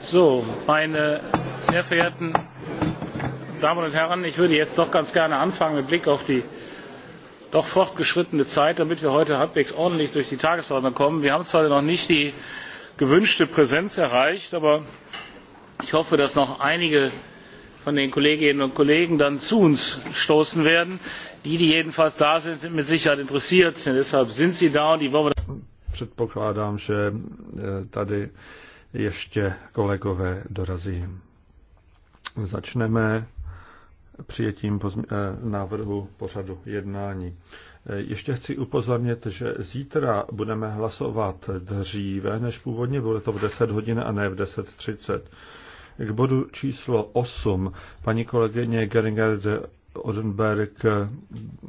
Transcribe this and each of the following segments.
So, meine sehr verehrten Damen und Herren, ich würde jetzt doch ganz gerne anfangen mit Blick auf die doch fortgeschrittene Zeit, damit wir heute halbwegs ordentlich durch die Tagesordnung kommen. Wir haben zwar noch nicht die gewünschte Präsenz erreicht, aber ich hoffe, dass noch einige von den kolleginnen und kollegen dann zu uns stoßen werden. die die jedenfalls da sind sind mit sicherheit interessiert deshalb sind sie da und die wollen wir. předpokládám že eh, tady ještě kolegové dorazí. Začneme přijetím eh, návrhu pořadu jednání. Eh, ještě chci upozornit, že zítra budeme hlasovat dříve než původně, bude to v 10 hodin a ne v k bodu číslo 8 paní kolegyně Geringer de Odenberg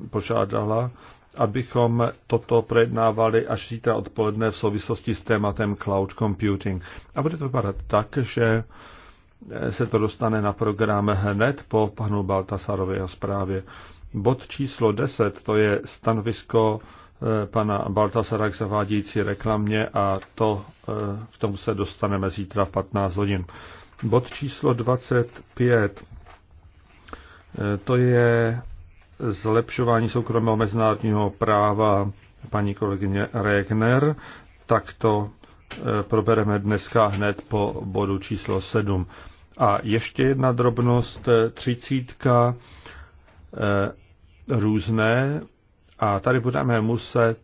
požádala, abychom toto projednávali až zítra odpoledne v souvislosti s tématem cloud computing. A bude to vypadat tak, že se to dostane na program hned po panu Baltasarově a zprávě. Bod číslo 10, to je stanovisko eh, pana Baltasara k zavádějící reklamě a to eh, k tomu se dostaneme zítra v 15 hodin. Bod číslo 25. E, to je zlepšování soukromého mezinárodního práva paní kolegyně Regner. Tak to e, probereme dneska hned po bodu číslo 7. A ještě jedna drobnost, e, třicítka různé. A tady budeme muset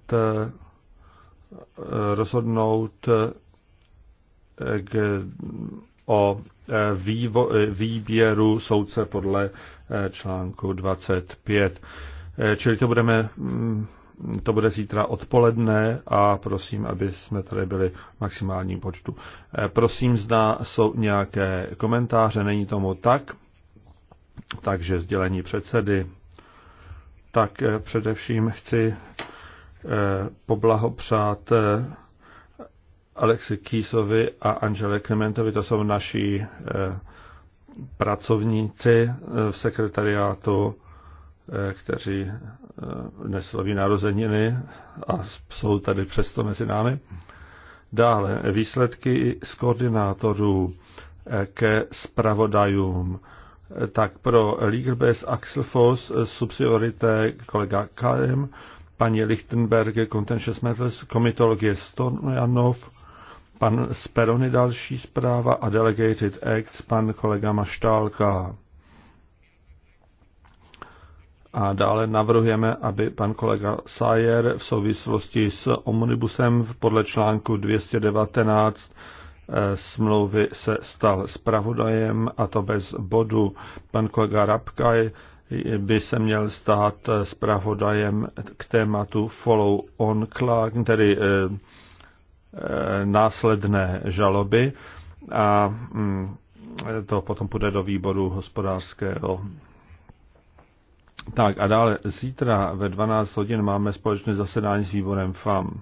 rozhodnout, o e, vývo, e, výběru soudce podle e, článku 25. Čili to budeme mm, to bude zítra odpoledne a prosím, aby jsme tady byli v maximálním počtu. Prosím, zda jsou nějaké komentáře, není tomu tak, takže sdělení předsedy. Tak především chci poblahopřát Alexi Kýsovi a Angele Klementovi, to jsou naši eh, pracovníci eh, v sekretariátu, eh, kteří nesloví narozeniny a jsou tady přesto mezi námi. Dále výsledky z koordinátorů ke spravodajům. Tak pro Liegerbes Axel Foss, subsiorité kolega Kalem, paní Lichtenberg, Contentious Metals, komitologie Stojanov, Pan Sperony další zpráva a Delegated Act pan kolega Maštálka. A dále navrhujeme, aby pan kolega Sayer v souvislosti s omnibusem podle článku 219 eh, smlouvy se stal zpravodajem a to bez bodu. Pan kolega Rabkaj by se měl stát eh, zpravodajem k tématu follow on clock, tedy eh, Eh, následné žaloby a mm, to potom půjde do výboru hospodářského. Tak a dále zítra ve 12 hodin máme společné zasedání s výborem FAM.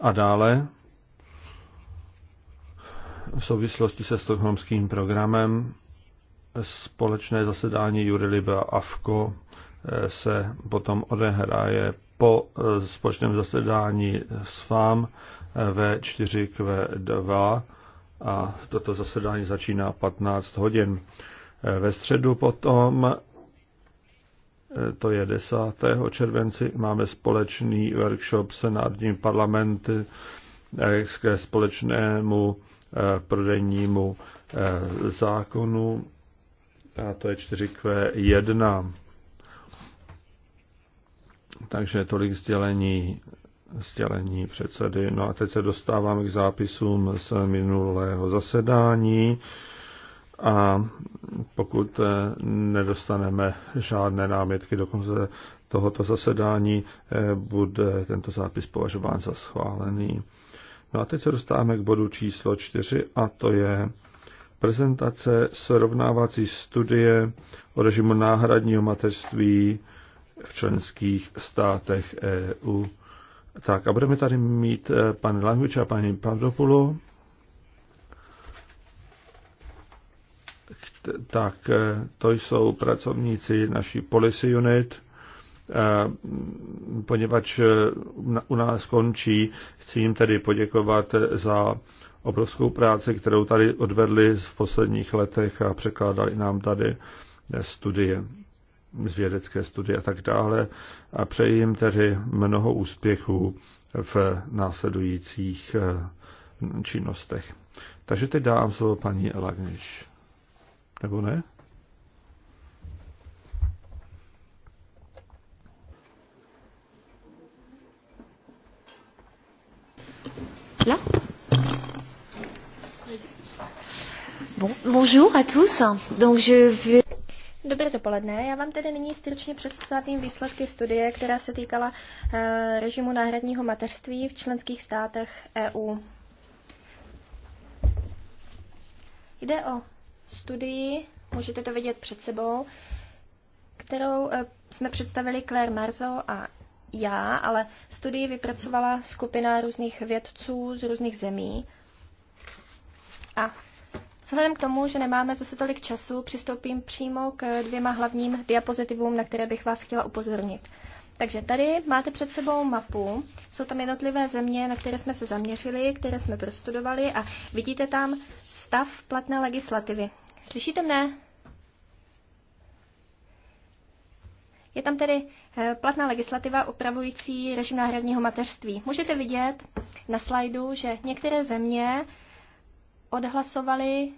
A dále v souvislosti se stokholmským programem společné zasedání Jurilibe a AFKO eh, se potom odehraje po eh, společném zasedání s FAM eh, v 4Q2 a toto zasedání začíná 15 hodin. Eh, ve středu potom, to je 10. červenci, máme společný workshop s Národním parlamenty ke společnému prodejnímu zákonu a to je 4Q1. Takže tolik sdělení, sdělení předsedy. No a teď se dostáváme k zápisům z minulého zasedání. A pokud eh, nedostaneme žádné námitky do konce tohoto zasedání, eh, bude tento zápis považován za schválený. No a teď se dostáváme k bodu číslo 4 a to je prezentace srovnávací studie o režimu náhradního mateřství v členských státech EU. Tak a budeme tady mít eh, pan Languč a paní Pavdopulu. Tak eh, to jsou pracovníci naší policy unit. Eh, poněvadž u nás končí, chci jim tedy poděkovat za obrovskou práci, kterou tady odvedli v posledních letech a překládali nám tady studie z vědecké studie a tak dále. A přeji jim tedy mnoho úspěchů v následujících eh, činnostech. Takže teď dám slovo paní Lagniš. Nebo ne? Là Bon, bonjour à tous. Donc je vais... Dobré dopoledne. Já vám tedy nyní stručně představím výsledky studie, která se týkala eh, režimu náhradního mateřství v členských státech EU. Jde o studii, můžete to vidět před sebou, kterou eh, jsme představili Claire Marzo a já, ale studii vypracovala skupina různých vědců z různých zemí. A Vzhledem k tomu, že nemáme zase tolik času, přistoupím přímo k dvěma hlavním diapozitivům, na které bych vás chtěla upozornit. Takže tady máte před sebou mapu, jsou tam jednotlivé země, na které jsme se zaměřili, které jsme prostudovali a vidíte tam stav platné legislativy. Slyšíte mne? Je tam tedy eh, platná legislativa upravující režim náhradního mateřství. Můžete vidět na slajdu, že některé země odhlasovaly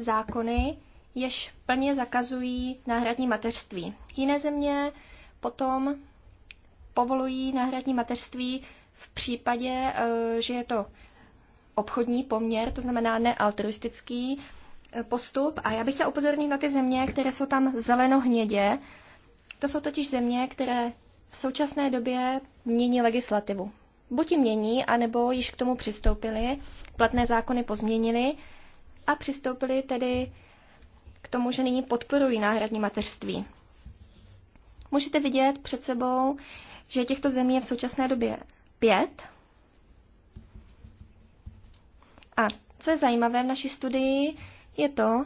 zákony, jež plně zakazují náhradní mateřství. Jiné země potom povolují náhradní mateřství v případě, eh, že je to obchodní poměr, to znamená nealtruistický eh, postup. A já bych chtěla upozornit na ty země, které jsou tam zelenohnědě. To jsou totiž země, které v současné době mění legislativu. Buď ji mění, anebo již k tomu přistoupili, platné zákony pozměnili a přistoupili tedy k tomu, že nyní podporují náhradní mateřství. Můžete vidět před sebou, že těchto zemí je v současné době pět. A co je zajímavé v naší studii, je to,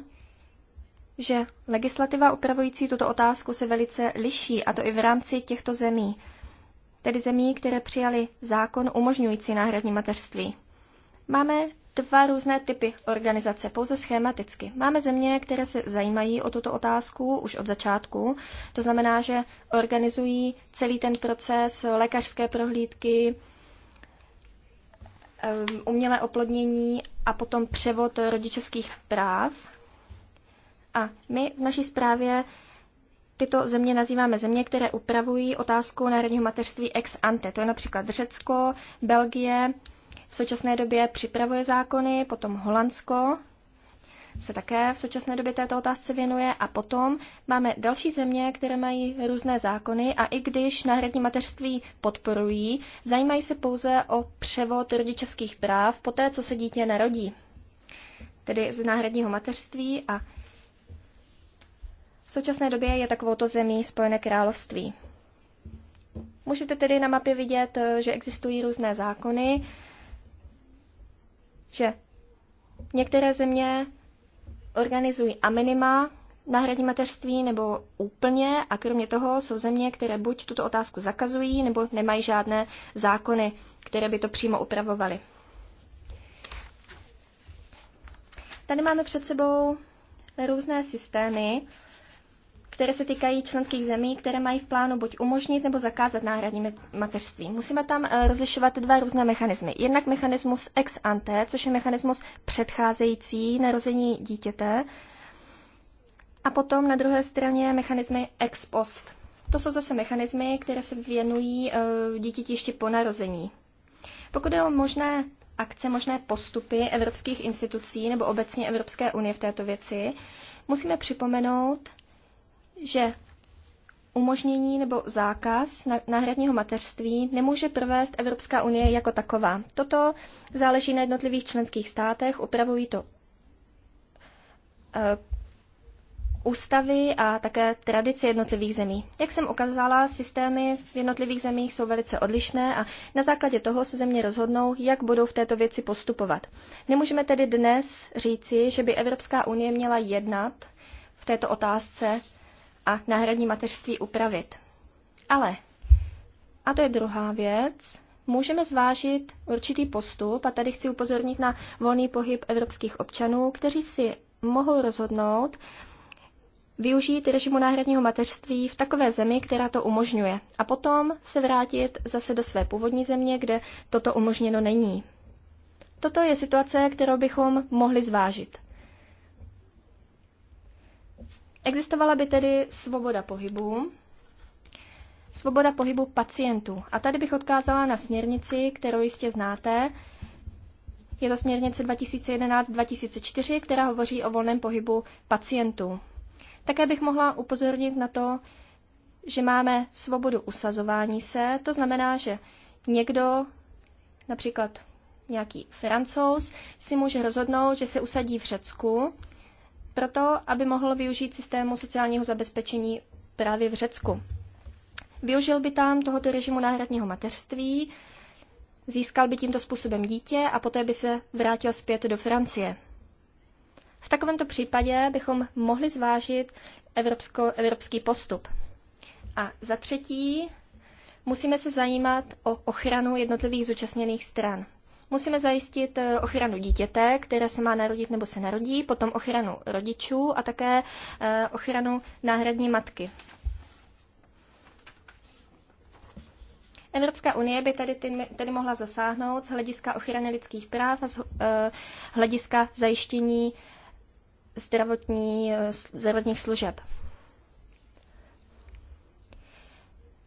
že legislativa upravující tuto otázku se velice liší, a to i v rámci těchto zemí, tedy zemí, které přijali zákon umožňující náhradní mateřství. Máme dva různé typy organizace, pouze schematicky. Máme země, které se zajímají o tuto otázku už od začátku, to znamená, že organizují celý ten proces lékařské prohlídky, umělé oplodnění a potom převod rodičovských práv. A my v naší zprávě tyto země nazýváme země, které upravují otázku národního mateřství ex ante. To je například Řecko, Belgie, v současné době připravuje zákony, potom Holandsko se také v současné době této otázce věnuje a potom máme další země, které mají různé zákony a i když náhradní mateřství podporují, zajímají se pouze o převod rodičovských práv po té, co se dítě narodí. Tedy z náhradního mateřství a v současné době je takovouto zemí Spojené království. Můžete tedy na mapě vidět, že existují různé zákony, že některé země organizují a minima náhradní mateřství nebo úplně a kromě toho jsou země, které buď tuto otázku zakazují nebo nemají žádné zákony, které by to přímo upravovaly. Tady máme před sebou různé systémy, které se týkají členských zemí, které mají v plánu buď umožnit nebo zakázat náhradní mateřství. Musíme tam eh, rozlišovat dva různé mechanismy. Jednak mechanismus ex ante, což je mechanismus předcházející narození dítěte, a potom na druhé straně mechanismy ex post. To jsou zase mechanismy, které se věnují eh, dítěti ještě po narození. Pokud je o možné akce, možné postupy evropských institucí nebo obecně Evropské unie v této věci, musíme připomenout, že umožnění nebo zákaz náhradního mateřství nemůže provést Evropská unie jako taková. Toto záleží na jednotlivých členských státech, upravují to e, ústavy a také tradice jednotlivých zemí. Jak jsem ukázala, systémy v jednotlivých zemích jsou velice odlišné a na základě toho se země rozhodnou, jak budou v této věci postupovat. Nemůžeme tedy dnes říci, že by Evropská unie měla jednat v této otázce a náhradní mateřství upravit. Ale, a to je druhá věc, můžeme zvážit určitý postup a tady chci upozornit na volný pohyb evropských občanů, kteří si mohou rozhodnout využít režimu náhradního mateřství v takové zemi, která to umožňuje a potom se vrátit zase do své původní země, kde toto umožněno není. Toto je situace, kterou bychom mohli zvážit. Existovala by tedy svoboda pohybu, svoboda pohybu pacientů. A tady bych odkázala na směrnici, kterou jistě znáte. Je to směrnice 2011-2004, která hovoří o volném pohybu pacientů. Také bych mohla upozornit na to, že máme svobodu usazování se. To znamená, že někdo, například nějaký francouz, si může rozhodnout, že se usadí v Řecku proto, aby mohl využít systému sociálního zabezpečení právě v Řecku. Využil by tam tohoto režimu náhradního mateřství, získal by tímto způsobem dítě a poté by se vrátil zpět do Francie. V takovémto případě bychom mohli zvážit evropsko, evropský postup. A za třetí, musíme se zajímat o ochranu jednotlivých zúčastněných stran. Musíme zajistit eh, ochranu dítěte, které se má narodit nebo se narodí, potom ochranu rodičů a také eh, ochranu náhradní matky. Evropská unie by tady, tedy mohla zasáhnout z hlediska ochrany lidských práv a z eh, hlediska zajištění zdravotní, zdravotních služeb.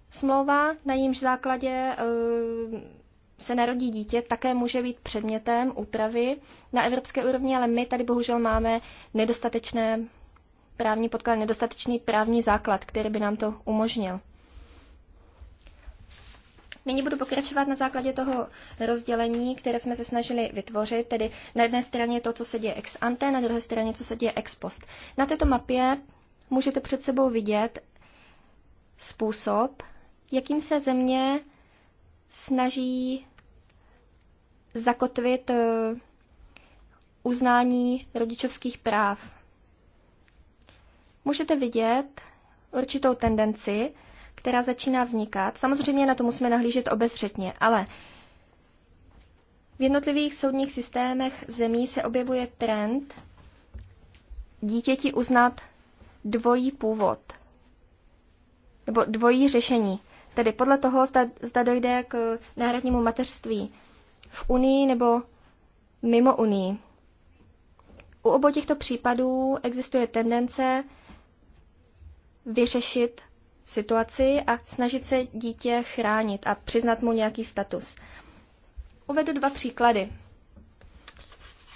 Smlouva, na jímž základě se narodí dítě, také může být předmětem úpravy na evropské úrovni, ale my tady bohužel máme nedostatečné právní podklad, nedostatečný právní základ, který by nám to umožnil. Nyní budu pokračovat na základě toho rozdělení, které jsme se snažili vytvořit, tedy na jedné straně to, co se děje ex ante, na druhé straně, co se děje ex post. Na této mapě můžete před sebou vidět způsob, jakým se země snaží zakotvit eh, uznání rodičovských práv. Můžete vidět určitou tendenci, která začíná vznikat. Samozřejmě na to musíme nahlížet obezřetně, ale v jednotlivých soudních systémech zemí se objevuje trend dítěti uznat dvojí původ nebo dvojí řešení. Tedy podle toho, zda, zda dojde k náhradnímu mateřství v Unii nebo mimo Unii. U obou těchto případů existuje tendence vyřešit situaci a snažit se dítě chránit a přiznat mu nějaký status. Uvedu dva příklady.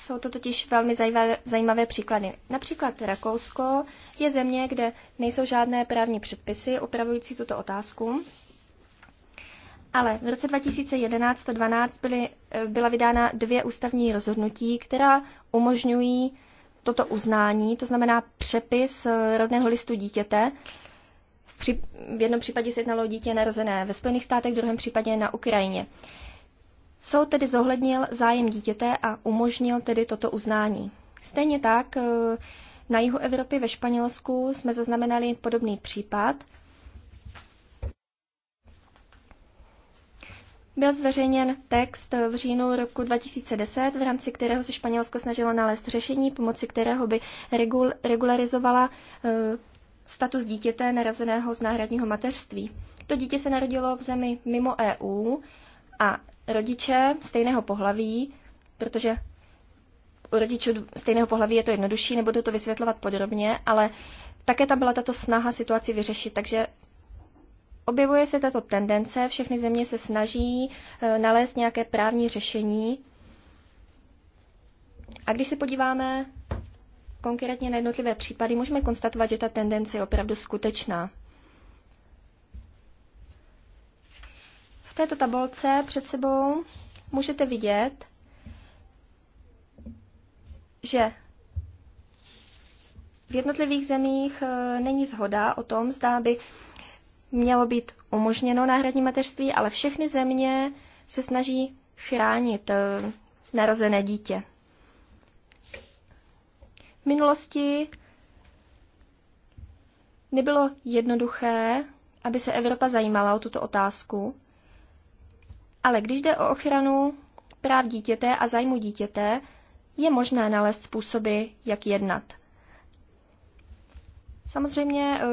Jsou to totiž velmi zajímavé, zajímavé příklady. Například Rakousko je země, kde nejsou žádné právní předpisy upravující tuto otázku. Ale v roce 2011 a 2012 byly, eh, byla vydána dvě ústavní rozhodnutí, která umožňují toto uznání, to znamená přepis eh, rodného listu dítěte. V, při, v jednom případě se jednalo o dítě narozené ve Spojených státech, v druhém případě na Ukrajině. Soud tedy zohlednil zájem dítěte a umožnil tedy toto uznání. Stejně tak eh, na jihu Evropy ve Španělsku jsme zaznamenali podobný případ – Byl zveřejněn text v říjnu roku 2010, v rámci kterého se Španělsko snažilo nalézt řešení, pomocí kterého by regul- regularizovala eh, status dítěte narazeného z náhradního mateřství. To dítě se narodilo v zemi mimo EU a rodiče stejného pohlaví, protože u rodičů stejného pohlaví je to jednodušší, nebudu to vysvětlovat podrobně, ale také tam byla tato snaha situaci vyřešit, takže objevuje se tato tendence, všechny země se snaží eh, nalézt nějaké právní řešení. A když se podíváme konkrétně na jednotlivé případy, můžeme konstatovat, že ta tendence je opravdu skutečná. V této tabulce před sebou můžete vidět, že v jednotlivých zemích eh, není zhoda o tom, zda by mělo být umožněno náhradní mateřství, ale všechny země se snaží chránit eh, narozené dítě. V minulosti nebylo jednoduché, aby se Evropa zajímala o tuto otázku, ale když jde o ochranu práv dítěte a zájmu dítěte, je možné nalézt způsoby, jak jednat. Samozřejmě eh,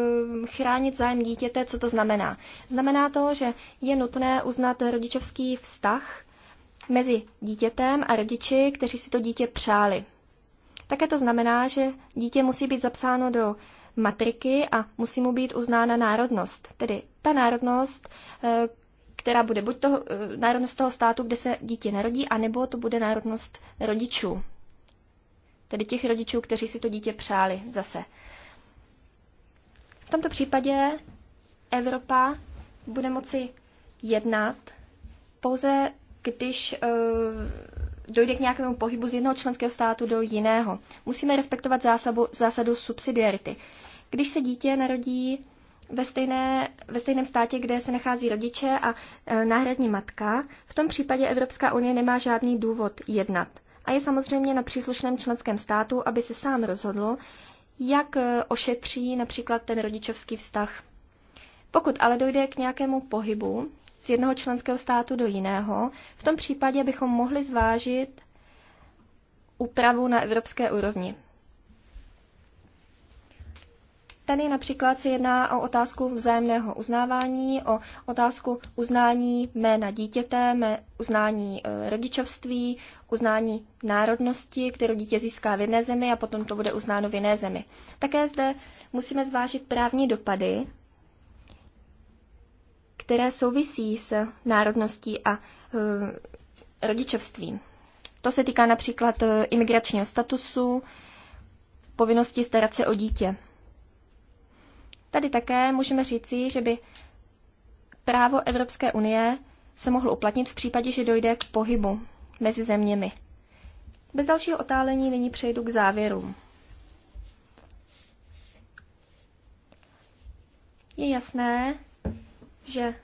chránit zájem dítěte, co to znamená? Znamená to, že je nutné uznat rodičovský vztah mezi dítětem a rodiči, kteří si to dítě přáli. Také to znamená, že dítě musí být zapsáno do matriky a musí mu být uznána národnost. Tedy ta národnost, eh, která bude buď toho, eh, národnost toho státu, kde se dítě narodí, anebo to bude národnost rodičů. Tedy těch rodičů, kteří si to dítě přáli zase. V tomto případě Evropa bude moci jednat pouze, když eh, dojde k nějakému pohybu z jednoho členského státu do jiného. Musíme respektovat zásadu, zásadu subsidiarity. Když se dítě narodí ve, stejné, ve stejném státě, kde se nachází rodiče a e, náhradní matka, v tom případě Evropská unie nemá žádný důvod jednat. A je samozřejmě na příslušném členském státu, aby se sám rozhodl jak eh, ošetří například ten rodičovský vztah. Pokud ale dojde k nějakému pohybu z jednoho členského státu do jiného, v tom případě bychom mohli zvážit úpravu na evropské úrovni. Tady například se jedná o otázku vzájemného uznávání, o otázku uznání jména dítěte, mé uznání e, rodičovství, uznání národnosti, kterou dítě získá v jedné zemi a potom to bude uznáno v jiné zemi. Také zde musíme zvážit právní dopady, které souvisí s národností a e, rodičovstvím. To se týká například e, imigračního statusu, povinnosti starat se o dítě. Tady také můžeme říci, že by právo Evropské unie se mohlo uplatnit v případě, že dojde k pohybu mezi zeměmi. Bez dalšího otálení nyní přejdu k závěrům. Je jasné, že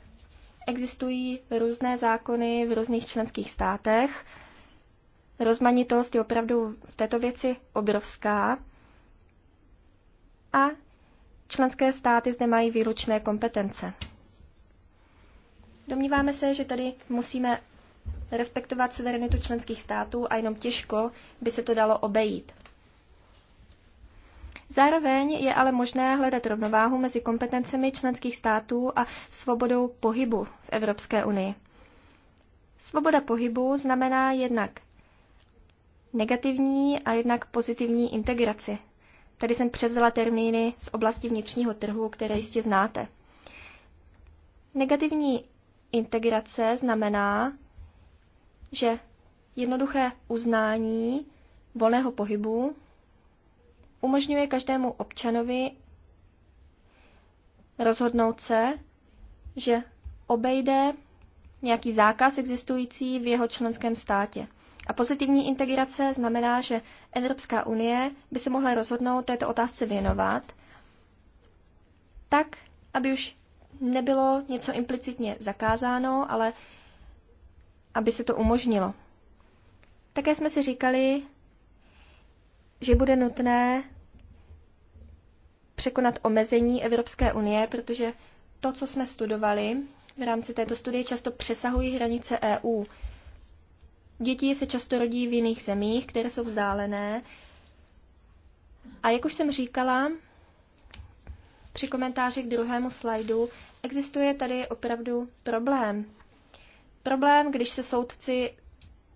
existují různé zákony v různých členských státech. Rozmanitost je opravdu v této věci obrovská. A Členské státy zde mají výlučné kompetence. Domníváme se, že tady musíme respektovat suverenitu členských států a jenom těžko by se to dalo obejít. Zároveň je ale možné hledat rovnováhu mezi kompetencemi členských států a svobodou pohybu v Evropské unii. Svoboda pohybu znamená jednak negativní a jednak pozitivní integraci Tady jsem převzala termíny z oblasti vnitřního trhu, které jistě znáte. Negativní integrace znamená, že jednoduché uznání volného pohybu umožňuje každému občanovi rozhodnout se, že obejde nějaký zákaz existující v jeho členském státě. A pozitivní integrace znamená, že Evropská unie by se mohla rozhodnout této otázce věnovat, tak, aby už nebylo něco implicitně zakázáno, ale aby se to umožnilo. Také jsme si říkali, že bude nutné překonat omezení Evropské unie, protože to, co jsme studovali v rámci této studie, často přesahují hranice EU. Děti se často rodí v jiných zemích, které jsou vzdálené. A jak už jsem říkala, při komentáři k druhému slajdu, existuje tady opravdu problém. Problém, když se soudci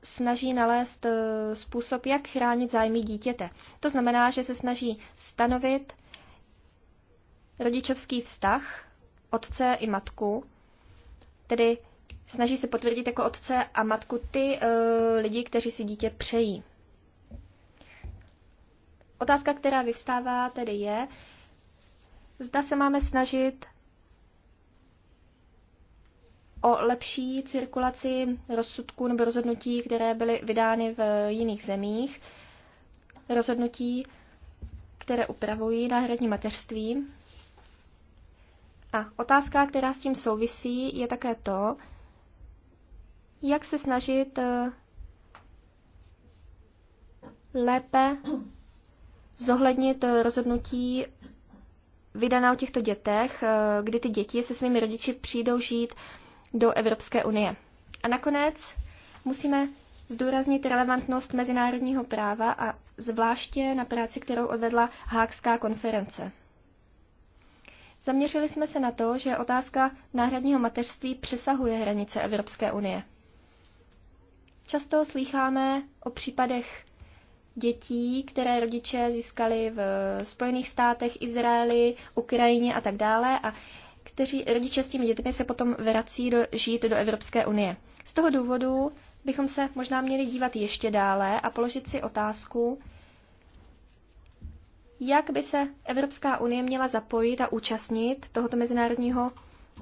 snaží nalézt eh, způsob, jak chránit zájmy dítěte. To znamená, že se snaží stanovit rodičovský vztah otce i matku, tedy snaží se potvrdit jako otce a matku ty uh, lidi, kteří si dítě přejí. Otázka, která vyvstává, tedy je, zda se máme snažit o lepší cirkulaci rozsudků nebo rozhodnutí, které byly vydány v jiných zemích, rozhodnutí, které upravují náhradní mateřství. A otázka, která s tím souvisí, je také to, jak se snažit eh, lépe zohlednit eh, rozhodnutí vydaná o těchto dětech, eh, kdy ty děti se svými rodiči přijdou žít do Evropské unie. A nakonec musíme zdůraznit relevantnost mezinárodního práva a zvláště na práci, kterou odvedla Hákská konference. Zaměřili jsme se na to, že otázka náhradního mateřství přesahuje hranice Evropské unie. Často slýcháme o případech dětí, které rodiče získali v Spojených státech, Izraeli, Ukrajině a tak dále a kteří rodiče s těmi dětmi se potom vrací do, žít do Evropské unie. Z toho důvodu bychom se možná měli dívat ještě dále a položit si otázku, jak by se Evropská unie měla zapojit a účastnit tohoto mezinárodního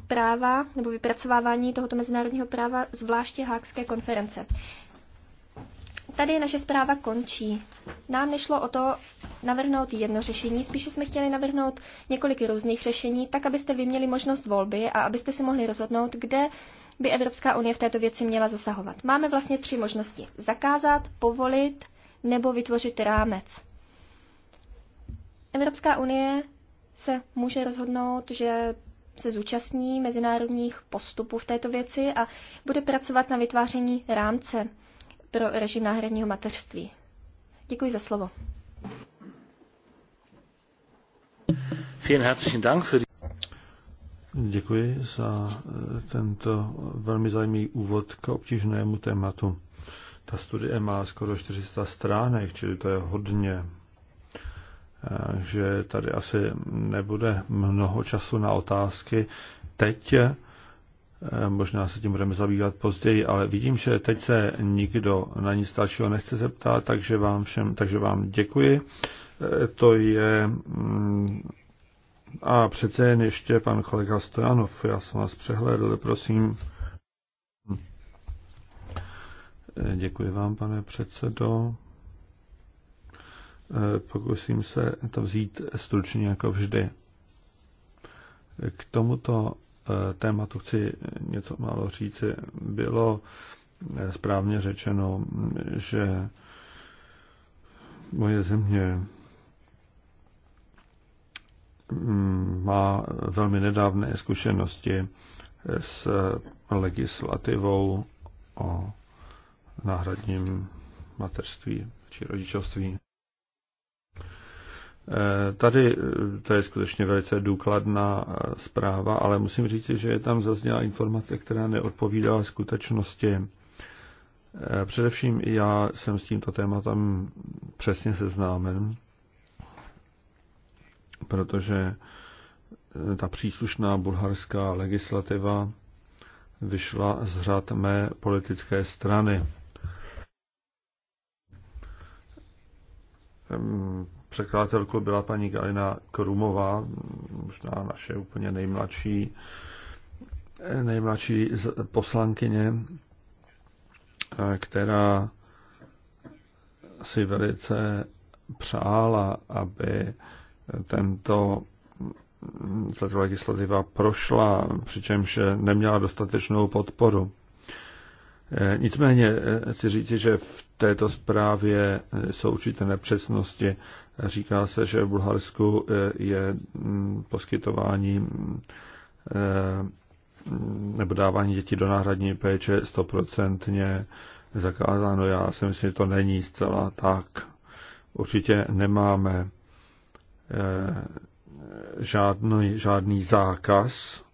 práva nebo vypracovávání tohoto mezinárodního práva, zvláště Hákské konference. Tady naše zpráva končí. Nám nešlo o to navrhnout jedno řešení, spíše jsme chtěli navrhnout několik různých řešení, tak abyste vy měli možnost volby a abyste si mohli rozhodnout, kde by Evropská unie v této věci měla zasahovat. Máme vlastně tři možnosti. Zakázat, povolit nebo vytvořit rámec. Evropská unie se může rozhodnout, že se zúčastní mezinárodních postupů v této věci a bude pracovat na vytváření rámce pro režim náhradního mateřství. Děkuji za slovo. Děkuji za eh, tento velmi zajímavý úvod k obtížnému tématu. Ta studie má skoro 400 stránek, čili to je hodně že tady asi nebude mnoho času na otázky teď. Eh, možná se tím budeme zabývat později, ale vidím, že teď se nikdo na nic dalšího nechce zeptat, takže vám všem, takže vám děkuji. Eh, to je mm, a přece jen ještě pan kolega Stojanov, já jsem vás přehlédl, prosím. Hm. Eh, děkuji vám, pane předsedo. Eh, pokusím se to vzít stručně jako vždy. K tomuto eh, tématu chci něco málo říci. Bylo eh, správně řečeno, že moje země mm, má velmi nedávné zkušenosti s legislativou o náhradním mateřství či rodičovství. Eh, tady eh, to je skutečně velice důkladná eh, zpráva, ale musím říct, že je tam zazněla informace, která neodpovídala skutečnosti. Především i já jsem s tímto tématem přesně seznámen, protože ta příslušná bulharská legislativa vyšla z řad mé politické strany ehm, překladatelkou byla paní Galina Krumová, možná naše úplně nejmladší, nejmladší poslankyně, která si velice přála, aby tento tato legislativa prošla, přičemž neměla dostatečnou podporu. Eh, nicméně eh, chci říct, že v této zprávě eh, jsou určité nepřesnosti. Říká se, že v Bulharsku je mm, poskytování mm, nebo dávání dětí do náhradní péče stoprocentně zakázáno. Já si myslím, že to není zcela tak. Určitě nemáme žádný, žádný zákaz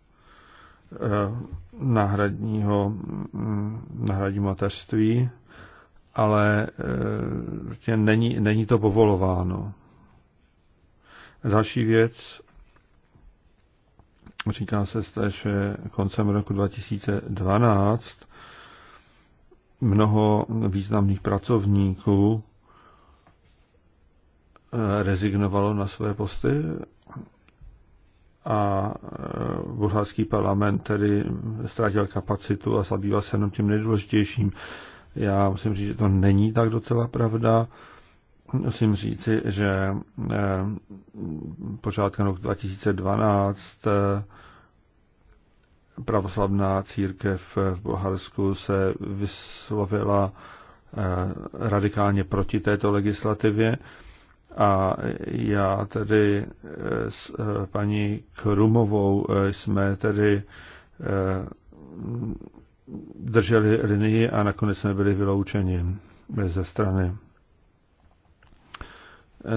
Eh, náhradního, mm, náhradní mateřství, ale eh, tě prostě není, není to povolováno. Další věc, říká se zde, že koncem roku 2012 mnoho významných pracovníků eh, rezignovalo na své posty a e, bulharský parlament tedy ztratil kapacitu a zabývá se jenom tím nejdůležitějším. Já musím říct, že to není tak docela pravda. Musím říci, že počátkem roku 2012 pravoslavná církev v Bulharsku se vyslovila e, radikálně proti této legislativě a já tedy eh, s eh, paní Krumovou eh, jsme tedy drželi linii a nakonec jsme byli vyloučeni ze strany.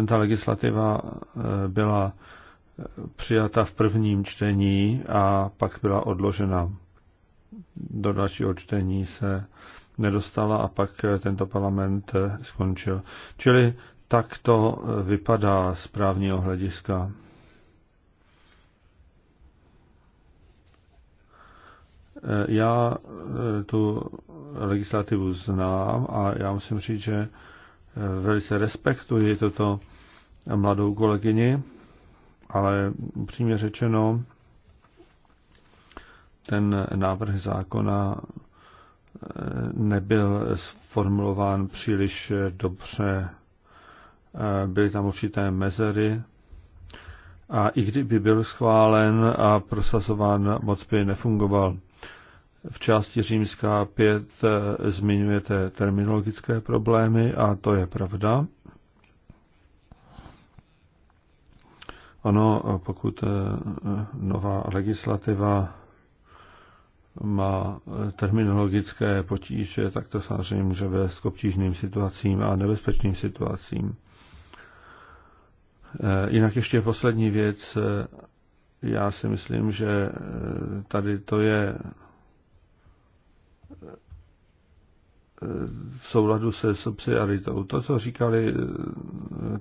Ta legislativa byla přijata v prvním čtení a pak byla odložena. Do dalšího čtení se nedostala a pak tento parlament skončil. Čili tak to vypadá z právního hlediska. Já eh, tu legislativu znám a já musím říct, že eh, velice respektuji toto mladou kolegyni, ale upřímně řečeno, ten návrh zákona eh, nebyl sformulován příliš dobře byly tam určité mezery a i kdyby byl schválen a prosazován, moc by nefungoval. V části římská 5 eh, zmiňujete terminologické problémy a to je pravda. Ono, pokud eh, nová legislativa má eh, terminologické potíže, tak to samozřejmě může vést k obtížným situacím a nebezpečným situacím. Eh, jinak ještě poslední věc. Eh, já si myslím, že eh, tady to je v souladu se subsidiaritou. To, co říkali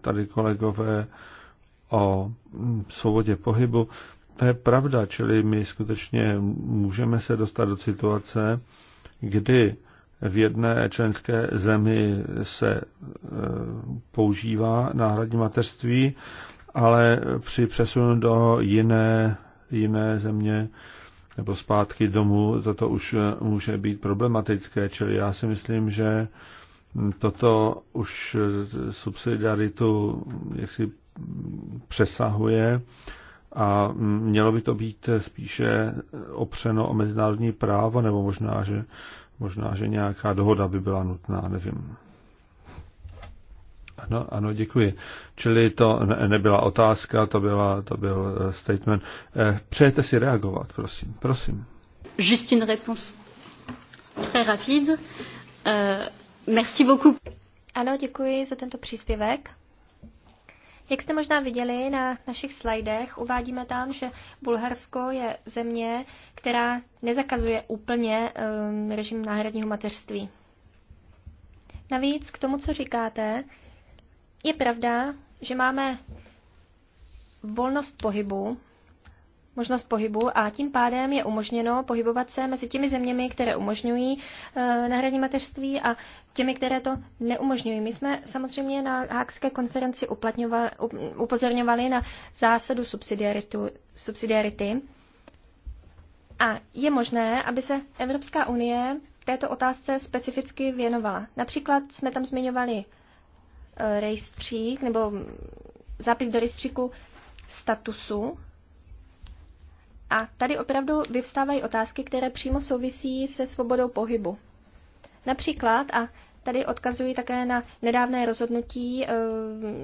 tady kolegové o hm, svobodě pohybu, to je pravda, čili my skutečně můžeme se dostat do situace, kdy v jedné členské zemi se e, používá náhradní mateřství, ale při přesunu do jiné, jiné země nebo zpátky domů, toto už e, může být problematické. Čili já si myslím, že toto už subsidiaritu jaksi přesahuje a mělo by to být spíše opřeno o mezinárodní právo, nebo možná, že Možná, že nějaká dohoda by byla nutná, nevím. Ano, ano, děkuji. Čili to ne, nebyla otázka, to, byla, to byl eh, statement. Eh, přejete si reagovat, prosím. prosím. Just une réponse très rapide. Uh, merci beaucoup. Ano, děkuji za tento příspěvek. Jak jste možná viděli na našich slajdech, uvádíme tam, že Bulharsko je země, která nezakazuje úplně um, režim náhradního mateřství. Navíc k tomu, co říkáte, je pravda, že máme volnost pohybu možnost pohybu a tím pádem je umožněno pohybovat se mezi těmi zeměmi, které umožňují e, náhradní mateřství a těmi, které to neumožňují. My jsme samozřejmě na Hákské konferenci upozorňovali na zásadu subsidiarity a je možné, aby se Evropská unie této otázce specificky věnovala. Například jsme tam zmiňovali eh, rejstřík nebo mm, zápis do rejstříku statusu a tady opravdu vyvstávají otázky, které přímo souvisí se svobodou pohybu. Například, a tady odkazují také na nedávné rozhodnutí e,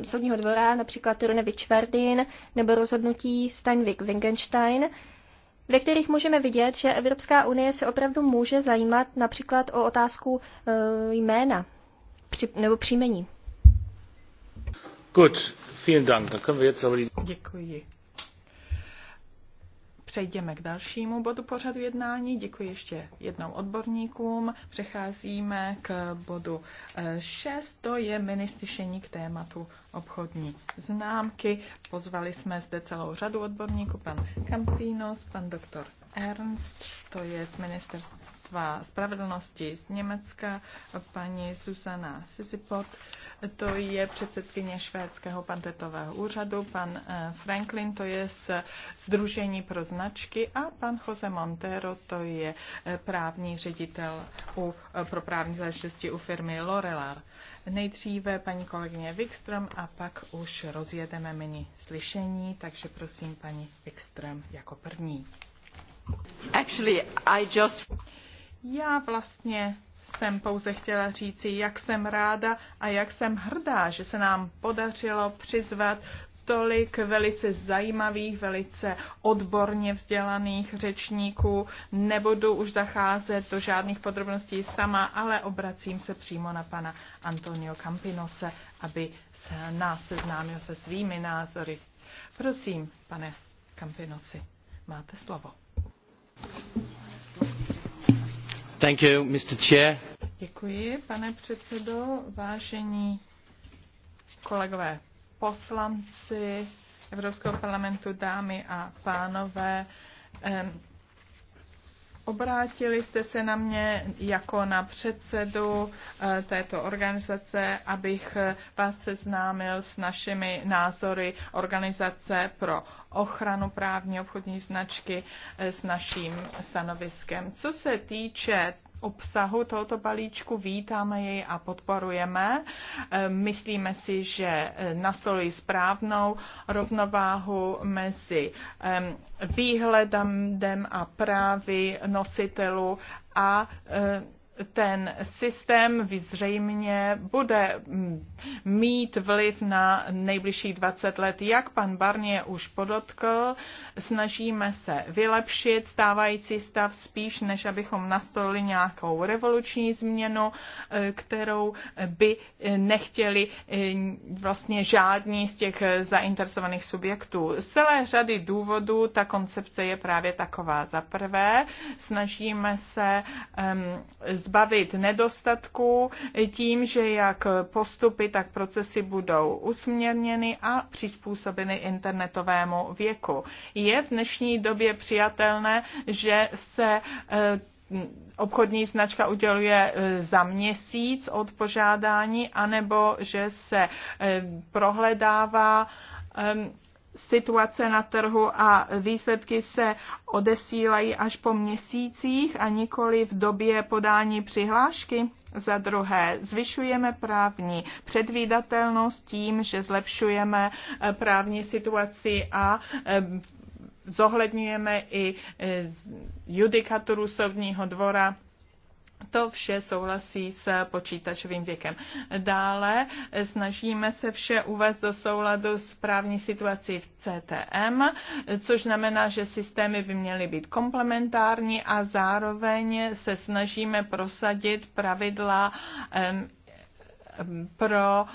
soudního dvora, například Runevič Verdin nebo rozhodnutí Steinvik Wingenstein, ve kterých můžeme vidět, že Evropská unie se opravdu může zajímat například o otázku e, jména při, nebo příjmení. Good, vielen Dank. Dann können wir jetzt aber die... Děkuji. Přejdeme k dalšímu bodu pořadu jednání. Děkuji ještě jednou odborníkům. Přecházíme k bodu 6, eh, to je ministyšení k tématu obchodní známky. Pozvali jsme zde celou řadu odborníků, pan Campinos, pan doktor Ernst, to je z ministerstva ministerstva spravedlnosti z Německa, paní Susana Sisipot, to je předsedkyně švédského patentového úřadu, pan eh, Franklin, to je z Združení pro značky a pan Jose Montero, to je eh, právní ředitel u, eh, pro právní záležitosti u firmy Lorelar. Nejdříve paní kolegyně Wikström a pak už rozjedeme mini slyšení, takže prosím paní Wikström jako první. Actually, I just... Já vlastně jsem pouze chtěla říci, jak jsem ráda a jak jsem hrdá, že se nám podařilo přizvat tolik velice zajímavých, velice odborně vzdělaných řečníků. Nebudu už zacházet do žádných podrobností sama, ale obracím se přímo na pana Antonio Campinose, aby se nás seznámil se svými názory. Prosím, pane Campinosi, máte slovo. Děkuji, pane předsedo, vážení kolegové poslanci Evropského parlamentu, dámy a pánové. Obrátili jste se na mě jako na předsedu eh, této organizace, abych eh, vás seznámil s našimi názory Organizace pro ochranu právní obchodní značky eh, s naším stanoviskem. Co se týče obsahu tohoto balíčku, vítáme jej a podporujeme. E, myslíme si, že e, nastolují správnou rovnováhu mezi výhledem a právy nositelů a e, ten systém vyzřejmě bude mm, mít vliv na nejbližší 20 let. Jak pan Barnier už podotkl, snažíme se vylepšit stávající stav spíš, než abychom nastolili nějakou revoluční změnu, eh, kterou by eh, nechtěli eh, vlastně žádní z těch zainteresovaných subjektů. Z celé řady důvodů ta koncepce je právě taková. Za prvé, snažíme se um, zbavit nedostatků tím, že jak postupy, tak procesy budou usměrněny a přizpůsobeny internetovému věku. Je v dnešní době přijatelné, že se eh, obchodní značka uděluje eh, za měsíc od požádání, anebo že se eh, prohledává ehm, situace na trhu a výsledky se odesílají až po měsících a nikoli v době podání přihlášky? Za druhé, zvyšujeme právní předvídatelnost tím, že zlepšujeme eh, právní situaci a eh, zohledňujeme i eh, judikaturu soudního dvora to vše souhlasí s počítačovým věkem. Dále snažíme se vše uvést do souladu s právní situací v CTM, což znamená, že systémy by měly být komplementární a zároveň se snažíme prosadit pravidla pro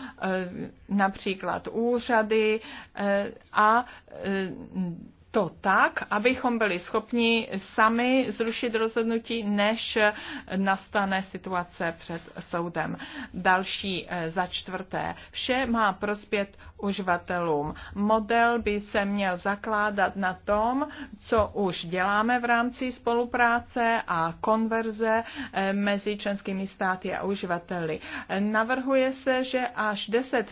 například úřady e, a e, to tak, abychom byli schopni sami zrušit rozhodnutí, než nastane situace před soudem. Další eh, za čtvrté. Vše má prospět uživatelům. Model by se měl zakládat na tom, co už děláme v rámci spolupráce a konverze eh, mezi členskými státy a uživateli. Navrhuje se, že až 10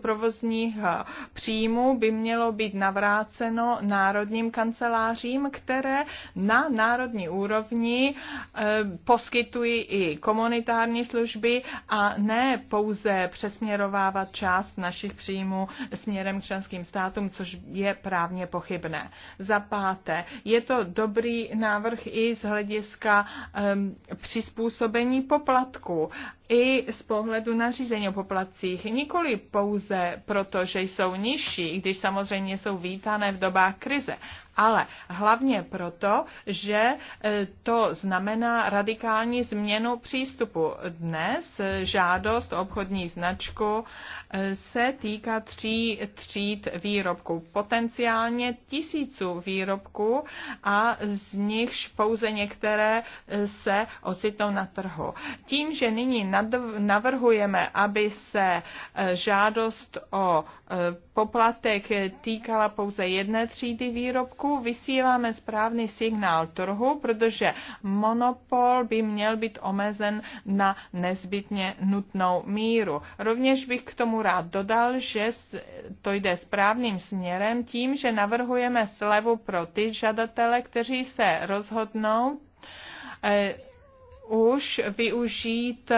provozních eh, příjmů by mělo být navráceno národním kancelářím, které na národní úrovni eh, poskytují i komunitární služby a ne pouze přesměrovávat část našich příjmů směrem k členským státům, což je právně pochybné. Za páté, je to dobrý návrh i z hlediska um, přizpůsobení poplatku i z pohledu nařízení o poplatcích, nikoli pouze proto, že jsou nižší, když samozřejmě jsou vítané v dobách krize ale hlavně proto, že e, to znamená radikální změnu přístupu. Dnes e, žádost o obchodní značku e, se týká tří tříd výrobků, potenciálně tisíců výrobků a z nichž pouze některé se ocitnou na trhu. Tím, že nyní navrhujeme, aby se žádost o poplatek týkala pouze jedné třídy výrobků, trošku vysíláme správný signál trhu, protože monopol by měl být omezen na nezbytně nutnou míru. Rovněž bych k tomu rád dodal, že to jde správným směrem tím, že navrhujeme slevu pro ty žadatele, kteří se rozhodnou, eh, už využít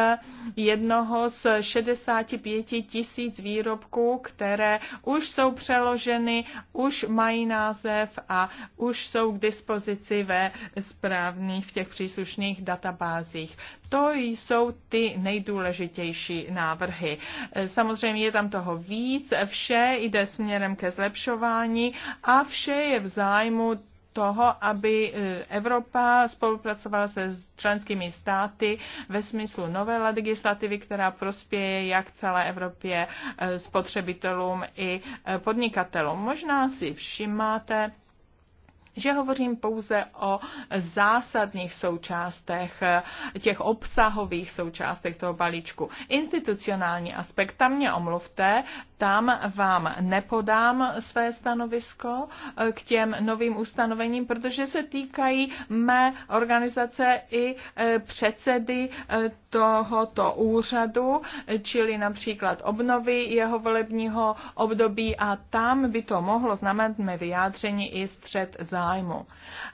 jednoho z 65 tisíc výrobků, které už jsou přeloženy, už mají název a už jsou k dispozici ve správných, v těch příslušných databázích. To jsou ty nejdůležitější návrhy. Samozřejmě je tam toho víc, vše jde směrem ke zlepšování a vše je v zájmu toho, aby e, Evropa spolupracovala se členskými státy ve smyslu nové legislativy, která prospěje jak celé Evropě e, spotřebitelům i e, podnikatelům. Možná si všimáte, že hovořím pouze o zásadních součástech, těch obsahových součástech toho balíčku. Institucionální aspekt, tam mě omluvte, tam vám nepodám své stanovisko eh, k těm novým ustanovením, protože se týkají mé organizace i eh, předsedy eh, tohoto úřadu, čili například obnovy jeho volebního období a tam by to mohlo znamenat mé vyjádření i střed zájmu.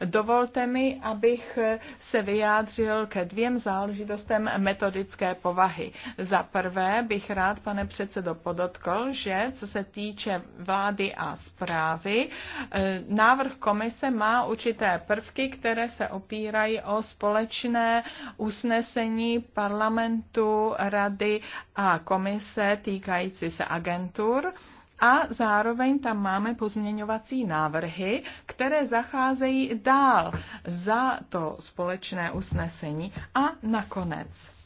Dovolte mi, abych se vyjádřil ke dvěm záležitostem metodické povahy. Za prvé bych rád, pane předsedo, podotkl, že co se týče vlády a zprávy, e, návrh komise má určité prvky, které se opírají o společné usnesení parlamentu, rady a komise týkající se agentur a zároveň tam máme pozměňovací návrhy, které zacházejí dál za to společné usnesení a nakonec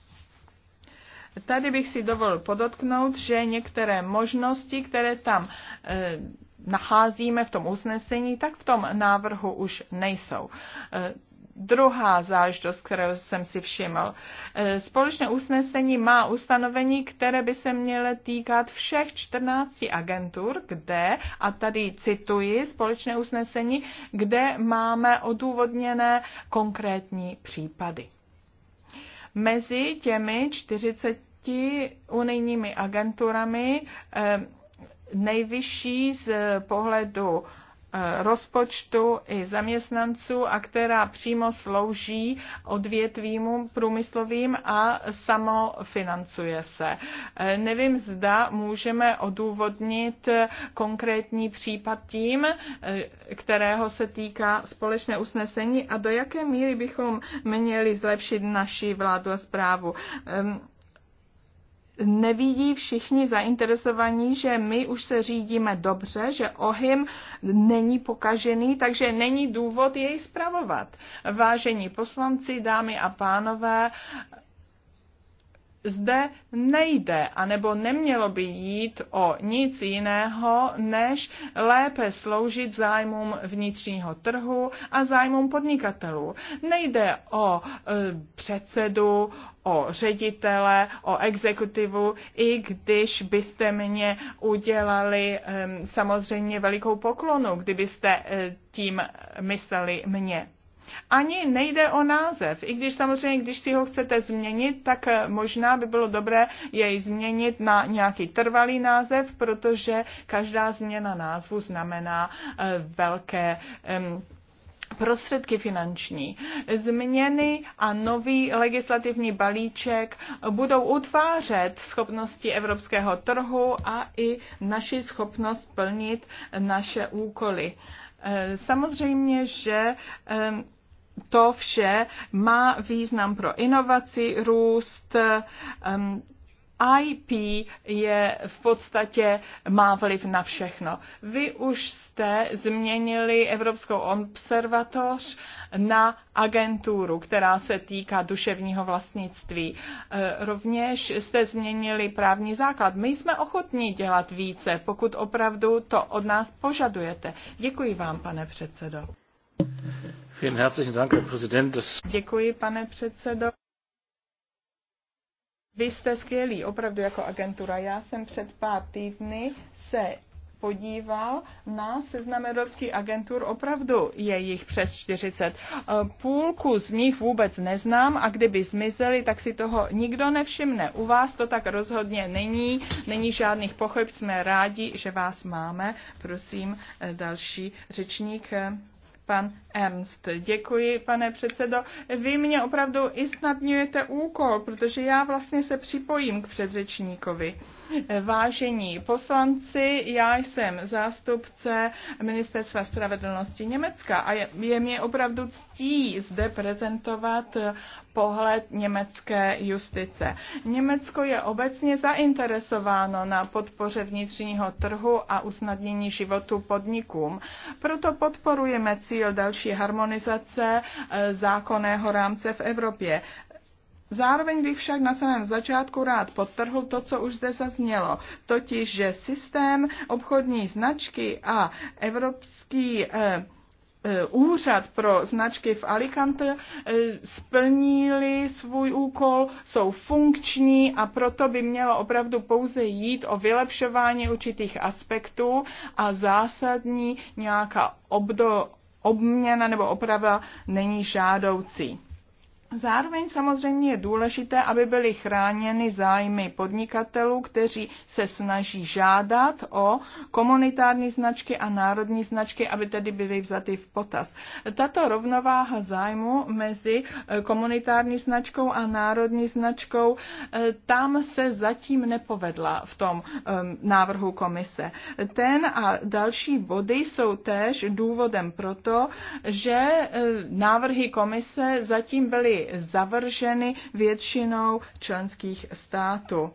Tady bych si dovolil podotknout, že některé možnosti, které tam e, nacházíme v tom usnesení, tak v tom návrhu už nejsou. E, druhá záležitost, kterou jsem si všiml. E, společné usnesení má ustanovení, které by se měly týkat všech 14 agentur, kde, a tady cituji společné usnesení, kde máme odůvodněné konkrétní případy. Mezi těmi 40 pěti unijními agenturami, eh, nejvyšší z pohledu eh, rozpočtu i zaměstnanců a která přímo slouží odvětvím průmyslovým a samofinancuje se. Eh, nevím, zda můžeme odůvodnit konkrétní případ tím, kterého se týká společné usnesení a do jaké míry bychom měli zlepšit naši vládu a zprávu. Ehm, nevidí všichni zainteresovaní, že my už se řídíme dobře, že ohym není pokažený, takže není důvod jej spravovat. Vážení poslanci, dámy a pánové, zde nejde, anebo nemělo by jít o nic jiného, než lépe sloužit zájmům vnitřního trhu a zájmům podnikatelů. Nejde o e, předsedu, o ředitele, o exekutivu, i když byste mě udělali e, samozřejmě velikou poklonu, kdybyste e, tím mysleli mě. Ani nejde o název, i když samozřejmě, když si ho chcete změnit, tak eh, možná by bylo dobré jej změnit na nějaký trvalý název, protože každá změna názvu znamená eh, velké prostředky finanční. Změny a nový legislativní balíček budou utvářet schopnosti evropského trhu a i naši schopnost plnit naše úkoly. Eh, samozřejmě, že to vše má význam pro inovaci, růst. Um, IP je v podstatě má vliv na všechno. Vy už jste změnili Evropskou observatoř na agenturu, která se týká duševního vlastnictví. Uh, rovněž jste změnili právní základ. My jsme ochotní dělat více, pokud opravdu to od nás požadujete. Děkuji vám, pane předsedo. Děkuji, pane předsedo. Vy jste skvělí, opravdu jako agentura. Já jsem před pár týdny se podíval na seznam evropských agentur, opravdu je jich přes 40. Eh, Půlku z nich vůbec neznám a kdyby zmizeli, tak si toho nikdo nevšimne. U vás to tak rozhodně není, není žádných pochyb, jsme rádi, že vás máme. Prosím, eh, další řečník. Eh, Pan Ernst, děkuji, pane předsedo. Vy mě opravdu i snadňujete úkol, protože já vlastně se připojím k předřečníkovi. Vážení poslanci, já jsem zástupce Ministerstva spravedlnosti Německa a je, je mě opravdu ctí zde prezentovat pohled německé justice. Německo je obecně zainteresováno na podpoře vnitřního trhu a usnadnění životu podnikům. Proto podporujeme cíl další harmonizace eh, zákonného rámce v Evropě. Zároveň bych však na samém začátku rád podtrhl to, co už zde zaznělo, totiž, že systém obchodní značky a evropský eh, E, úřad pro značky v Alicante e, splnili svůj úkol, jsou funkční a proto by mělo opravdu pouze jít o vylepšování určitých aspektů a zásadní nějaká obdo, obměna nebo oprava není žádoucí. Zároveň samozřejmě je důležité, aby byly chráněny zájmy podnikatelů, kteří se snaží žádat o komunitární značky a národní značky, aby tedy byly vzaty v potaz. Tato rovnováha zájmu mezi eh, komunitární značkou a národní značkou, eh, tam se zatím nepovedla v tom ehm, návrhu komise. Ten a další body jsou též důvodem proto, že eh, návrhy komise zatím byly zavrženy většinou členských států.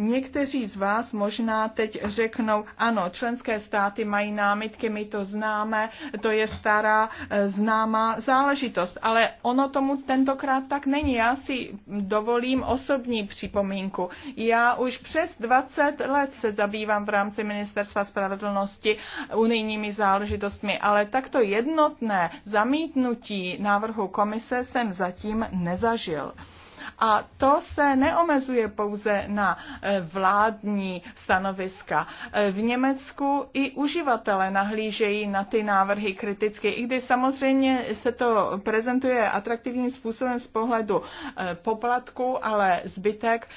Někteří z vás možná teď řeknou, ano, členské státy mají námitky, my to známe, to je stará e, známá záležitost, ale ono tomu tentokrát tak není. Já si dovolím osobní připomínku. Já už přes 20 let se zabývám v rámci Ministerstva spravedlnosti unijními záležitostmi, ale takto jednotné zamítnutí návrhu komise jsem zatím nezažil. A to se neomezuje pouze na eh, vládní stanoviska. Eh, v Německu i uživatelé nahlížejí na ty návrhy kriticky, i když samozřejmě se to prezentuje atraktivním způsobem z pohledu eh, poplatku, ale zbytek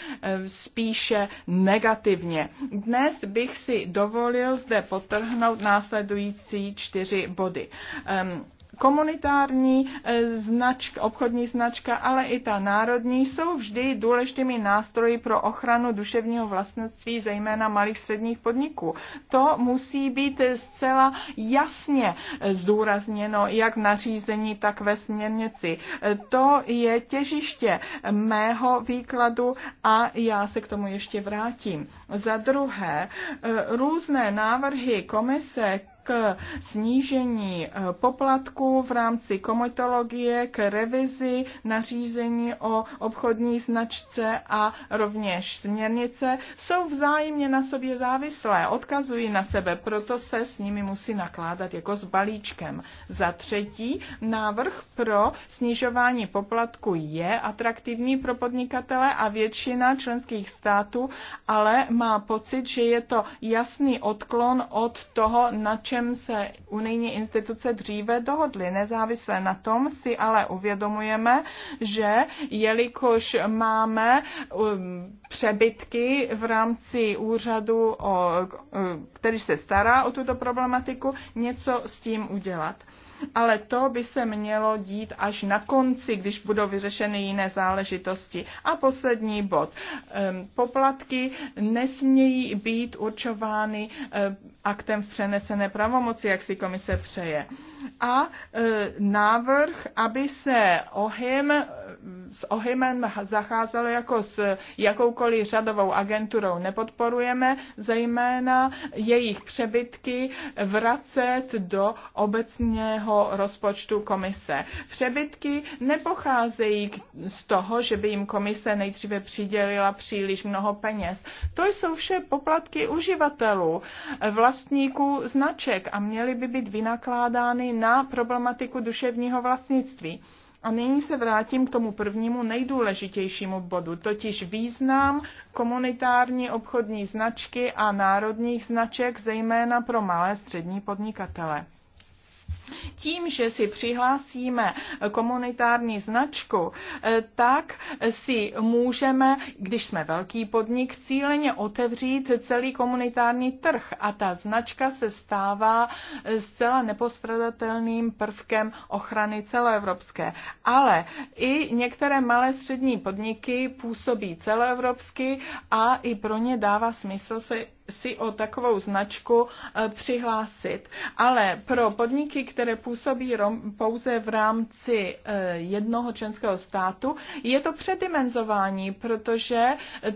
spíše negativně. Dnes bych si dovolil zde potrhnout následující čtyři body. Ehm, komunitární eh, značka, obchodní značka, ale i ta národní jsou vždy důležitými nástroji pro ochranu duševního vlastnictví, zejména malých středních podniků. To musí být zcela jasně eh, zdůrazněno, jak v nařízení, tak ve směrnici. Eh, to je těžiště mého výkladu a já se k tomu ještě vrátím. Za druhé, různé návrhy komise k snížení eh, poplatků v rámci komitologie, k revizi nařízení o obchodní značce a rovněž směrnice jsou vzájemně na sobě závislé, odkazují na sebe, proto se s nimi musí nakládat jako s balíčkem. Za třetí, návrh pro snižování poplatku je atraktivní pro podnikatele a většina členských států ale má pocit, že je to jasný odklon od toho, na čem čem se unijní instituce dříve dohodly. Nezávisle na tom si ale uvědomujeme, že jelikož máme um, přebytky v rámci úřadu, o, um, který se stará o tuto problematiku, něco s tím udělat ale to by se mělo dít až na konci, když budou vyřešeny jiné záležitosti. A poslední bod. Ehm, poplatky nesmějí být určovány ehm, aktem v přenesené pravomoci, jak si komise přeje. A ehm, návrh, aby se ohym, s ohymem zacházelo jako s jakoukoliv řadovou agenturou, nepodporujeme, zejména jejich přebytky vracet do obecně celkového rozpočtu komise. Přebytky nepocházejí z toho, že by jim komise nejdříve přidělila příliš mnoho peněz. To jsou vše poplatky uživatelů, vlastníků značek a měly by být vynakládány na problematiku duševního vlastnictví. A nyní se vrátím k tomu prvnímu nejdůležitějšímu bodu, totiž význam komunitární obchodní značky a národních značek, zejména pro malé střední podnikatele. Tím, že si přihlásíme komunitární značku, eh, tak si můžeme, když jsme velký podnik, cíleně otevřít celý komunitární trh a ta značka se stává eh, zcela nepostradatelným prvkem ochrany celoevropské. Ale i některé malé střední podniky působí celoevropsky a i pro ně dává smysl se si o takovou značku eh, přihlásit. Ale pro podniky, které působí pouze v rámci eh, jednoho členského státu, je to předimenzování, protože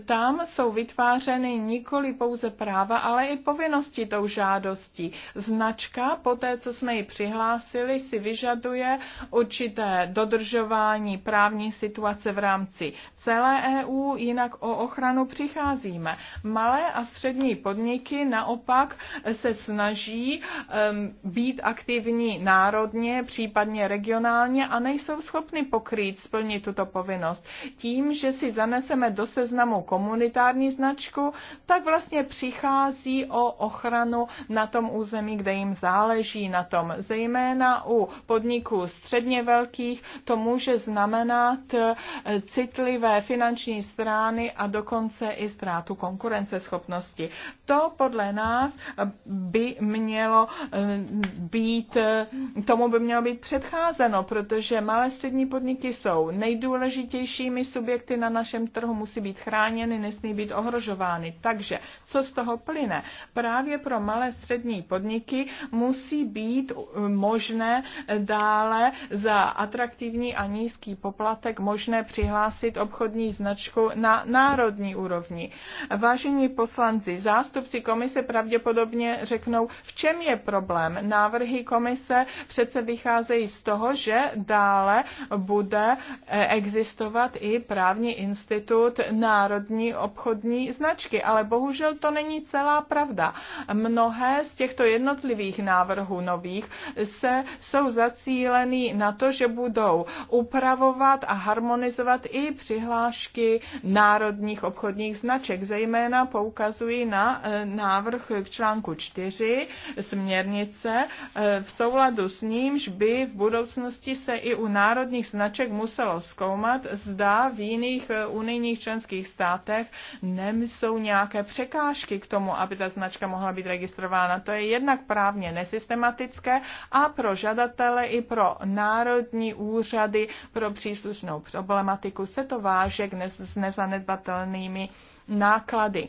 tam jsou vytvářeny nikoli pouze práva, ale i povinnosti tou žádostí. Značka, po té, co jsme ji přihlásili, si vyžaduje určité dodržování právní situace v rámci celé EU, jinak o ochranu přicházíme. Malé a střední podniky naopak se snaží um, být aktivní národně, případně regionálně a nejsou schopny pokrýt, splnit tuto povinnost. Tím, že si zaneseme do seznamu komunitární značku, tak vlastně přichází o ochranu na tom území, kde jim záleží na tom. Zejména u podniků středně velkých to může znamenat eh, citlivé finanční strany a dokonce i ztrátu konkurenceschopnosti. To podle nás by mělo eh, být, eh, tomu by mělo být předcházeno, protože malé střední podniky jsou nejdůležitějšími subjekty na našem trhu, musí být chráněny, nesmí být ohrožovány. Takže co z toho plyne? Právě pro malé střední podniky musí být eh, možné dále za atraktivní a nízký poplatek možné přihlásit obchodní značku na národní úrovni. Vážení poslanci, za zástupci komise pravděpodobně řeknou, v čem je problém. Návrhy komise přece vycházejí z toho, že dále bude eh, existovat i právní institut národní obchodní značky, ale bohužel to není celá pravda. Mnohé z těchto jednotlivých návrhů nových se jsou zacílený na to, že budou upravovat a harmonizovat i přihlášky národních obchodních značek. Zejména poukazují na návrh k článku 4 směrnice, e, v souladu s nímž by v budoucnosti se i u národních značek muselo zkoumat, zda v jiných e, unijních členských státech nemysou nějaké překážky k tomu, aby ta značka mohla být registrována. To je jednak právně nesystematické a pro žadatele i pro národní úřady pro příslušnou problematiku se to váže k nez, s nezanedbatelnými náklady.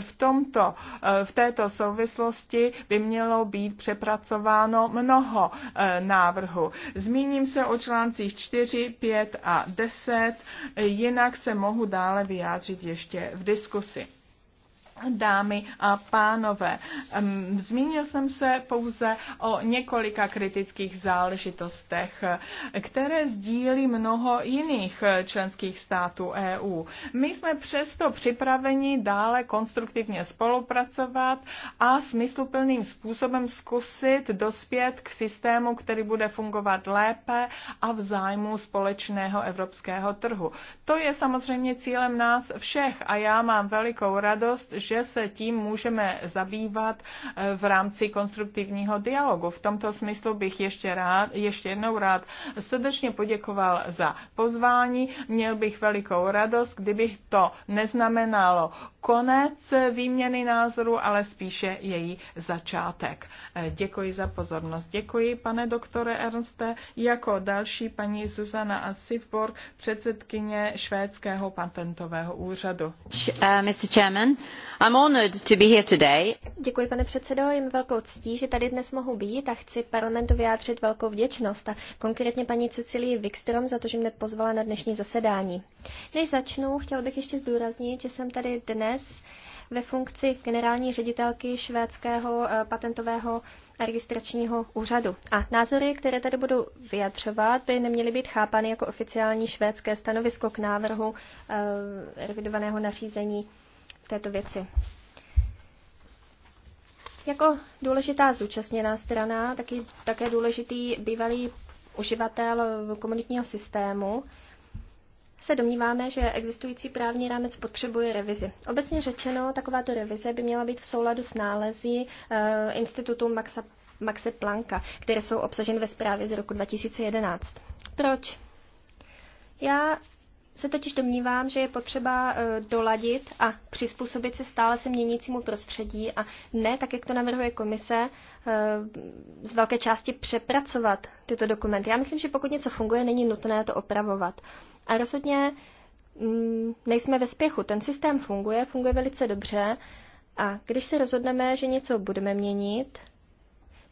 V, tomto, eh, v této souvislosti by mělo být přepracováno mnoho eh, návrhů. Zmíním se o článcích 4, 5 a 10, jinak se mohu dále vyjádřit ještě v diskusi. Dámy a pánové, zmínil jsem se pouze o několika kritických záležitostech, které sdílí mnoho jiných členských států EU. My jsme přesto připraveni dále konstruktivně spolupracovat a smysluplným způsobem zkusit dospět k systému, který bude fungovat lépe a v zájmu společného evropského trhu. To je samozřejmě cílem nás všech a já mám velikou radost, že se tím můžeme zabývat eh, v rámci konstruktivního dialogu. V tomto smyslu bych ještě, rád, ještě jednou rád srdečně poděkoval za pozvání. Měl bych velikou radost, kdybych to neznamenalo konec výměny názoru, ale spíše její začátek. Eh, děkuji za pozornost. Děkuji, pane doktore Ernste. Jako další paní Susana Asifborg, předsedkyně švédského patentového úřadu. Eh, Mr. Chairman, Děkuji, pane předsedo. Je mi velkou ctí, že tady dnes mohu být a chci parlamentu vyjádřit velkou vděčnost a konkrétně paní Cecilii Wikström za to, že mě pozvala na dnešní zasedání. Než začnu, chtěl bych ještě zdůraznit, že jsem tady dnes ve funkci generální ředitelky švédského eh, patentového registračního úřadu. A názory, které tady budu vyjadřovat, by neměly být chápány jako oficiální švédské stanovisko k návrhu eh, revidovaného nařízení v této věci. Jako důležitá zúčastněná strana, taky, také důležitý bývalý uživatel komunitního systému, se domníváme, že existující právní rámec potřebuje revizi. Obecně řečeno, takováto revize by měla být v souladu s nálezy e, eh, institutu Maxa, Maxe Planka, které jsou obsaženy ve zprávě z roku 2011. Proč? Já se totiž domnívám, že je potřeba eh, doladit a přizpůsobit se stále se měnícímu prostředí a ne, tak jak to navrhuje komise, eh, z velké části přepracovat tyto dokumenty. Já myslím, že pokud něco funguje, není nutné to opravovat. A rozhodně mm, nejsme ve spěchu. Ten systém funguje, funguje velice dobře a když se rozhodneme, že něco budeme měnit,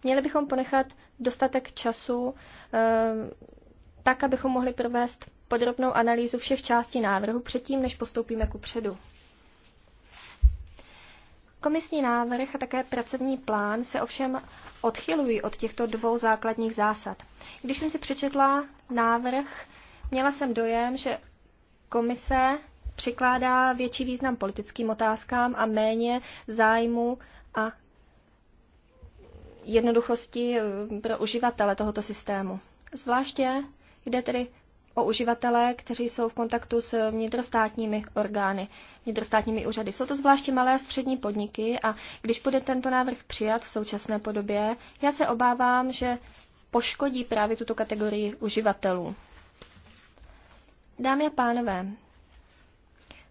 měli bychom ponechat dostatek času eh, tak, abychom mohli provést podrobnou analýzu všech částí návrhu předtím, než postoupíme ku předu. Komisní návrh a také pracovní plán se ovšem odchylují od těchto dvou základních zásad. Když jsem si přečetla návrh, měla jsem dojem, že komise přikládá větší význam politickým otázkám a méně zájmu a jednoduchosti eh, pro uživatele tohoto systému. Zvláště jde tedy o uživatelé, kteří jsou v kontaktu s vnitrostátními orgány, vnitrostátními úřady. Jsou to zvláště malé a střední podniky a když bude tento návrh přijat v současné podobě, já se obávám, že poškodí právě tuto kategorii uživatelů. Dámy a pánové,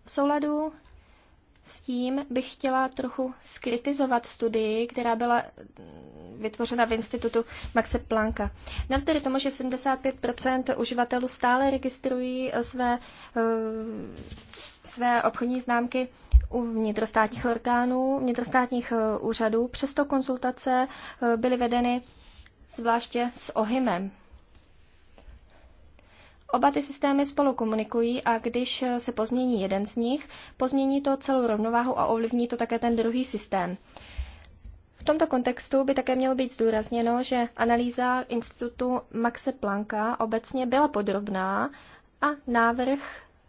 v souladu s tím bych chtěla trochu skritizovat studii, která byla mm, vytvořena v institutu Maxe Plancka. Navzdory tomu, že 75 uživatelů stále registrují eh, své, eh, své obchodní známky u vnitrostátních orgánů, vnitrostátních eh, úřadů, přesto konzultace byly vedeny zvláště s OHIMem. Oba ty systémy spolu komunikují a když se pozmění jeden z nich, pozmění to celou rovnováhu a ovlivní to také ten druhý systém. V tomto kontextu by také mělo být zdůrazněno, že analýza institutu Maxe Plancka obecně byla podrobná a návrh,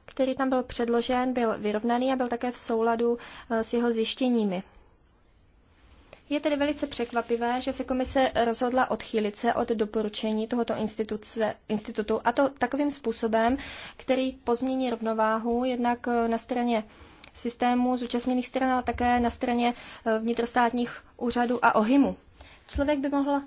který tam byl předložen, byl vyrovnaný a byl také v souladu eh, s jeho zjištěními. Je tedy velice překvapivé, že se komise rozhodla odchýlit se od doporučení tohoto instituce institutu a to takovým způsobem, který pozmění rovnováhu jednak eh, na straně systému zúčastněných stran, ale také na straně eh, vnitrostátních úřadů a ohymu. Člověk by mohl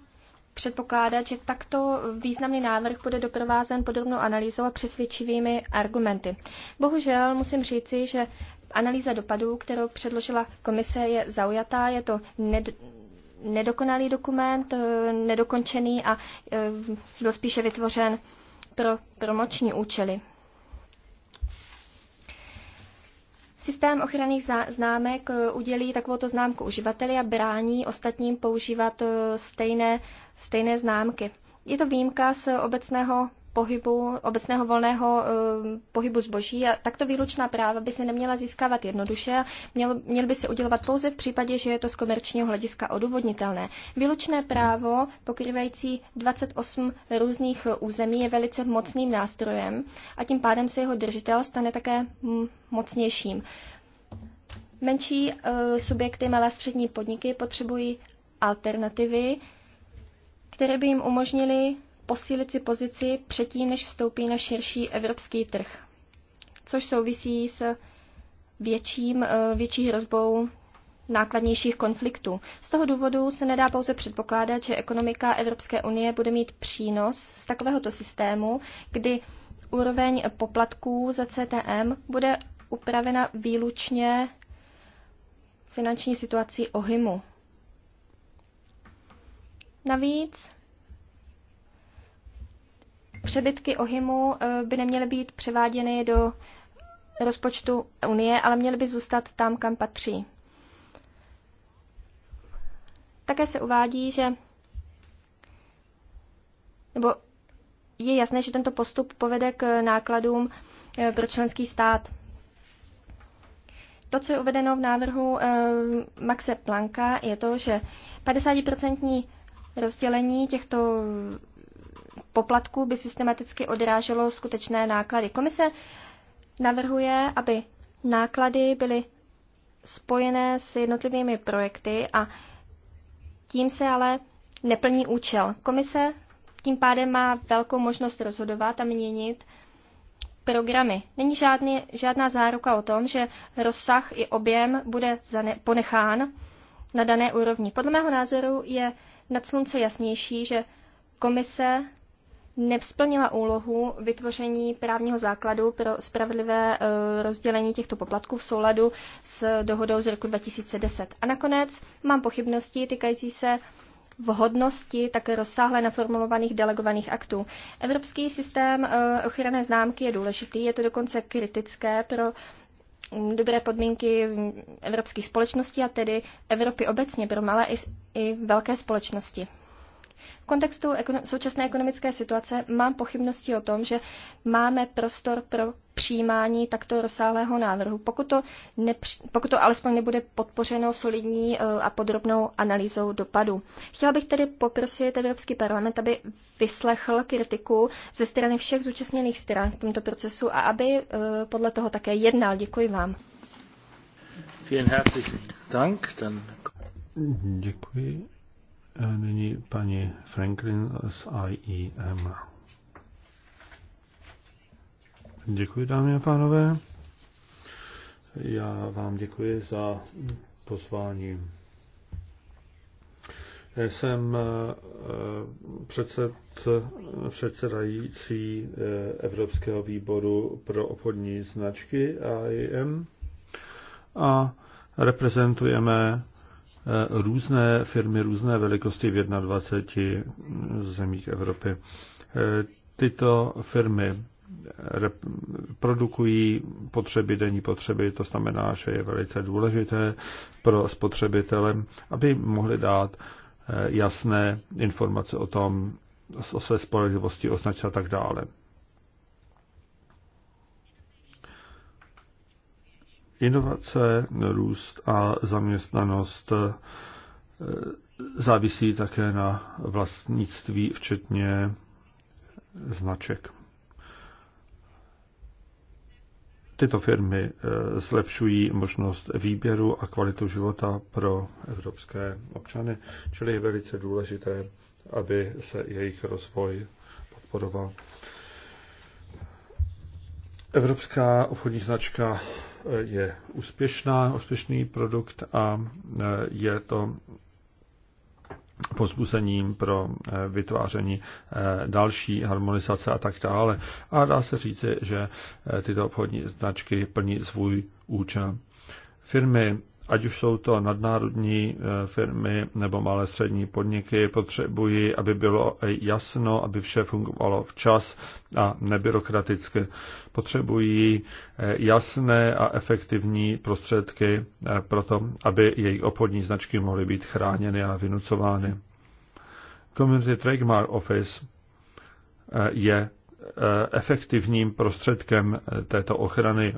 předpokládat, že takto významný návrh bude doprovázen podrobnou analýzou a přesvědčivými argumenty. Bohužel musím říci, že analýza dopadů, kterou předložila komise, je zaujatá. Je to ned- nedokonalý dokument, eh, nedokončený a eh, byl spíše vytvořen pro promoční účely. Systém ochranných známek eh, udělí takovouto známku uživateli a brání ostatním používat stejné, stejné známky. Je to výjimka z obecného pohybu, obecného volného eh, pohybu zboží a takto výlučná práva by se neměla získávat jednoduše a měl, měl by se udělovat pouze v případě, že je to z komerčního hlediska odůvodnitelné. Výlučné právo pokrývající 28 různých eh, území je velice mocným nástrojem a tím pádem se jeho držitel stane také hm, mocnějším. Menší eh, subjekty, malé střední podniky potřebují alternativy, které by jim umožnily posílit si pozici předtím, než vstoupí na širší evropský trh, což souvisí s větším, eh, větší hrozbou nákladnějších konfliktů. Z toho důvodu se nedá pouze předpokládat, že ekonomika Evropské unie bude mít přínos z takovéhoto systému, kdy úroveň poplatků za CTM bude upravena výlučně finanční situací OHIMu. Navíc přebytky ohymu eh, by neměly být převáděny do rozpočtu Unie, ale měly by zůstat tam, kam patří. Také se uvádí, že nebo je jasné, že tento postup povede k nákladům eh, pro členský stát. To, co je uvedeno v návrhu eh, Maxe Planka, je to, že 50% rozdělení těchto poplatků by systematicky odráželo skutečné náklady. Komise navrhuje, aby náklady byly spojené s jednotlivými projekty a tím se ale neplní účel. Komise tím pádem má velkou možnost rozhodovat a měnit programy. Není žádný, žádná záruka o tom, že rozsah i objem bude zane, ponechán na dané úrovni. Podle mého názoru je nad slunce jasnější, že komise nevzplnila úlohu vytvoření právního základu pro spravedlivé eh, rozdělení těchto poplatků v souladu s dohodou z roku 2010. A nakonec mám pochybnosti týkající se vhodnosti také rozsáhle naformulovaných delegovaných aktů. Evropský systém eh, ochranné známky je důležitý, je to dokonce kritické pro mm, dobré podmínky evropských společností a tedy Evropy obecně pro malé i velké společnosti. V kontextu současné ekonomické situace mám pochybnosti o tom, že máme prostor pro přijímání takto rozsáhlého návrhu, pokud to, nepři, pokud to alespoň nebude podpořeno solidní eh, a podrobnou analýzou dopadu. Chtěla bych tedy poprosit Evropský parlament, aby vyslechl kritiku ze strany všech zúčastněných stran v tomto procesu a aby eh, podle toho také jednal. Děkuji vám. Vielen herzlichen Dank. Dann Děkuji. Eh, nyní paní Franklin z IEM. Děkuji, dámy a pánové. Já vám děkuji za pozvání. Já jsem eh, předsed, předsedající eh, Evropského výboru pro obchodní značky AIM a reprezentujeme Eh, různé firmy, různé velikosti v 21 mm, zemích Evropy. Eh, tyto firmy eh, produkují potřeby, denní potřeby, to znamená, že je velice důležité pro spotřebitele, aby mohli dát jasné informace o tom, o své spolehlivosti, označit a tak dále. Inovace, růst a zaměstnanost eh, závisí také na vlastnictví, včetně značek. Tyto firmy eh, zlepšují možnost výběru a kvalitu života pro evropské občany, čili je velice důležité, aby se jejich rozvoj podporoval. Evropská obchodní značka je úspěšná, úspěšný produkt a e, je to pozbuzením pro e, vytváření e, další harmonizace a tak dále. A dá se říci, že tyto obchodní značky plní svůj účel. Firmy ať už jsou to nadnárodní eh, firmy nebo malé střední podniky, potřebují, aby bylo jasno, aby vše fungovalo včas a nebyrokraticky. Potřebují eh, jasné a efektivní prostředky eh, pro to, aby jejich obchodní značky mohly být chráněny a vynucovány. Community Trademark Office je efektivním prostředkem této ochrany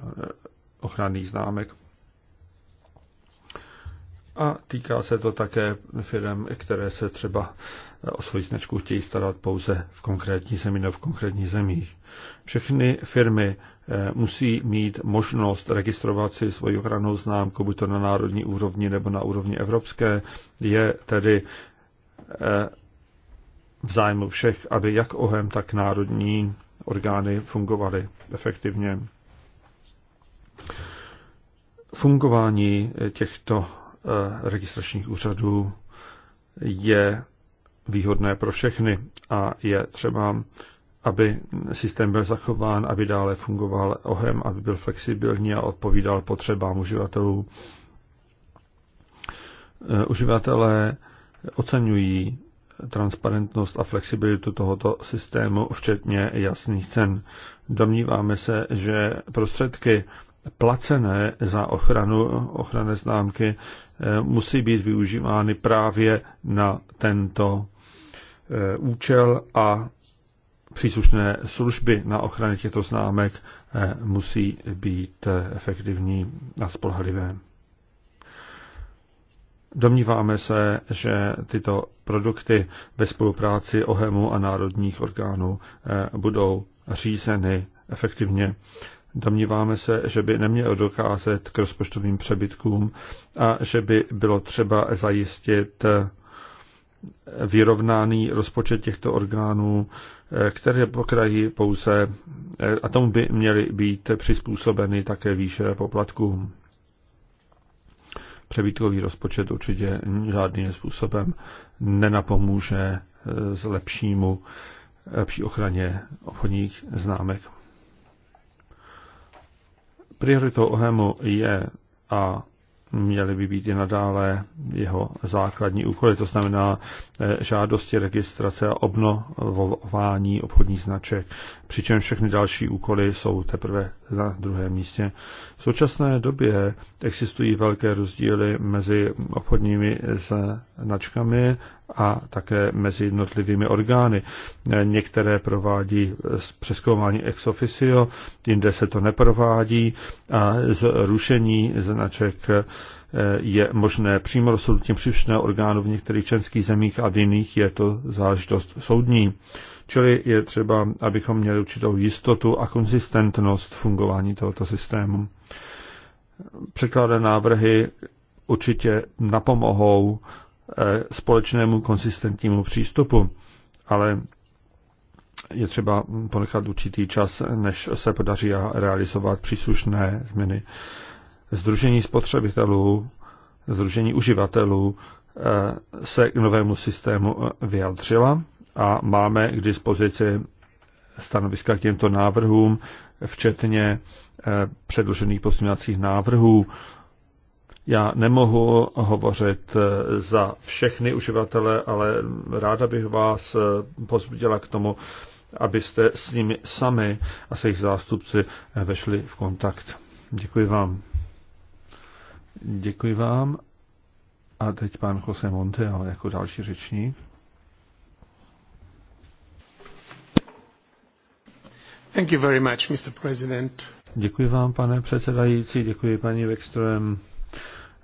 ochranných známek a týká se to také firm, které se třeba o svoji značku chtějí starat pouze v konkrétní zemi nebo v konkrétních zemích. Všechny firmy eh, musí mít možnost registrovat si svoji ochranou známku, buď to na národní úrovni nebo na úrovni evropské. Je tedy eh, v zájmu všech, aby jak OHEM, tak národní orgány fungovaly efektivně fungování těchto Eh, registračních úřadů je výhodné pro všechny a je třeba, aby systém byl zachován, aby dále fungoval ohem, aby byl flexibilní a odpovídal potřebám uživatelů. Eh, uživatelé oceňují transparentnost a flexibilitu tohoto systému, včetně jasných cen. Domníváme se, že prostředky placené za ochranu ochranné známky Eh, musí být využívány právě na tento eh, účel a příslušné služby na ochranu těchto známek eh, musí být efektivní a spolehlivé. Domníváme se, že tyto produkty ve spolupráci OHEMu a národních orgánů budou řízeny efektivně. Domníváme se, že by nemělo docházet k rozpočtovým přebytkům a že by bylo třeba zajistit vyrovnaný rozpočet těchto orgánů, které pokrají pouze, a tomu by měly být přizpůsobeny také výše poplatků. Přebytkový rozpočet určitě žádným způsobem nenapomůže z lepšímu, lepší ochraně obchodních známek. Prioritou OHEMu je a měly by být i nadále jeho základní úkoly, to znamená eh, žádosti, registrace a obnovování obchodních značek, přičemž všechny další úkoly jsou teprve na druhém místě. V současné době existují velké rozdíly mezi obchodními značkami a také mezi jednotlivými orgány. Některé provádí přeskoumání ex officio, jinde se to neprovádí a zrušení značek eh, je možné přímo rozhodnutím příslušného orgánu v některých členských zemích a v jiných je to záležitost soudní. Čili je třeba, abychom měli určitou jistotu a konzistentnost fungování tohoto systému překládané návrhy určitě napomohou eh, společnému konsistentnímu přístupu, ale je třeba ponechat určitý čas, než se podaří realizovat příslušné změny. Združení spotřebitelů, Združení uživatelů eh, se k novému systému eh, vyjadřila a máme k dispozici stanoviska k těmto návrhům včetně eh, předložených pozměňovacích návrhů. Já nemohu hovořit eh, za všechny uživatele, ale ráda bych vás eh, pozbudila k tomu, abyste s nimi sami a se jejich zástupci vešli v kontakt. Děkuji vám. Děkuji vám. A teď pan Jose Monteo jako další řečník. Thank you very much, Mr. President. Děkuji vám, pane předsedající, děkuji paní Vekström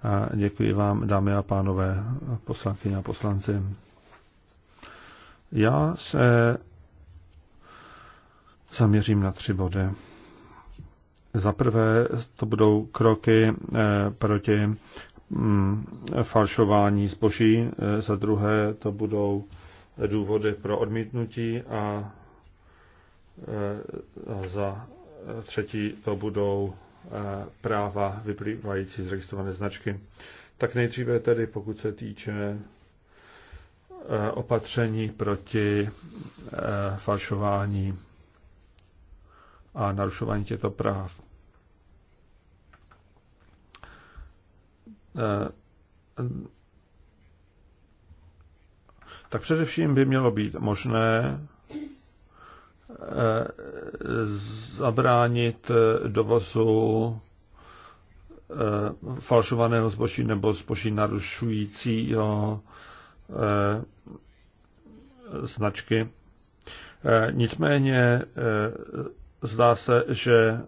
a děkuji vám, dámy a pánové, poslankyně a poslanci. Já se zaměřím na tři body. Za prvé to budou kroky eh, proti mm, falšování zboží, eh, za druhé to budou důvody pro odmítnutí a Eh, a za třetí to budou eh, práva vyplývající z registrované značky. Tak nejdříve tedy, pokud se týče eh, opatření proti falšování a narušování těchto práv. Tak především by mělo být možné Eh, zabránit eh, dovozu eh, falšovaného zboží nebo zboží narušujícího značky. Nicméně zdá se, že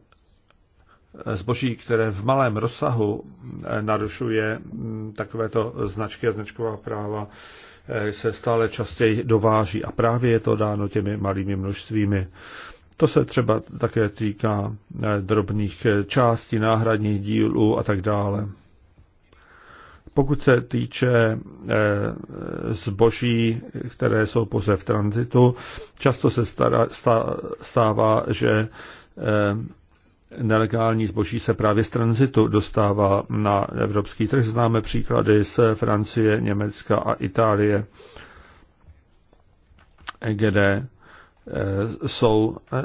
zboží, které v malém rozsahu narušuje mm, takovéto značky a značková práva, Eh, se stále častěji dováží a právě je to dáno těmi malými množstvími. To se třeba také týká eh, drobných eh, částí, náhradních dílů a tak dále. Pokud se týče zboží, které jsou pouze v tranzitu, často se stará, stává, že nelegální zboží se právě z tranzitu dostává na evropský trh. Známe příklady z Francie, Německa a Itálie, kde e, jsou, e,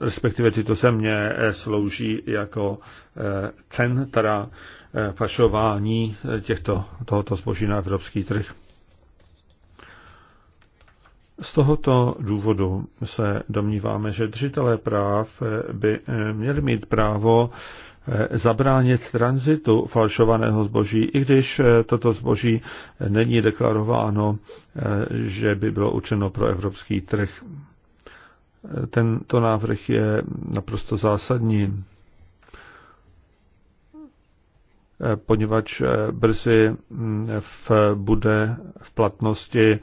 respektive tyto země e, slouží jako centra pašování těchto, tohoto zboží na evropský trh. Z tohoto důvodu se domníváme, že držitelé práv by eh, měli mít právo eh, zabránit tranzitu falšovaného zboží, i když eh, toto zboží není deklarováno, že by bylo učeno pro evropský trh. Tento návrh je naprosto zásadní. poněvadž eh, brzy hm, v, bude v platnosti eh,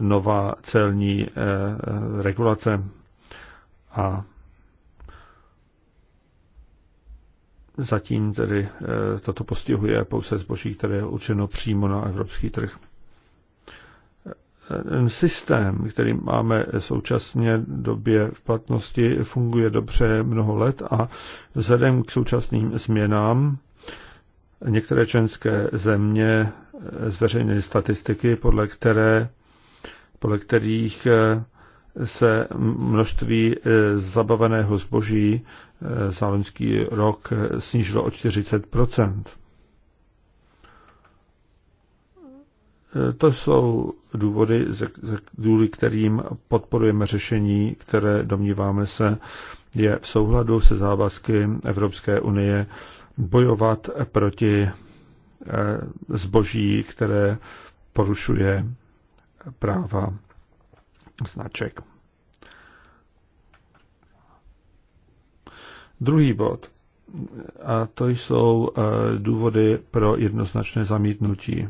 nová celní eh, regulace a zatím tedy toto postihuje pouze zboží, které je určeno přímo na evropský trh. Systém, který máme současně době v platnosti, funguje dobře mnoho let a vzhledem k současným změnám Některé členské země eh, zveřejnily statistiky, podle, které, podle kterých eh, se množství eh, zabaveného zboží za loňský rok snížilo o 40 To jsou důvody, důvody, kterým podporujeme řešení, které domníváme se je v souhladu se závazky Evropské unie bojovat proti eh, zboží, které porušuje práva značek. Druhý bod. A to jsou eh, důvody pro jednoznačné zamítnutí.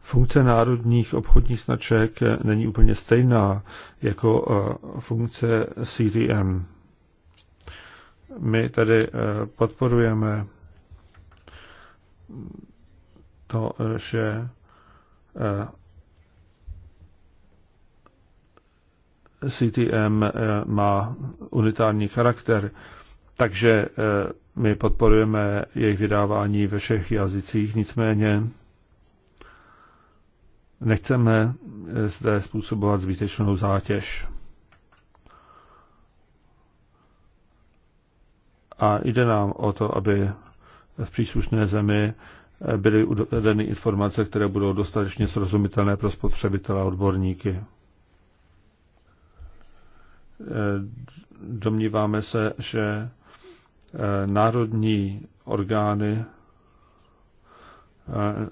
Funkce národních obchodních značek není úplně stejná jako eh, funkce CDM. My tedy eh, podporujeme to, že eh, CTM eh, má unitární charakter, takže my podporujeme jejich vydávání ve všech jazycích, nicméně nechceme zde způsobovat zbytečnou zátěž. a jde nám o to, aby v příslušné zemi byly uvedeny informace, které budou dostatečně srozumitelné pro spotřebitele a odborníky. Domníváme se, že eh, národní orgány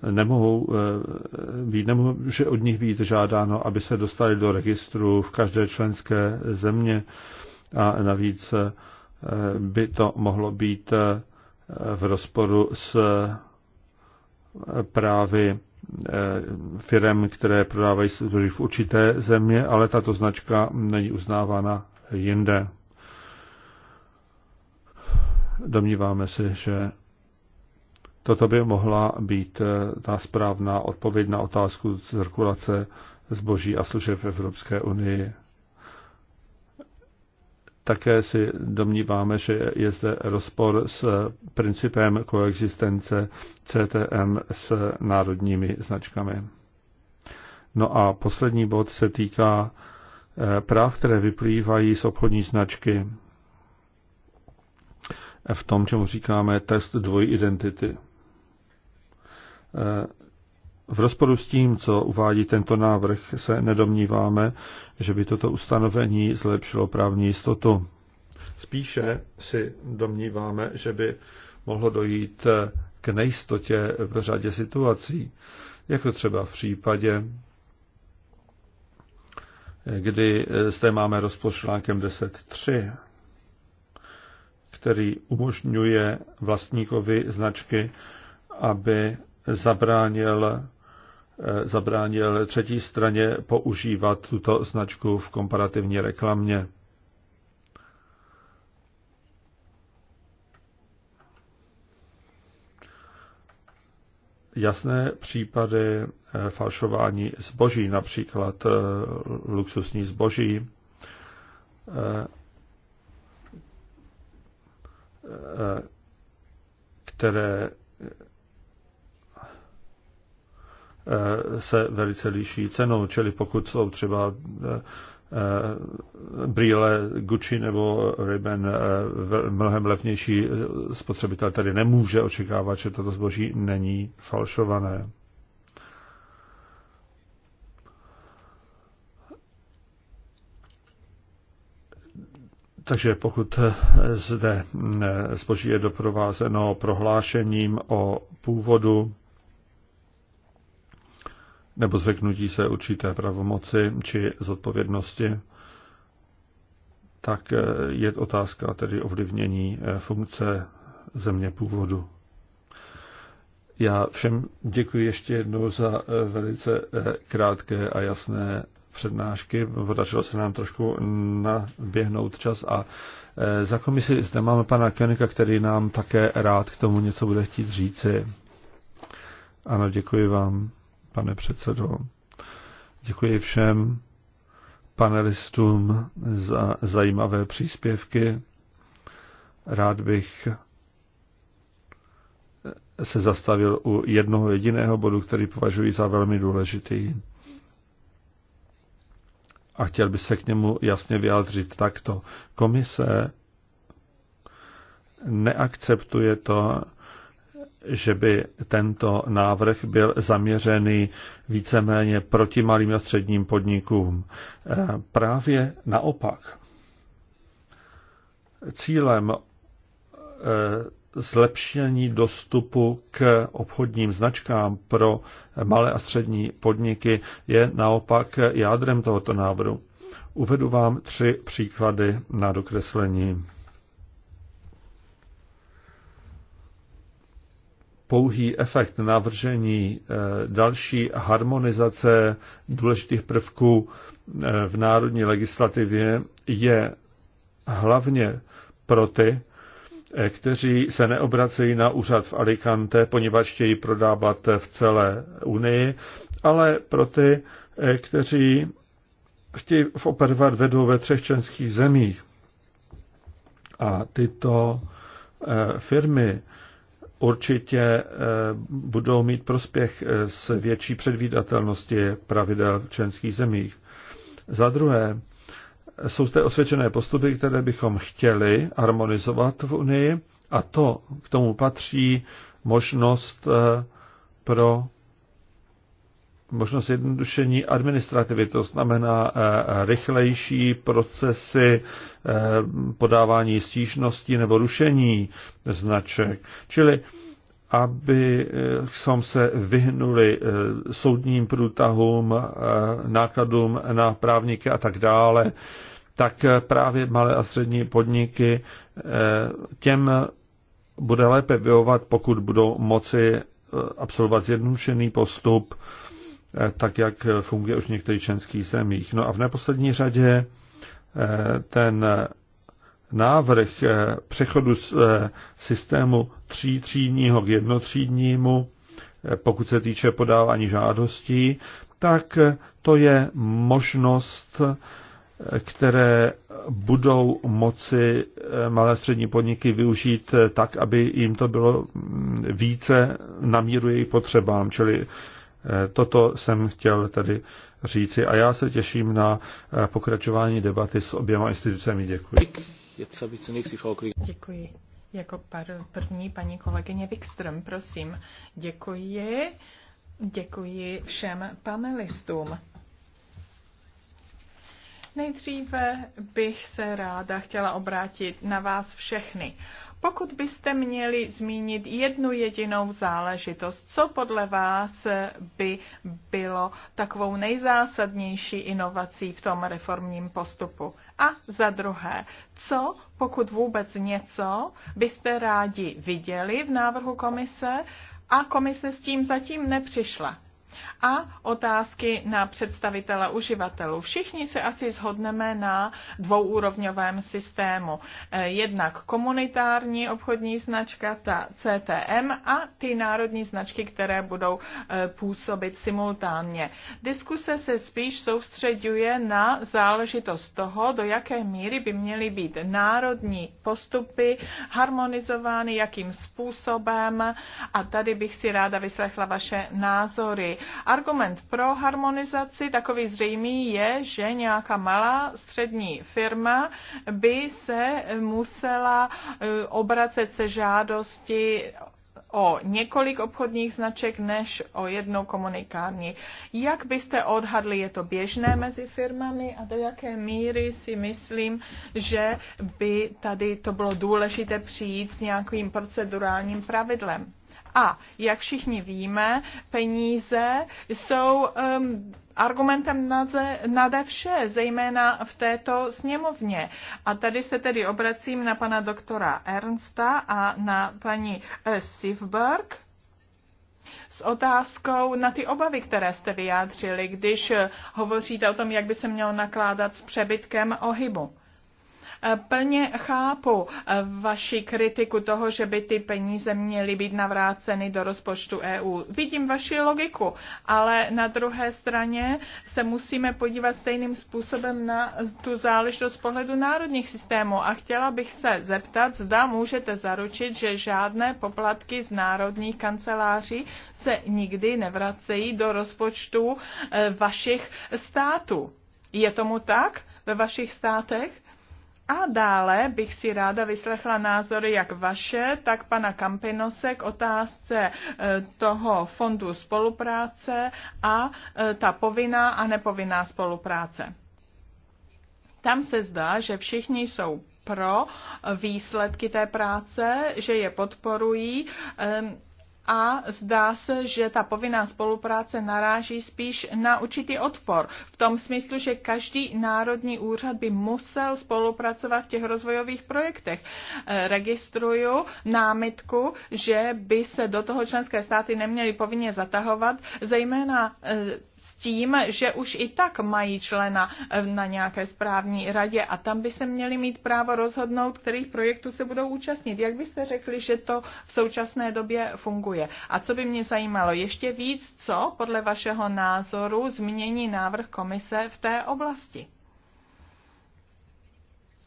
eh, nemohou eh, být, nemohou, že od nich být žádáno, aby se dostali do registru v každé členské země a navíc by to mohlo být eh, v rozporu s eh, právy eh, firem, které prodávají zboží v určité země, ale tato značka není uznávána jinde. Domníváme se, že toto by mohla být ta správná odpověď na otázku cirkulace zboží a služeb v Evropské unii. Také si domníváme, že je zde rozpor s principem koexistence CTM s národními značkami. No a poslední bod se týká eh, práv, které vyplývají z obchodní značky eh, v tom, čemu říkáme test dvojí identity. Eh, v rozporu s tím, co uvádí tento návrh, se nedomníváme, že by toto ustanovení zlepšilo právní jistotu. Spíše si domníváme, že by mohlo dojít k nejistotě v řadě situací, jako třeba v případě, kdy zde máme rozpor článkem 10.3, který umožňuje vlastníkovi značky, aby zabránil Eh, zabránil třetí straně používat tuto značku v komparativní reklamě. Jasné případy eh, falšování zboží, například eh, luxusní zboží, které Eh, se velice liší cenou, čili pokud jsou třeba eh, brýle Gucci nebo Ray-Ban eh, mnohem levnější, spotřebitel tady nemůže očekávat, že toto zboží není falšované. Takže pokud zde zboží je doprovázeno prohlášením o původu, nebo zřeknutí se určité pravomoci či zodpovědnosti, tak eh, je otázka tedy ovlivnění eh, funkce země původu. Já všem děkuji ještě jednou za eh, velice krátké a jasné přednášky. Podařilo se nám trošku naběhnout čas a za komisi zde máme pana Kenika, který nám také rád k tomu něco bude chtít říci. Ano, děkuji vám pane předsedo. Děkuji všem panelistům za zajímavé příspěvky. Rád bych se zastavil u jednoho jediného bodu, který považuji za velmi důležitý. A chtěl bych se k němu jasně vyjádřit takto. Komise neakceptuje to, že by tento návrh byl zaměřený víceméně proti malým a středním podnikům. Eh, právě naopak. Cílem eh, zlepšení dostupu k obchodním značkám pro malé a střední podniky je naopak jádrem tohoto návrhu. Uvedu vám tři příklady na dokreslení. pouhý efekt navržení eh, další harmonizace důležitých prvků eh, v národní legislativě je hlavně pro ty, eh, kteří se neobracejí na úřad v Alicante, poněvadž chtějí prodávat v celé Unii, ale pro ty, kteří chtějí v operovat vedou ve třech členských zemích. A tyto firmy určitě eh, budou mít prospěch s eh, větší předvídatelnosti pravidel v členských zemích. Za druhé, jsou zde osvědčené postupy, které bychom chtěli harmonizovat v Unii a to k tomu patří možnost eh, pro možnost jednodušení administrativy, to znamená eh, rychlejší procesy eh, podávání stížností nebo rušení značek. Čili aby jsme se vyhnuli eh, soudním průtahům, nákladům na právníky a tak dále, tak právě malé a střední podniky těm bude lépe vyhovat, pokud budou moci absolvovat zjednodušený postup, Eh, tak jak funguje už v některých členských zemích. No a v neposlední řadě eh, ten návrh eh, přechodu z systému třítřídního k jednotřídnímu, pokud se týče podávání žádostí, tak to je možnost, které budou moci malé střední podniky využít tak, aby jim to bylo mm, více na míru jejich potřebám, čili Eh, toto jsem chtěl tady říci a já se těším na eh, pokračování debaty s oběma institucemi. Děkuji. Děkuji. Jako první paní kolegyně Wikström, prosím. Děkuji. Děkuji všem panelistům. Nejdříve bych se ráda chtěla obrátit na vás všechny. Pokud byste měli zmínit jednu jedinou záležitost, co podle vás by bylo takovou nejzásadnější inovací v tom reformním postupu? A za druhé, co, pokud vůbec něco, byste rádi viděli v návrhu komise a komise s tím zatím nepřišla? a otázky na představitele uživatelů. Všichni se asi zhodneme na dvouúrovňovém systému. Eh, jednak komunitární obchodní značka, ta CTM a ty národní značky, které budou eh, působit simultánně. Diskuse se spíš soustředuje na záležitost toho, do jaké míry by měly být národní postupy harmonizovány, jakým způsobem a tady bych si ráda vyslechla vaše názory Argument pro harmonizaci takový zřejmý je, že nějaká malá střední firma by se musela eh, obracet se žádosti o několik obchodních značek než o jednou komunikární. Jak byste odhadli, je to běžné mezi firmami a do jaké míry si myslím, že by tady to bylo důležité přijít s nějakým procedurálním pravidlem? A jak všichni víme, peníze jsou um, argumentem nade, nade vše, zejména v této sněmovně. A tady se tedy obracím na pana doktora Ernsta a na paní eh, Sivberg s otázkou na ty obavy, které jste vyjádřili, když hovoříte o tom, jak by se mělo nakládat s přebytkem ohybu. Eh, plně chápu eh, vaši kritiku toho, že by ty peníze měly být navráceny do rozpočtu EU. Vidím vaši logiku, ale na druhé straně se musíme podívat stejným způsobem na tu záležitost z pohledu národních systémů a chtěla bych se zeptat, zda můžete zaručit, že žádné poplatky z národních kanceláří se nikdy nevracejí do rozpočtu eh, vašich států. Je tomu tak ve vašich státech? A dále bych si ráda vyslechla názory jak vaše, tak pana Kampinose k otázce e, toho fondu spolupráce a e, ta povinná a nepovinná spolupráce. Tam se zdá, že všichni jsou pro výsledky té práce, že je podporují. E, a zdá se, že ta povinná spolupráce naráží spíš na určitý odpor. V tom smyslu, že každý národní úřad by musel spolupracovat v těch rozvojových projektech. E, registruju námitku, že by se do toho členské státy neměly povinně zatahovat, zejména e, tím, že už i tak mají člena eh, na nějaké správní radě a tam by se měli mít právo rozhodnout, kterých projektů se budou účastnit. Jak byste řekli, že to v současné době funguje? A co by mě zajímalo, ještě víc, co podle vašeho názoru změní návrh komise v té oblasti?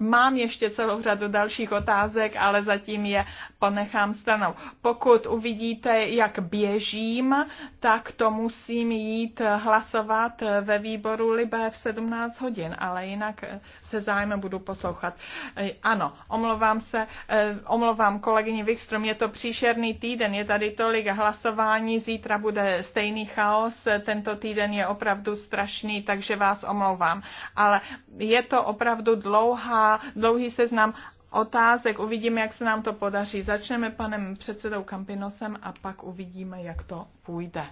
Mám ještě celou řadu dalších otázek, ale zatím je ponechám stranou. Pokud uvidíte, jak běžím, tak to musím jít hlasovat ve výboru Libé v 17 hodin, ale jinak eh, se zájmem budu poslouchat. Eh, ano, omlouvám se, eh, omlouvám kolegyni Wikström, je to příšerný týden, je tady tolik hlasování, zítra bude stejný chaos, tento týden je opravdu strašný, takže vás omlouvám. Ale je to opravdu dlouhá dlouhý seznam otázek. Uvidíme, jak se nám to podaří. Začneme panem předsedou Kampinosem a pak uvidíme, jak to půjde.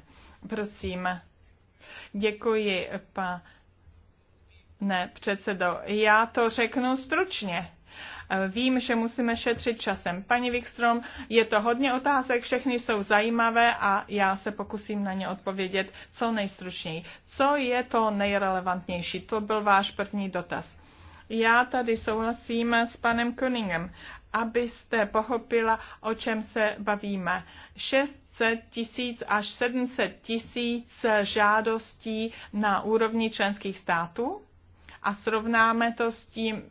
Prosím. Děkuji, pane předsedo. Já to řeknu stručně. Vím, že musíme šetřit časem. Paní Wikstrom, je to hodně otázek, všechny jsou zajímavé a já se pokusím na ně odpovědět co nejstručněji. Co je to nejrelevantnější? To byl váš první dotaz. Já tady souhlasím s panem Koningem, abyste pochopila, o čem se bavíme. 600 tisíc až 700 tisíc žádostí na úrovni členských států a srovnáme to s tím,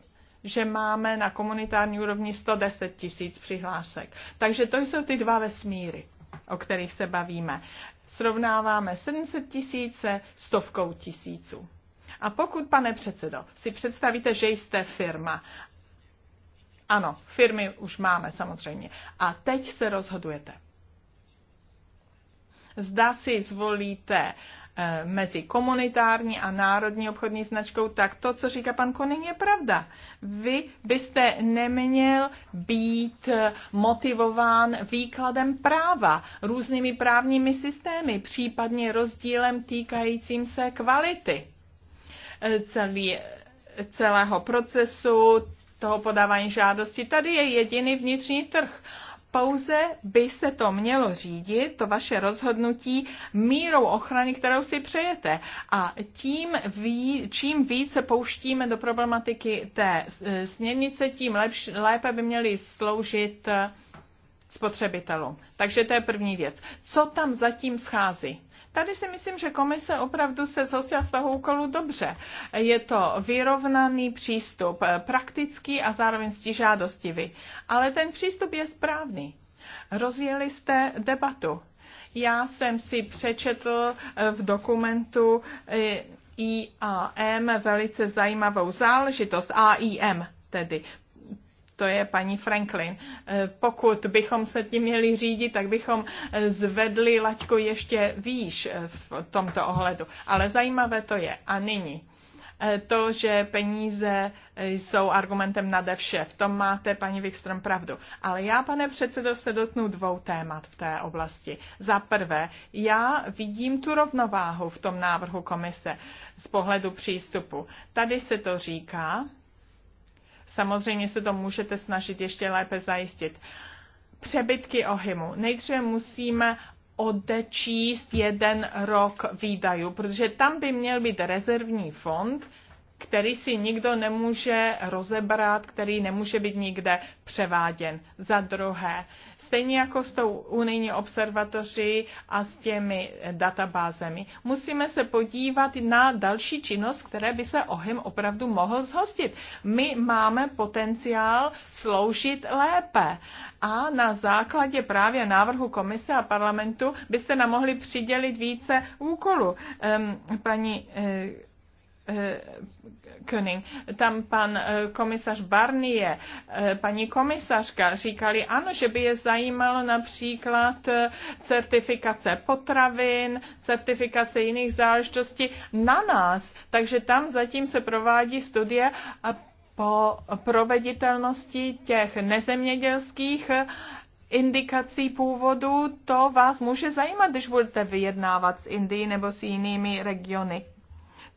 že máme na komunitární úrovni 110 tisíc přihlášek. Takže to jsou ty dva vesmíry, o kterých se bavíme. Srovnáváme 700 tisíce stovkou tisíců. A pokud, pane předsedo, si představíte, že jste firma, ano, firmy už máme samozřejmě, a teď se rozhodujete. Zda si zvolíte eh, mezi komunitární a národní obchodní značkou, tak to, co říká pan Koning, je pravda. Vy byste neměl být eh, motivován výkladem práva, různými právními systémy, případně rozdílem týkajícím se kvality Eh, celý, eh, celého procesu, toho podávání žádosti. Tady je jediný vnitřní trh. Pouze by se to mělo řídit, to vaše rozhodnutí, mírou ochrany, kterou si přejete. A tím ví, čím více pouštíme do problematiky té eh, směrnice, tím lepš, lépe by měly sloužit spotřebitelům. Takže to je první věc. Co tam zatím schází? Tady si myslím, že komise opravdu se zhostila svého úkolu dobře. Je to vyrovnaný přístup, eh, praktický a zároveň stižádostivý. Ale ten přístup je správný. Rozjeli jste debatu. Já jsem si přečetl eh, v dokumentu eh, IAM velice zajímavou záležitost, AIM tedy to je paní Franklin. Eh, pokud bychom se tím měli řídit, tak bychom eh, zvedli laťku ještě výš eh, v tomto ohledu. Ale zajímavé to je. A nyní to, že peníze jsou argumentem nade vše. V tom máte, paní Wikström, pravdu. Ale já, pane předsedo, se dotknu dvou témat v té oblasti. Za prvé, já vidím tu rovnováhu v tom návrhu komise z pohledu přístupu. Tady se to říká, Samozřejmě se to můžete snažit ještě lépe zajistit. Přebytky OHIMu. Nejdříve musíme odečíst jeden rok výdajů, protože tam by měl být rezervní fond, který si nikdo nemůže rozebrat, který nemůže být nikde převáděn. Za druhé, stejně jako s tou unijní observatoři a s těmi databázemi, musíme se podívat na další činnost, které by se ohem opravdu mohl zhostit. My máme potenciál sloužit lépe a na základě právě návrhu komise a parlamentu byste nám mohli přidělit více úkolů. Um, paní uh, Eh, Köning, Tam pan eh, komisař Barnier, eh, paní komisařka říkali, ano, že by je zajímalo například certifikace potravin, certifikace jiných záležitostí na nás. Takže tam zatím se provádí studie a po proveditelnosti těch nezemědělských indikací původu, to vás může zajímat, když budete vyjednávat s Indií nebo s jinými regiony.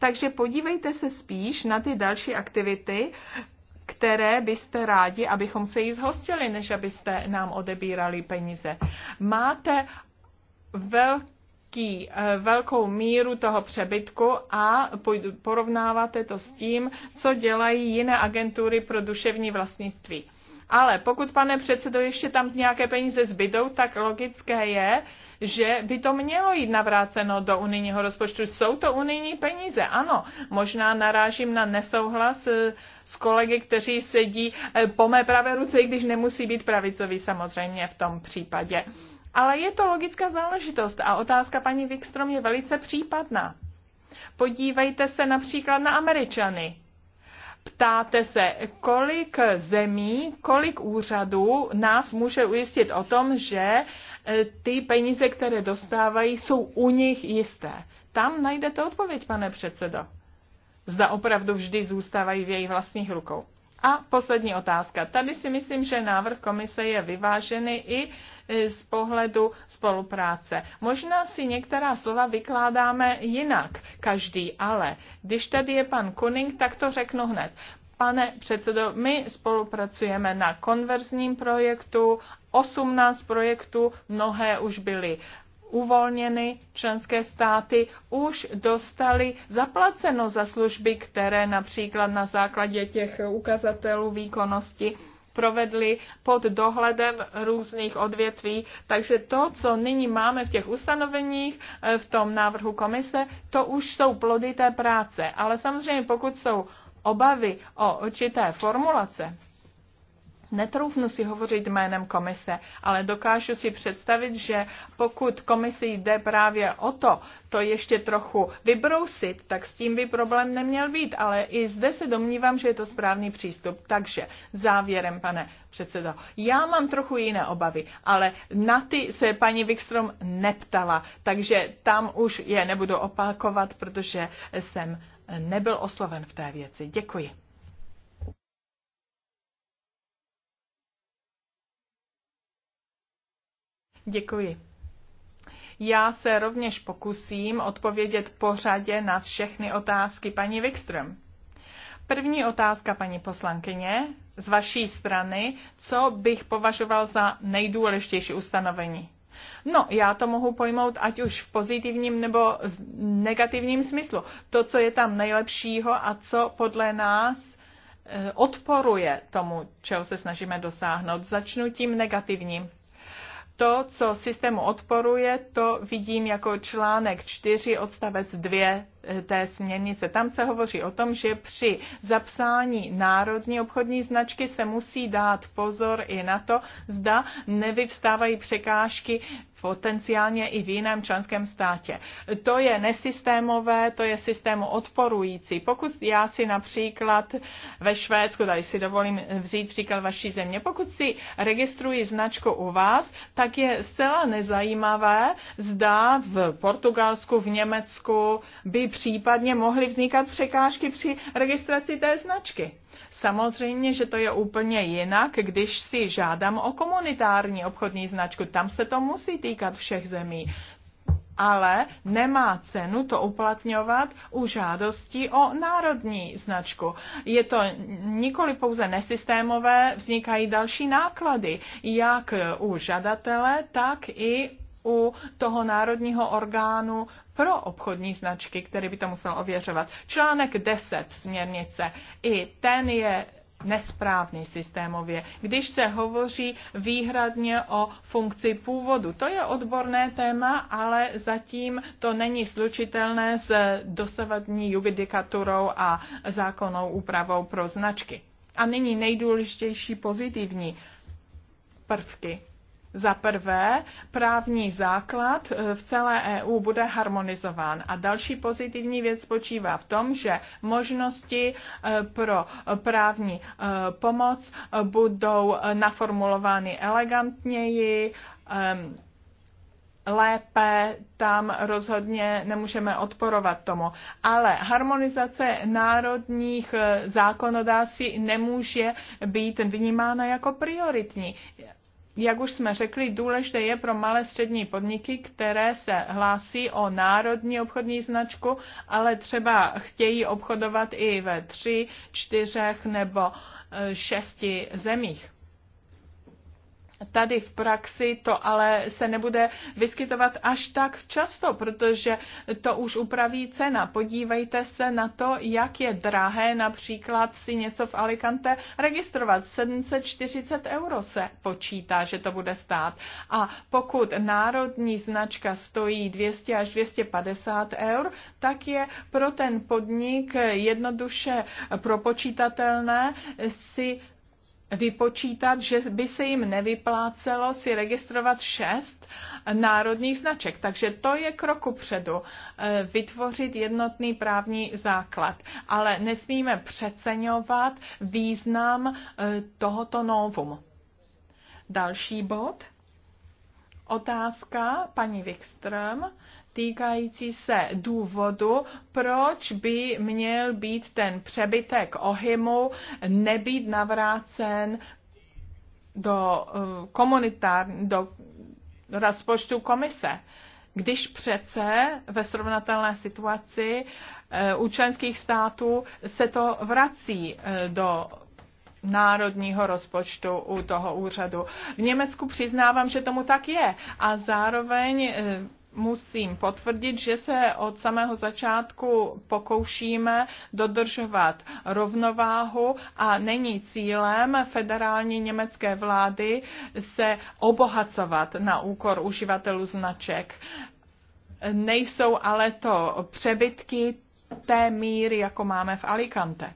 Takže podívejte se spíš na ty další aktivity, které byste rádi, abychom se jí zhostili, než abyste nám odebírali peníze. Máte velký, eh, velkou míru toho přebytku a porovnáváte to s tím, co dělají jiné agentury pro duševní vlastnictví. Ale pokud, pane předsedo, ještě tam nějaké peníze zbydou, tak logické je, že by to mělo jít navráceno do unijního rozpočtu. Jsou to unijní peníze, ano. Možná narážím na nesouhlas eh, s kolegy, kteří sedí eh, po mé pravé ruce, i když nemusí být pravicový samozřejmě v tom případě. Ale je to logická záležitost a otázka paní Wikstrom je velice případná. Podívejte se například na Američany. Ptáte se, kolik zemí, kolik úřadů nás může ujistit o tom, že E, ty peníze, které dostávají, jsou u nich jisté. Tam najdete odpověď, pane předsedo. Zda opravdu vždy zůstávají v jejich vlastních rukou. A poslední otázka. Tady si myslím, že návrh komise je vyvážený i e, z pohledu spolupráce. Možná si některá slova vykládáme jinak, každý, ale když tady je pan Kuning, tak to řeknu hned. Pane předsedo, my spolupracujeme na konverzním projektu, 18 projektů, mnohé už byly uvolněny, členské státy už dostali zaplaceno za služby, které například na základě těch ukazatelů výkonnosti provedli pod dohledem různých odvětví. Takže to, co nyní máme v těch ustanoveních, eh, v tom návrhu komise, to už jsou plody té práce. Ale samozřejmě, pokud jsou obavy o určité formulace, Netroufnu si hovořit jménem komise, ale dokážu si představit, že pokud komisi jde právě o to, to ještě trochu vybrousit, tak s tím by problém neměl být, ale i zde se domnívám, že je to správný přístup. Takže závěrem, pane předsedo, já mám trochu jiné obavy, ale na ty se paní Wikstrom neptala, takže tam už je nebudu opakovat, protože jsem nebyl osloven v té věci. Děkuji. Děkuji. Já se rovněž pokusím odpovědět pořadě na všechny otázky paní Wikström. První otázka, paní poslankyně, z vaší strany, co bych považoval za nejdůležitější ustanovení? No, já to mohu pojmout ať už v pozitivním nebo negativním smyslu. To, co je tam nejlepšího a co podle nás eh, odporuje tomu, čeho se snažíme dosáhnout. Začnu tím negativním to, co systému odporuje, to vidím jako článek 4 odstavec 2 eh, té směrnice. Tam se hovoří o tom, že při zapsání národní obchodní značky se musí dát pozor i na to, zda nevyvstávají překážky potenciálně i v jiném členském státě. To je nesystémové, to je systému odporující. Pokud já si například ve Švédsku, tady si dovolím vzít příklad vaší země, pokud si registruji značku u vás, tak je zcela nezajímavé, zda v Portugalsku, v Německu by případně mohly vznikat překážky při registraci té značky. Samozřejmě, že to je úplně jinak, když si žádám o komunitární obchodní značku. Tam se to musí týkat všech zemí ale nemá cenu to uplatňovat u žádosti o národní značku. Je to nikoli pouze nesystémové, vznikají další náklady, jak u žadatele, tak i u toho národního orgánu pro obchodní značky, který by to musel ověřovat. Článek 10 směrnice, i ten je nesprávný systémově. Když se hovoří výhradně o funkci původu, to je odborné téma, ale zatím to není slučitelné s dosavadní judikaturou a zákonnou úpravou pro značky. A nyní nejdůležitější pozitivní prvky za prvé, právní základ eh, v celé EU bude harmonizován. A další pozitivní věc spočívá v tom, že možnosti eh, pro právní eh, pomoc budou naformulovány elegantněji, lépe, tam rozhodně nemůžeme odporovat tomu. Ale harmonizace národních zákonodárství nemůže být vnímána jako prioritní jak už jsme řekli, důležité je pro malé střední podniky, které se hlásí o národní obchodní značku, ale třeba chtějí obchodovat i ve tři, čtyřech nebo eh, šesti zemích. Tady v praxi to ale se nebude vyskytovat až tak často, protože to už upraví cena. Podívejte se na to, jak je drahé například si něco v Alicante registrovat. 740 euro se počítá, že to bude stát. A pokud národní značka stojí 200 až 250 eur, tak je pro ten podnik jednoduše propočítatelné si vypočítat, že by se jim nevyplácelo si registrovat šest národních značek. Takže to je kroku předu eh, vytvořit jednotný právní základ. Ale nesmíme přeceňovat význam eh, tohoto novum. Další bod. Otázka paní Wikström týkající se důvodu, proč by měl být ten přebytek ohymu nebýt navrácen do eh, komunitár, do rozpočtu komise. Když přece ve srovnatelné situaci eh, u členských států se to vrací eh, do národního rozpočtu u toho úřadu. V Německu přiznávám, že tomu tak je a zároveň musím potvrdit, že se od samého začátku pokoušíme dodržovat rovnováhu a není cílem federální německé vlády se obohacovat na úkor uživatelů značek. Nejsou ale to přebytky té míry, jako máme v Alicante.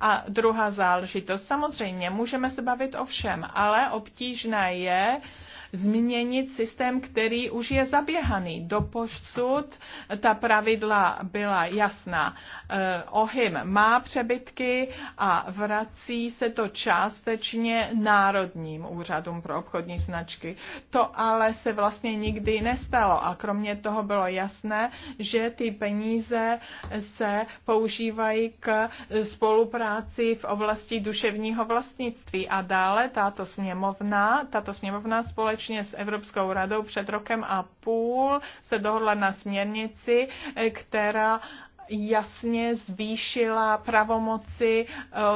A druhá záležitost. Samozřejmě můžeme se bavit o všem, ale obtížné je uh, změnit systém, který už je zaběhaný. Doposud ta pravidla byla jasná. Eh, Ohym má přebytky a vrací se to částečně národním úřadům pro obchodní značky. To ale se vlastně nikdy nestalo a kromě toho bylo jasné, že ty peníze se používají k spolupráci v oblasti duševního vlastnictví a dále tato sněmovna, tato sněmovna společně společně s Evropskou radou před rokem a půl se dohodla na směrnici, eh, která jasně zvýšila pravomoci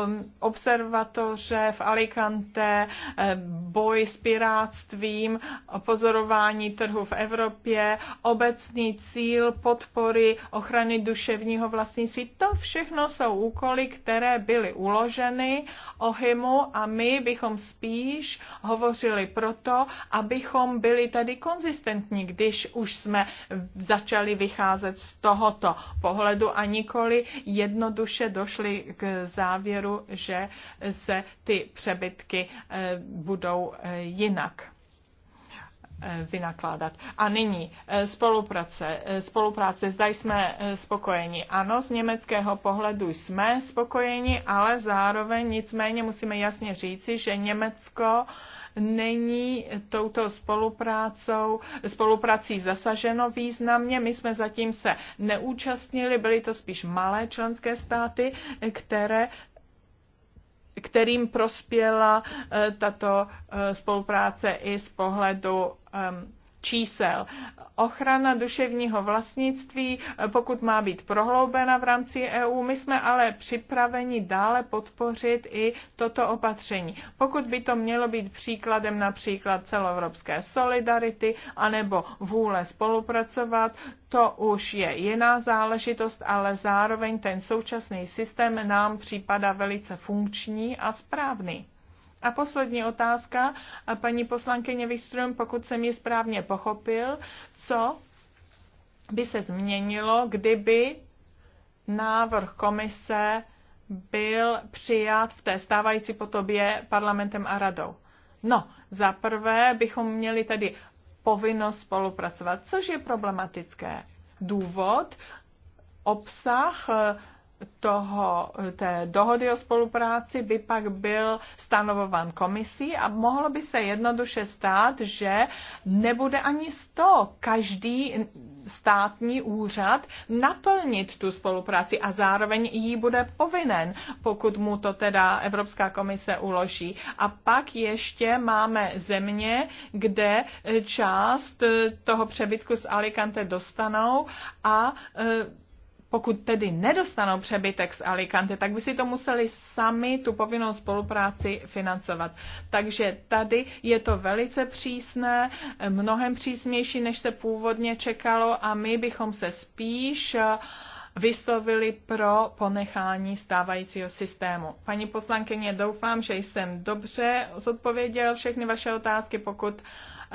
um, observatoře v Alicante, eh, boj s piráctvím, pozorování trhu v Evropě, obecný cíl podpory ochrany duševního vlastnictví. To všechno jsou úkoly, které byly uloženy HIMu a my bychom spíš hovořili proto, abychom byli tady konzistentní, když už jsme začali vycházet z tohoto pohledu dopředu a nikoli jednoduše došli k závěru, že se ty přebytky eh, budou eh, jinak eh, vynakládat. A nyní spolupráce. spolupráce. Zda jsme spokojeni. Ano, z německého pohledu jsme spokojeni, ale zároveň nicméně musíme jasně říci, že Německo není touto spoluprácou, spoluprací zasaženo významně. My jsme zatím se neúčastnili, byly to spíš malé členské státy, které kterým prospěla eh, tato eh, spolupráce i z pohledu ehm, čísel. Ochrana duševního vlastnictví, eh, pokud má být prohloubena v rámci EU, my jsme ale připraveni dále podpořit i toto opatření. Pokud by to mělo být příkladem například celoevropské solidarity anebo vůle spolupracovat, to už je jiná záležitost, ale zároveň ten současný systém nám připadá velice funkční a správný. A poslední otázka, a paní poslankyně Wikström, pokud jsem ji správně pochopil, co by se změnilo, kdyby návrh komise byl přijat v té stávající potobě parlamentem a radou. No, za prvé bychom měli tady povinnost spolupracovat, což je problematické. Důvod, obsah toho, té dohody o spolupráci by pak byl stanovován komisí a mohlo by se jednoduše stát, že nebude ani 100 každý státní úřad naplnit tu spolupráci a zároveň ji bude povinen, pokud mu to teda Evropská komise uloží. A pak ještě máme země, kde část toho přebytku z Alicante dostanou a e, pokud tedy nedostanou přebytek z Alicante, tak by si to museli sami tu povinnou spolupráci financovat. Takže tady je to velice přísné, mnohem přísnější, než se původně čekalo a my bychom se spíš eh, vyslovili pro ponechání stávajícího systému. Paní poslankyně, doufám, že jsem dobře zodpověděl všechny vaše otázky. Pokud uh,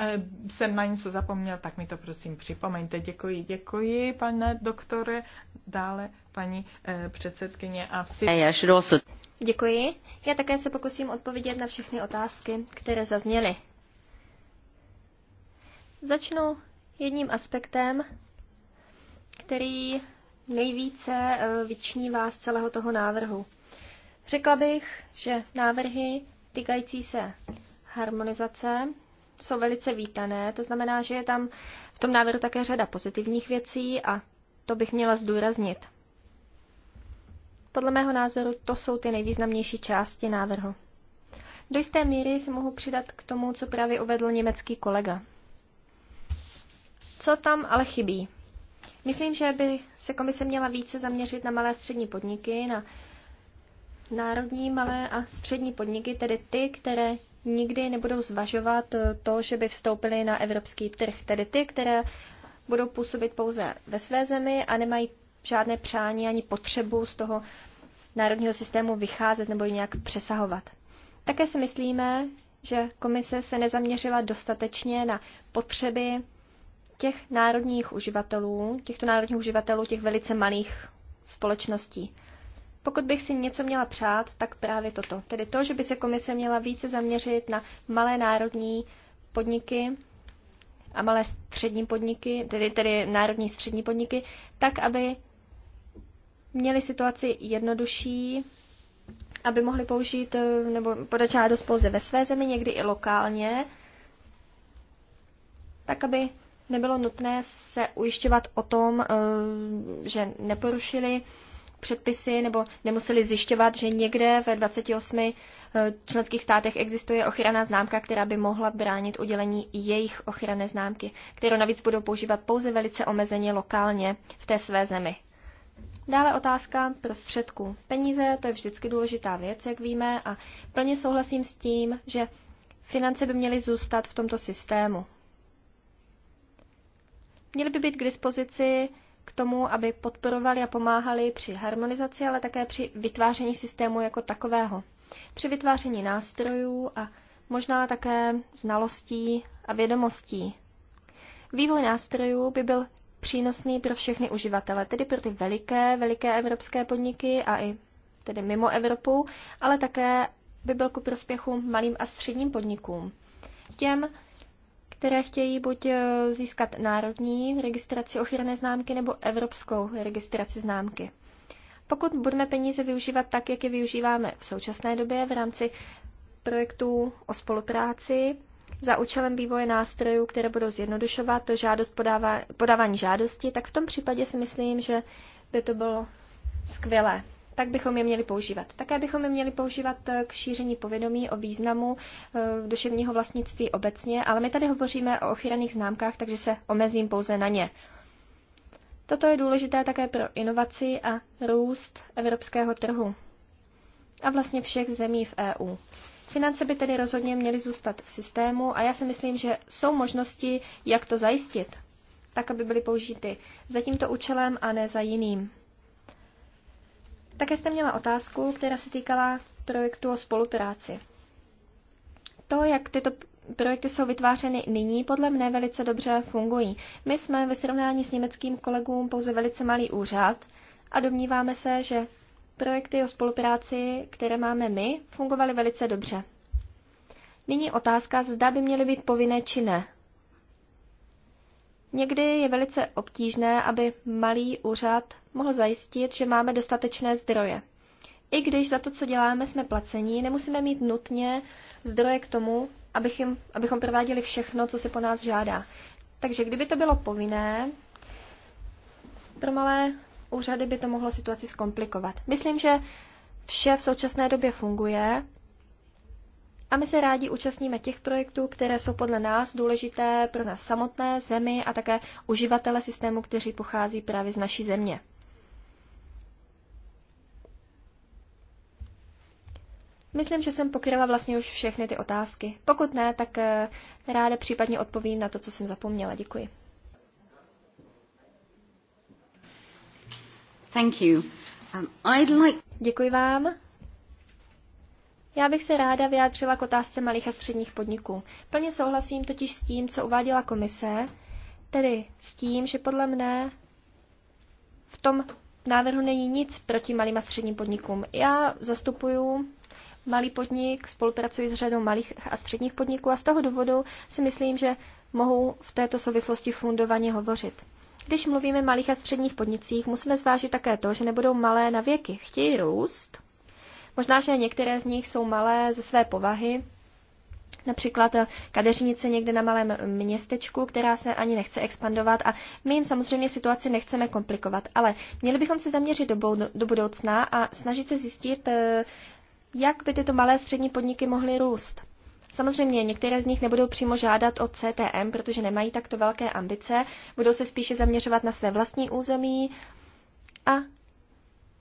Eh, jsem na něco zapomněl, tak mi to prosím připomeňte. Děkuji, děkuji, pane doktore. Dále paní eh, předsedkyně a vsi. Děkuji. Já také se pokusím odpovědět na všechny otázky, které zazněly. Začnu jedním aspektem, který nejvíce eh, vyčnívá z celého toho návrhu. Řekla bych, že návrhy týkající se harmonizace jsou velice vítané. To znamená, že je tam v tom návrhu také řada pozitivních věcí a to bych měla zdůraznit. Podle mého názoru to jsou ty nejvýznamnější části návrhu. Do jisté míry se mohu přidat k tomu, co právě uvedl německý kolega. Co tam ale chybí? Myslím, že by se komise měla více zaměřit na malé a střední podniky, na národní malé a střední podniky, tedy ty, které nikdy nebudou zvažovat eh, to, že by vstoupili na evropský trh, tedy ty, které budou působit pouze ve své zemi a nemají žádné přání ani potřebu z toho národního systému vycházet nebo ji nějak přesahovat. Také si myslíme, že komise se nezaměřila dostatečně na potřeby těch národních uživatelů, těchto národních uživatelů, těch velice malých společností. Pokud bych si něco měla přát, tak právě toto. Tedy to, že by se komise měla více zaměřit na malé národní podniky a malé střední podniky, tedy, tedy národní střední podniky, tak, aby měli situaci jednodušší, aby mohli použít eh, nebo podat žádost pouze ve své zemi, někdy i lokálně, tak, aby nebylo nutné se ujišťovat o tom, eh, že neporušili předpisy nebo nemuseli zjišťovat, že někde ve 28 eh, členských státech existuje ochranná známka, která by mohla bránit udělení jejich ochranné známky, kterou navíc budou používat pouze velice omezeně lokálně v té své zemi. Dále otázka prostředků. Peníze, to je vždycky důležitá věc, jak víme, a plně souhlasím s tím, že finance by měly zůstat v tomto systému. Měly by být k dispozici k tomu, aby podporovali a pomáhali při harmonizaci, ale také při vytváření systému jako takového. Při vytváření nástrojů a možná také znalostí a vědomostí. Vývoj nástrojů by byl přínosný pro všechny uživatele, tedy pro ty veliké, veliké evropské podniky a i tedy mimo Evropu, ale také by byl ku prospěchu malým a středním podnikům. Těm, které chtějí buď eh, získat národní registraci ochranné známky nebo evropskou registraci známky. Pokud budeme peníze využívat tak, jak je využíváme v současné době v rámci projektů o spolupráci za účelem vývoje nástrojů, které budou zjednodušovat to žádost podává, podávání žádosti, tak v tom případě si myslím, že by to bylo skvělé tak bychom je měli používat. Také bychom je měli používat eh, k šíření povědomí o významu eh, duševního vlastnictví obecně, ale my tady hovoříme o ochranných známkách, takže se omezím pouze na ně. Toto je důležité také pro inovaci a růst evropského trhu a vlastně všech zemí v EU. Finance by tedy rozhodně měly zůstat v systému a já si myslím, že jsou možnosti, jak to zajistit, tak aby byly použity za tímto účelem a ne za jiným. Také jste měla otázku, která se týkala projektu o spolupráci. To, jak tyto projekty jsou vytvářeny nyní, podle mne velice dobře fungují. My jsme ve srovnání s německým kolegům pouze velice malý úřad a domníváme se, že projekty o spolupráci, které máme my, fungovaly velice dobře. Nyní otázka, zda by měly být povinné či ne. Někdy je velice obtížné, aby malý úřad mohl zajistit, že máme dostatečné zdroje. I když za to, co děláme, jsme placení, nemusíme mít nutně zdroje k tomu, abychom, abychom prováděli všechno, co se po nás žádá. Takže kdyby to bylo povinné, pro malé úřady by to mohlo situaci zkomplikovat. Myslím, že vše v současné době funguje a my se rádi účastníme těch projektů, které jsou podle nás důležité pro nás samotné, zemi a také uživatele systému, kteří pochází právě z naší země. Myslím, že jsem pokryla vlastně už všechny ty otázky. Pokud ne, tak eh, ráda případně odpovím na to, co jsem zapomněla. Děkuji. Thank you. Um, I'd like... Děkuji vám. Já bych se ráda vyjádřila k otázce malých a středních podniků. Plně souhlasím totiž s tím, co uváděla komise, tedy s tím, že podle mne v tom návrhu není nic proti malým a středním podnikům. Já zastupuju malý podnik, spolupracuji s řadou malých a středních podniků a z toho důvodu si myslím, že mohu v této souvislosti fundovaně hovořit. Když mluvíme o malých a středních podnicích, musíme zvážit také to, že nebudou malé na věky. Chtějí růst. Možná, že některé z nich jsou malé ze své povahy, například kadeřnice někde na malém městečku, která se ani nechce expandovat a my jim samozřejmě situaci nechceme komplikovat, ale měli bychom se zaměřit do, budoucna a snažit se zjistit, eh, jak by tyto malé střední podniky mohly růst. Samozřejmě některé z nich nebudou přímo žádat o CTM, protože nemají takto velké ambice, budou se spíše zaměřovat na své vlastní území a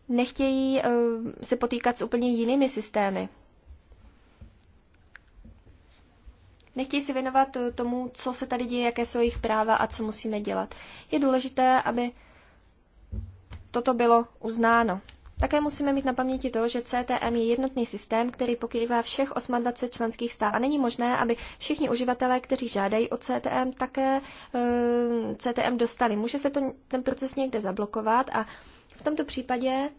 nechtějí eh, se potýkat s úplně jinými systémy. Nechtějí se věnovat eh, tomu, co se tady děje, jaké jsou jejich práva a co musíme dělat. Je důležité, aby toto bylo uznáno. Také musíme mít na paměti to, že CTM je jednotný systém, který pokrývá všech 28 členských států a není možné, aby všichni uživatelé, kteří žádají o CTM, také e, eh, CTM dostali. Může se to, ten proces někde zablokovat a v tomto případě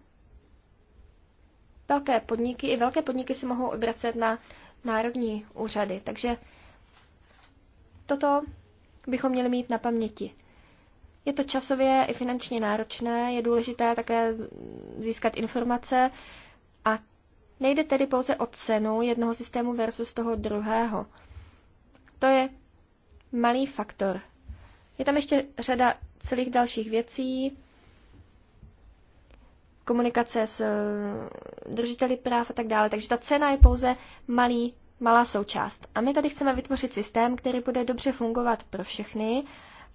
velké podniky, i velké podniky si mohou obracet na národní úřady. Takže toto bychom měli mít na paměti. Je to časově i finančně náročné, je důležité také získat informace a nejde tedy pouze o cenu jednoho systému versus toho druhého. To je malý faktor. Je tam ještě řada celých dalších věcí, komunikace s eh, držiteli práv a tak dále. Takže ta cena je pouze malý, malá součást. A my tady chceme vytvořit systém, který bude dobře fungovat pro všechny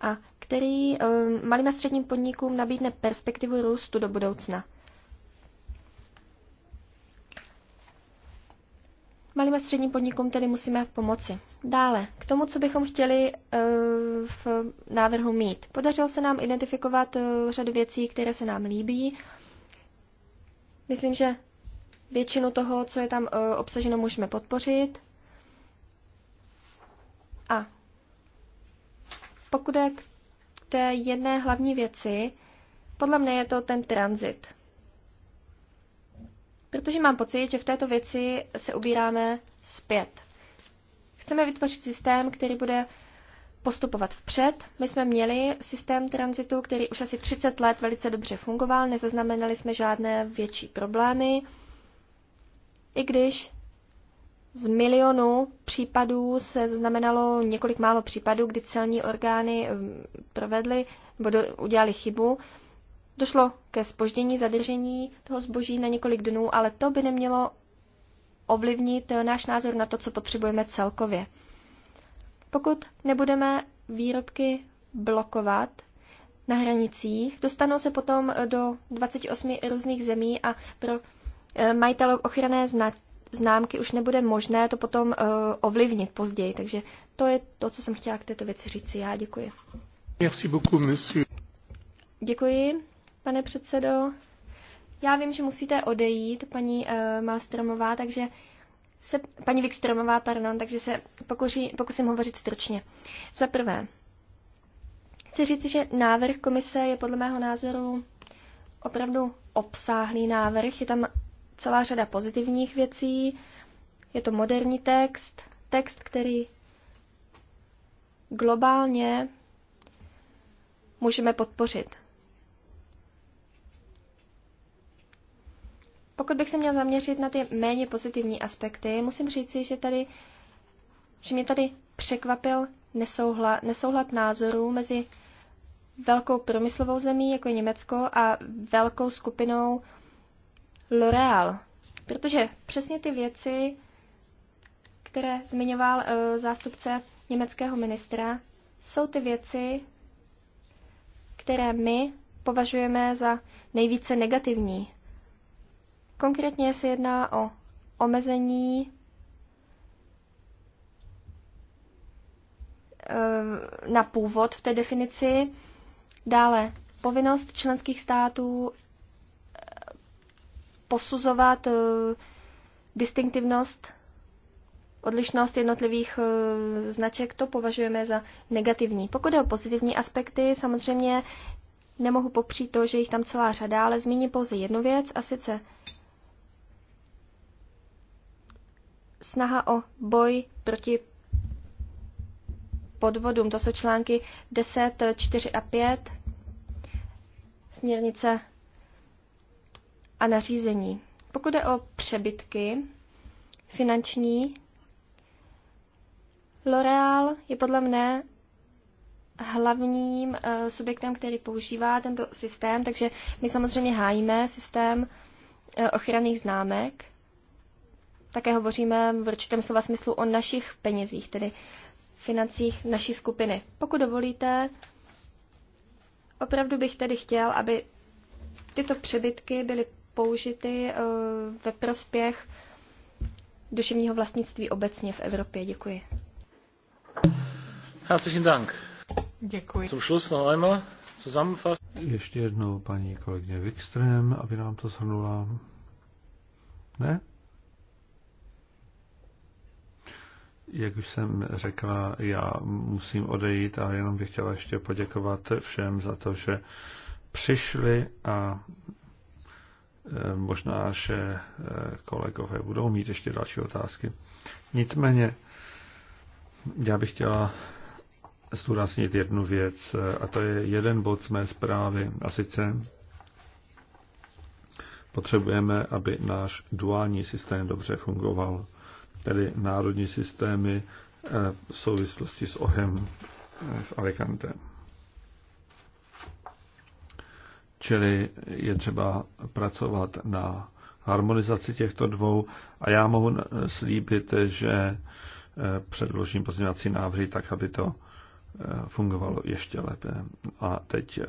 a který eh, malým a středním podnikům nabídne perspektivu růstu do budoucna. Malým a středním podnikům tedy musíme pomoci. Dále, k tomu, co bychom chtěli eh, v návrhu mít. Podařilo se nám identifikovat eh, řadu věcí, které se nám líbí. Myslím, že většinu toho, co je tam obsaženo, můžeme podpořit. A pokud je k té jedné hlavní věci, podle mne je to ten tranzit. Protože mám pocit, že v této věci se ubíráme zpět. Chceme vytvořit systém, který bude postupovat vpřed. My jsme měli systém tranzitu, který už asi 30 let velice dobře fungoval, nezaznamenali jsme žádné větší problémy, i když z milionu případů se znamenalo několik málo případů, kdy celní orgány um, provedly nebo do, udělali chybu. Došlo ke spoždění zadržení toho zboží na několik dnů, ale to by nemělo ovlivnit náš názor na to, co potřebujeme celkově. Pokud nebudeme výrobky blokovat na hranicích, dostanou se potom do 28 různých zemí a pro eh, majitelů ochranné znač známky už nebude možné to potom uh, ovlivnit později. Takže to je to, co jsem chtěla k této věci říci. Já děkuji. Merci beaucoup, monsieur. Děkuji, pane předsedo. Já vím, že musíte odejít, paní uh, eh, Malstromová, takže se, paní Vikstromová, pardon, takže se pokuří, pokusím hovořit stručně. Za prvé, chci říct, že návrh komise je podle mého názoru opravdu obsáhlý návrh. Je tam celá řada pozitivních věcí. Je to moderní text, text, který globálně můžeme podpořit. Pokud bych se měl zaměřit na ty méně pozitivní aspekty, musím říci, že tady, že mě tady překvapil nesouhla, nesouhlad názorů mezi velkou průmyslovou zemí, jako je Německo, a velkou skupinou L'Oreal. Protože přesně ty věci, které zmiňoval uh, zástupce německého ministra, jsou ty věci, které my považujeme za nejvíce negativní. Konkrétně se jedná o omezení eh, na původ v té definici, dále povinnost členských států posuzovat eh, distinktivnost, odlišnost jednotlivých eh, značek, to považujeme za negativní. Pokud je o pozitivní aspekty, samozřejmě nemohu popřít to, že jich tam celá řada, ale zmíním pouze jednu věc a sice snaha o boj proti podvodům. To jsou články 10, 4 a 5 směrnice a nařízení. Pokud je o přebytky finanční, L'Oreal je podle mne hlavním eh, subjektem, který používá tento systém, takže my samozřejmě hájíme systém eh, ochranných známek. Také hovoříme v určitém slova smyslu o našich penězích, tedy financích naší skupiny. Pokud dovolíte, opravdu bych tedy chtěl, aby tyto přebytky byly použity eh, ve prospěch duševního vlastnictví obecně v Evropě. Děkuji. Herzlichen Dank. Děkuji. Zum Schluss noch einmal Ještě jednou paní kolegyně Wikström, aby nám to shrnula. Ne? Jak už jsem řekla, já musím odejít a jenom bych chtěla ještě poděkovat všem za to, že přišli a Eh, možná, že eh, kolegové budou mít ještě další otázky. Nicméně, já bych chtěla zdůraznit jednu věc, eh, a to je jeden bod z mé zprávy, a sice potřebujeme, aby náš duální systém dobře fungoval, tedy národní systémy v souvislosti s ohem v Alicante. Čili je třeba pracovat na harmonizaci těchto dvou a já mohu slíbit, že e, předložím pozměňovací návrhy tak, aby to e, fungovalo ještě lépe. A teď e,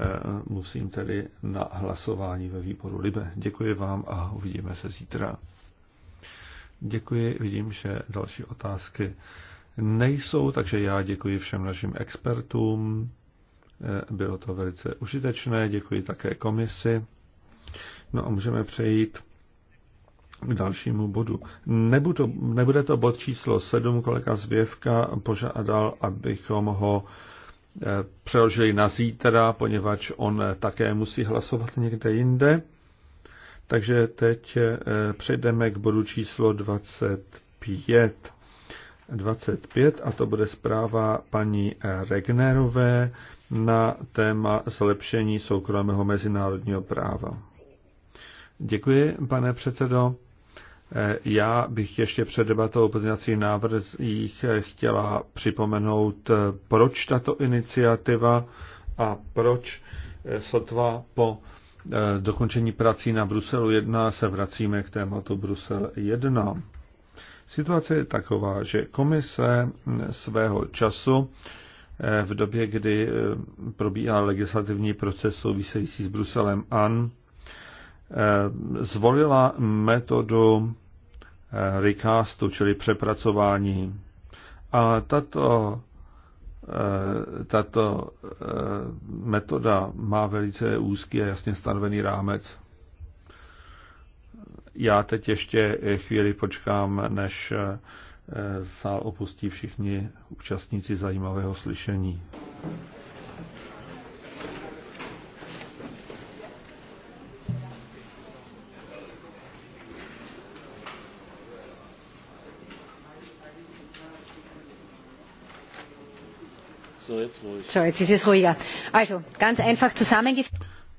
musím tedy na hlasování ve výboru Libe. Děkuji vám a uvidíme se zítra. Děkuji, vidím, že další otázky nejsou, takže já děkuji všem našim expertům. Eh, bylo to velice užitečné, děkuji také komisi. No a můžeme přejít k dalšímu bodu. To, nebude to bod číslo 7, kolega Zvěvka požádal, abychom ho eh, přeložili na zítra, poněvadž on eh, také musí hlasovat někde jinde. Takže teď přejdeme k bodu číslo 25. 25 a to bude zpráva paní Regnerové na téma zlepšení soukromého mezinárodního práva. Děkuji, pane předsedo. Já bych ještě před debatou o pozměňovacích návrzích chtěla připomenout, proč tato iniciativa a proč sotva po dokončení prací na Bruselu 1 se vracíme k tématu Brusel 1. Situace je taková, že komise svého času eh, v době, kdy eh, probíhá legislativní proces související s Bruselem AN, eh, zvolila metodu recastu, čili přepracování. A tato, tato metoda má velice úzký a jasně stanovený rámec. Já teď ještě eh, chvíli počkám, než eh, sál opustí všichni účastníci zajímavého slyšení.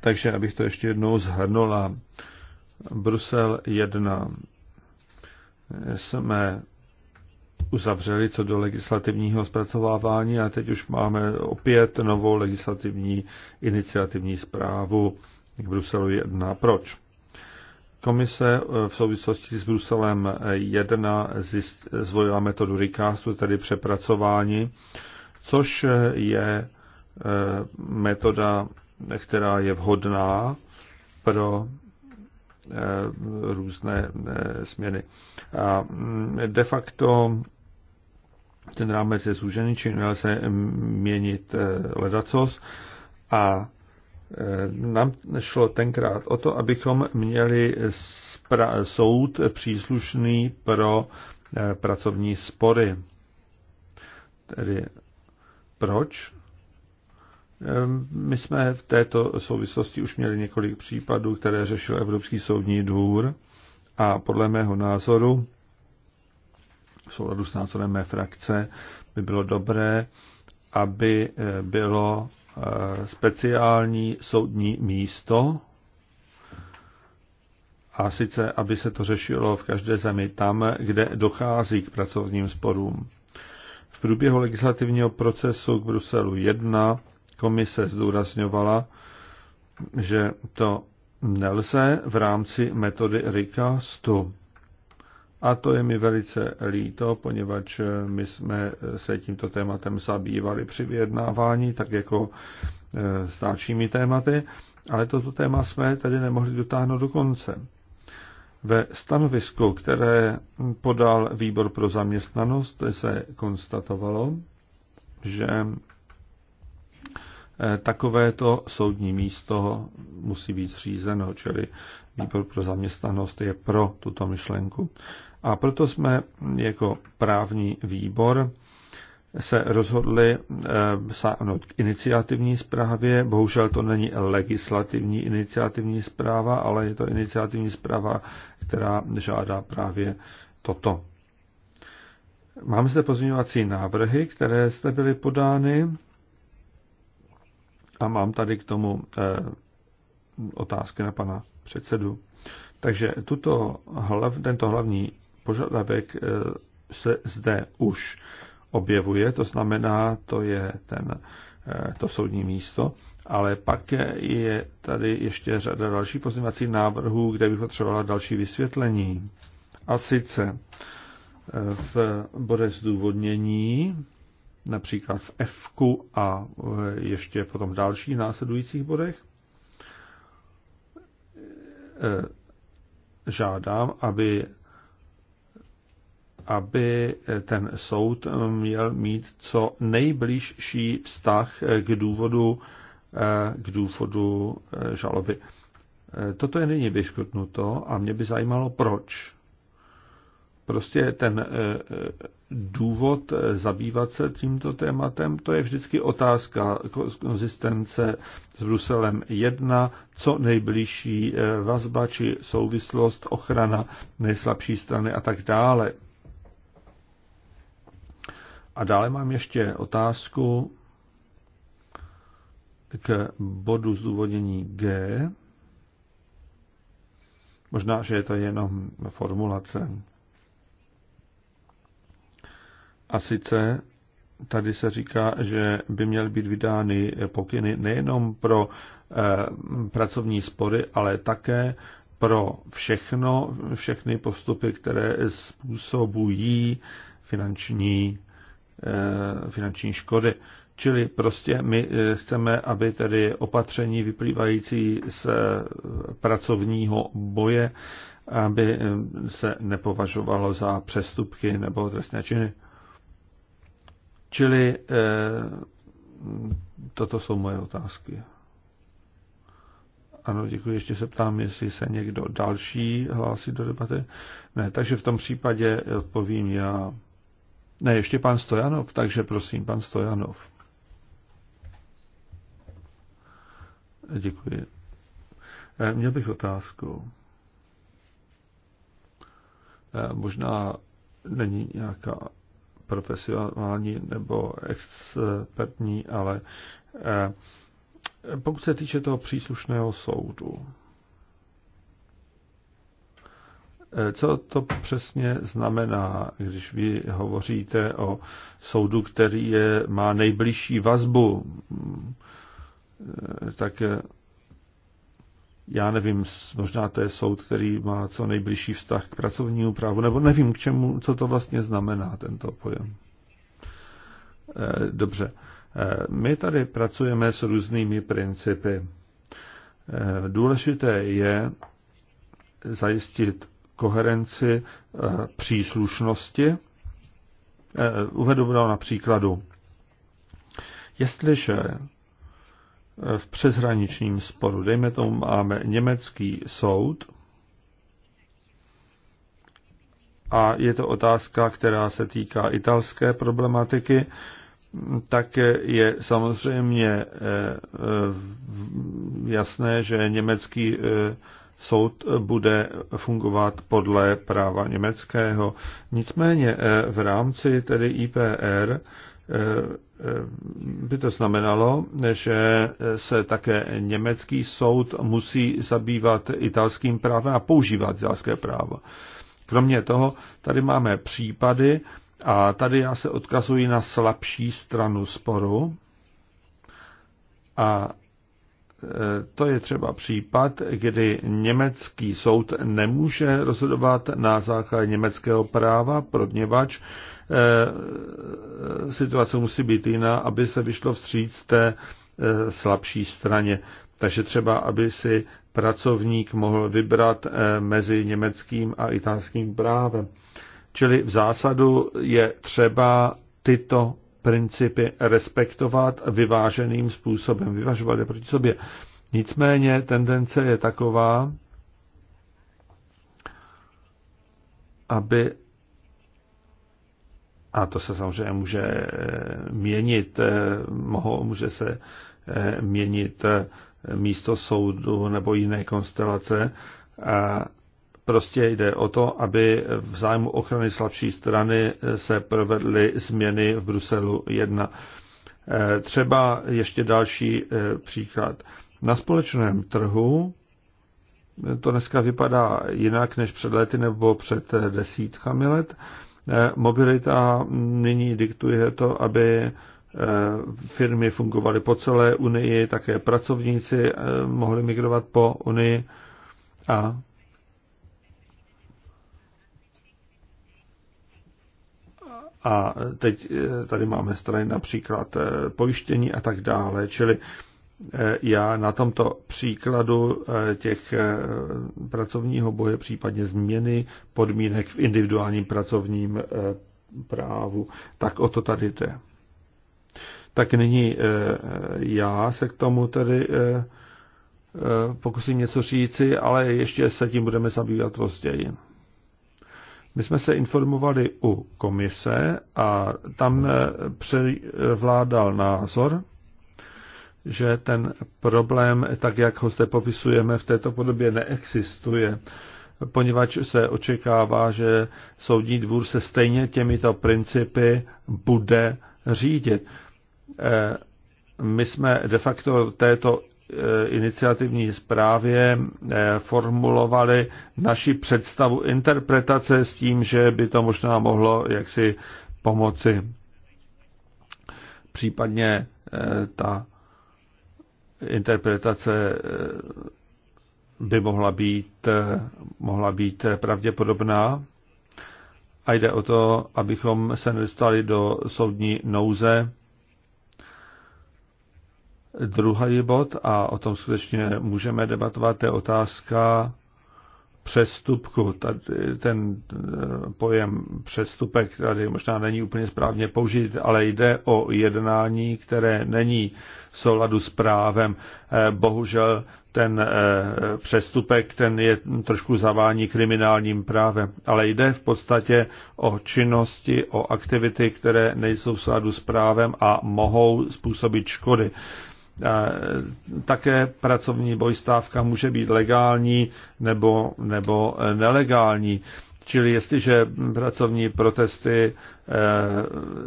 Takže abych to ještě jednou zhrnula. Brusel 1 jsme uzavřeli co do legislativního zpracovávání a teď už máme opět novou legislativní iniciativní zprávu k Bruselu 1. Proč? Komise eh, v souvislosti s Bruselem 1 eh, zvolila metodu recastu, tedy přepracování, což eh, je metoda, která je vhodná pro Eh, různé eh, směny. A mm, de facto ten rámec je zúžený, či nelze měnit eh, ledacos a nám šlo tenkrát o to, abychom měli soud příslušný pro pracovní spory. Tedy proč Ehm, my jsme v této souvislosti už měli několik případů, které řešil Evropský soudní dvůr a podle mého názoru, v souladu s názorem mé frakce, by bylo dobré, aby eh, bylo eh, speciální soudní místo, a sice, aby se to řešilo v každé zemi tam, kde dochází k pracovním sporům. V průběhu legislativního procesu k Bruselu 1 Komise zdůrazňovala, že to nelze v rámci metody Ricastu. A to je mi velice líto, poněvadž my jsme se tímto tématem zabývali při vyjednávání, tak jako e, s dalšími tématy, ale toto téma jsme tedy nemohli dotáhnout do konce. Ve stanovisku, které podal výbor pro zaměstnanost, se konstatovalo, že Eh, takovéto soudní místo musí být zřízeno, čili výbor pro zaměstnanost je pro tuto myšlenku. A proto jsme jako právní výbor se rozhodli eh, sáhnout k iniciativní zprávě. Bohužel to není legislativní iniciativní zpráva, ale je to iniciativní zpráva, která žádá právě toto. Mám zde pozměňovací návrhy, které jste byly podány a mám tady k tomu eh, otázky na pana předsedu. Takže tuto hlav, tento hlavní požadavek eh, se zde už objevuje, to znamená, to je ten, eh, to soudní místo, ale pak je tady ještě řada dalších pozměňovacích návrhů, kde bych potřebovala další vysvětlení. A sice v bodech zdůvodnění například v F a e, ještě potom v dalších následujících bodech, e, žádám, aby, aby ten soud měl mít co nejbližší vztah k důvodu, e, k důvodu žaloby. Toto je nyní vyškrtnuto a mě by zajímalo, proč. Prostě ten důvod eh, zabývat se tímto tématem, to je vždycky otázka konzistence s Bruselem 1, co nejbližší eh, vazba či souvislost, ochrana nejslabší strany a tak dále. A dále mám ještě otázku k bodu zdůvodnění G. Možná, že je to jenom formulace. A sice tady se říká, že by měly být vydány pokyny nejenom pro eh, pracovní spory, ale také pro všechno, všechny postupy, které způsobují finanční, eh, finanční škody. Čili prostě my eh, chceme, aby tedy opatření vyplývající z pracovního boje, aby se nepovažovalo za přestupky nebo trestné činy. Čili eh, toto jsou moje otázky. Ano, děkuji. Ještě se ptám, jestli se někdo další hlásí do debaty. Ne, takže v tom případě odpovím já. Ne, ještě pan Stojanov, takže prosím, pan Stojanov. Děkuji. Eh, měl bych otázku. Eh, možná není nějaká profesionální nebo expertní, ale eh, pokud se týče toho příslušného soudu, eh, co to přesně znamená, když vy hovoříte o soudu, který je, má nejbližší vazbu, eh, tak já nevím, možná to je soud, který má co nejbližší vztah k pracovnímu právu, nebo nevím, k čemu, co to vlastně znamená tento pojem. Eh, dobře. Eh, my tady pracujeme s různými principy. Eh, důležité je zajistit koherenci příslušnosti. Uvedu na příkladu. Jestliže v přeshraničním sporu. Dejme tomu, máme německý soud a je to otázka, která se týká italské problematiky, tak je samozřejmě eh, jasné, že německý eh, soud bude fungovat podle práva německého. Nicméně eh, v rámci tedy IPR Eh, eh, by to znamenalo, že se také německý soud musí zabývat italským právem a používat italské právo. Kromě toho, tady máme případy a tady já se odkazuji na slabší stranu sporu a eh, to je třeba případ, kdy německý soud nemůže rozhodovat na základě německého práva, prodněvač Eh, situace musí být jiná, aby se vyšlo vstříc té eh, slabší straně. Takže třeba, aby si pracovník mohl vybrat eh, mezi německým a italským právem. Čili v zásadu je třeba tyto principy respektovat vyváženým způsobem, vyvažovat je proti sobě. Nicméně tendence je taková, aby a to se samozřejmě může eh, měnit, eh, mohou, může se eh, měnit místo soudu nebo jiné konstelace. A prostě jde o to, aby v zájmu ochrany slabší strany se provedly změny v Bruselu 1. Třeba ještě další příklad. Na společném trhu to dneska vypadá jinak než před lety nebo před desítkami let. Eh, mobilita nyní diktuje to, aby eh, firmy fungovaly po celé Unii, také pracovníci eh, mohli migrovat po Unii a A teď tady máme strany například pojištění a tak dále, čili Eh, já na tomto příkladu eh, těch eh, pracovního boje, případně změny podmínek v individuálním pracovním právu, tak o to tady jde. Tak nyní já se k tomu tedy pokusím něco říci, ale ještě se tím budeme zabývat později. My jsme se informovali u komise a tam převládal názor, že ten problém, tak jak ho zde popisujeme, v této podobě neexistuje, poněvadž se očekává, že soudní dvůr se stejně těmito principy bude řídit. Eh, my jsme de facto této eh, iniciativní zprávě eh, formulovali naši představu interpretace s tím, že by to možná mohlo jaksi pomoci. Případně ta interpretace eh, by mohla být, eh, mohla být eh, pravděpodobná. A jde o to, abychom se nedostali do soudní nouze. Druhý bod, a o tom skutečně můžeme debatovat, je otázka přestupku. Tady, ten eh, pojem přestupek tady možná není úplně správně použit, ale jde o jednání, které není v souladu s právem. Eh, bohužel ten eh, přestupek, ten je trošku zavání kriminálním právem, ale jde v podstatě o činnosti, o aktivity, které nejsou v souladu s právem a mohou způsobit škody. E, také pracovní bojstávka může být legální nebo, nebo e, nelegální. Čili jestliže pracovní protesty e,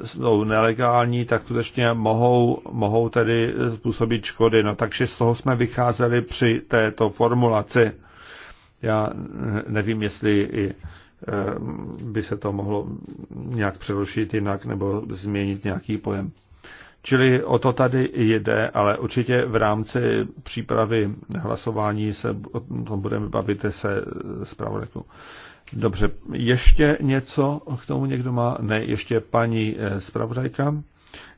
jsou nelegální, tak skutečně mohou, mohou tedy způsobit škody. No takže z toho jsme vycházeli při této formulaci. Já nevím, jestli i e, by se to mohlo nějak přerušit jinak nebo změnit nějaký pojem. Čili o to tady jde, ale určitě v rámci přípravy hlasování se o tom budeme bavit se zpravodajkou. Dobře, ještě něco k tomu někdo má? Ne, ještě paní eh, zpravodajka.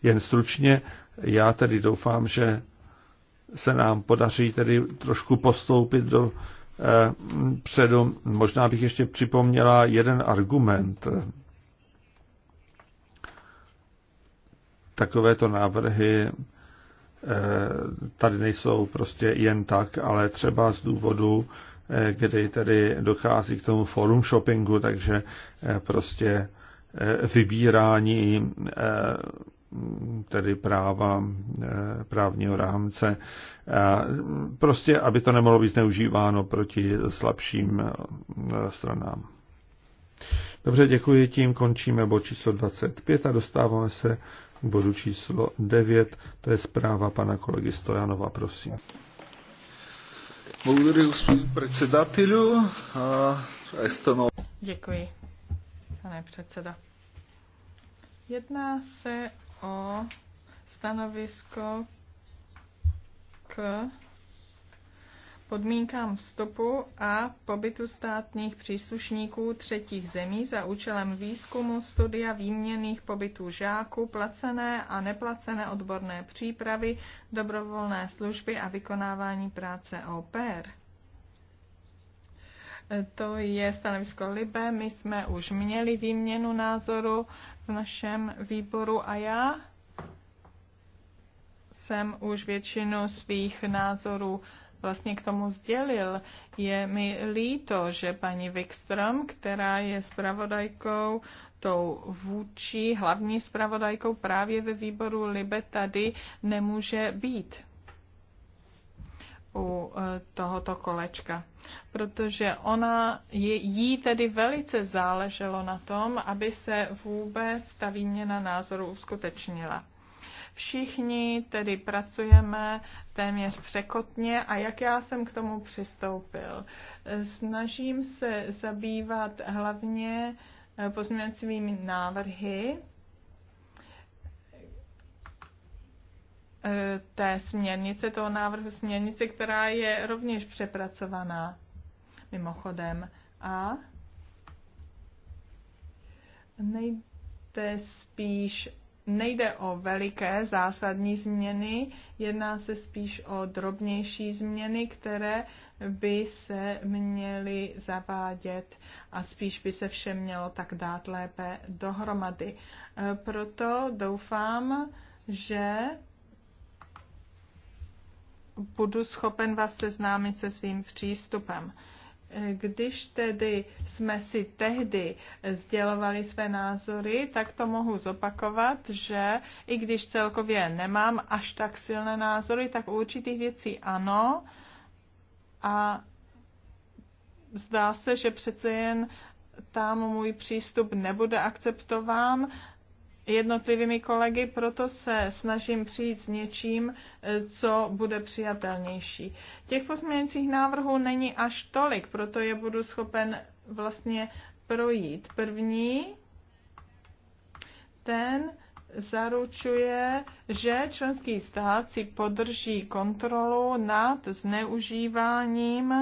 Jen stručně, já tedy doufám, že se nám podaří tedy trošku postoupit do eh, předu. Možná bych ještě připomněla jeden argument, takovéto návrhy eh, tady nejsou prostě jen tak, ale třeba z důvodu, eh, kdy tedy dochází k tomu forum shoppingu, takže eh, prostě vybírání tedy práva, právního rámce. Prostě, aby to nemohlo být zneužíváno proti slabším stranám. Dobře, děkuji, tím končíme bod číslo 25 a dostáváme se k bodu číslo 9, to je zpráva pana kolegy Stojanova, prosím. Děkuji, pane předseda. Jedná se o stanovisko k podmínkám vstupu a pobytu státních příslušníků třetích zemí za účelem výzkumu, studia výměných pobytů žáků, placené a neplacené odborné přípravy, dobrovolné služby a vykonávání práce au pair. To je stanovisko Libe. My jsme už měli výměnu názoru v našem výboru a já jsem už většinu svých názorů vlastně k tomu sdělil. Je mi líto, že paní Wikström, která je zpravodajkou, tou vůči hlavní zpravodajkou právě ve výboru Libe tady nemůže být u e, tohoto kolečka. Protože ona, jí tedy velice záleželo na tom, aby se vůbec ta výměna názoru uskutečnila. Všichni tedy pracujeme téměř překotně a jak já jsem k tomu přistoupil. Snažím se zabývat hlavně eh, pozměňovacími návrhy eh, té směrnice, toho návrhu směrnice, která je rovněž přepracovaná mimochodem. A nejde spíš nejde o veliké zásadní změny, jedná se spíš o drobnější změny, které by se měly zavádět a spíš by se vše mělo tak dát lépe dohromady. E, proto doufám, že budu schopen vás seznámit se svým přístupem. Když tedy jsme si tehdy sdělovali své názory, tak to mohu zopakovat, že i když celkově nemám až tak silné názory, tak u určitých věcí ano. A zdá se, že přece jen tam můj přístup nebude akceptován jednotlivými kolegy, proto se snažím přijít s něčím, e, co bude přijatelnější. Těch pozměňujících návrhů není až tolik, proto je budu schopen vlastně projít. První, ten zaručuje, že členský stát si podrží kontrolu nad zneužíváním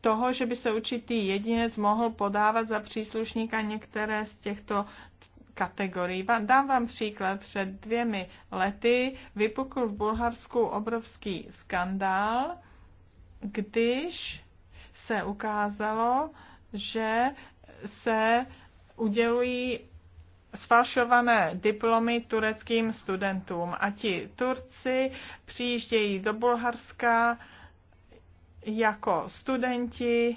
toho, že by se určitý jedinec mohl podávat za příslušníka některé z těchto kategorii. Dám vám příklad. Před dvěmi lety vypukl v Bulharsku obrovský skandál, když se ukázalo, že se udělují sfalšované diplomy tureckým studentům. A ti Turci přijíždějí do Bulharska jako studenti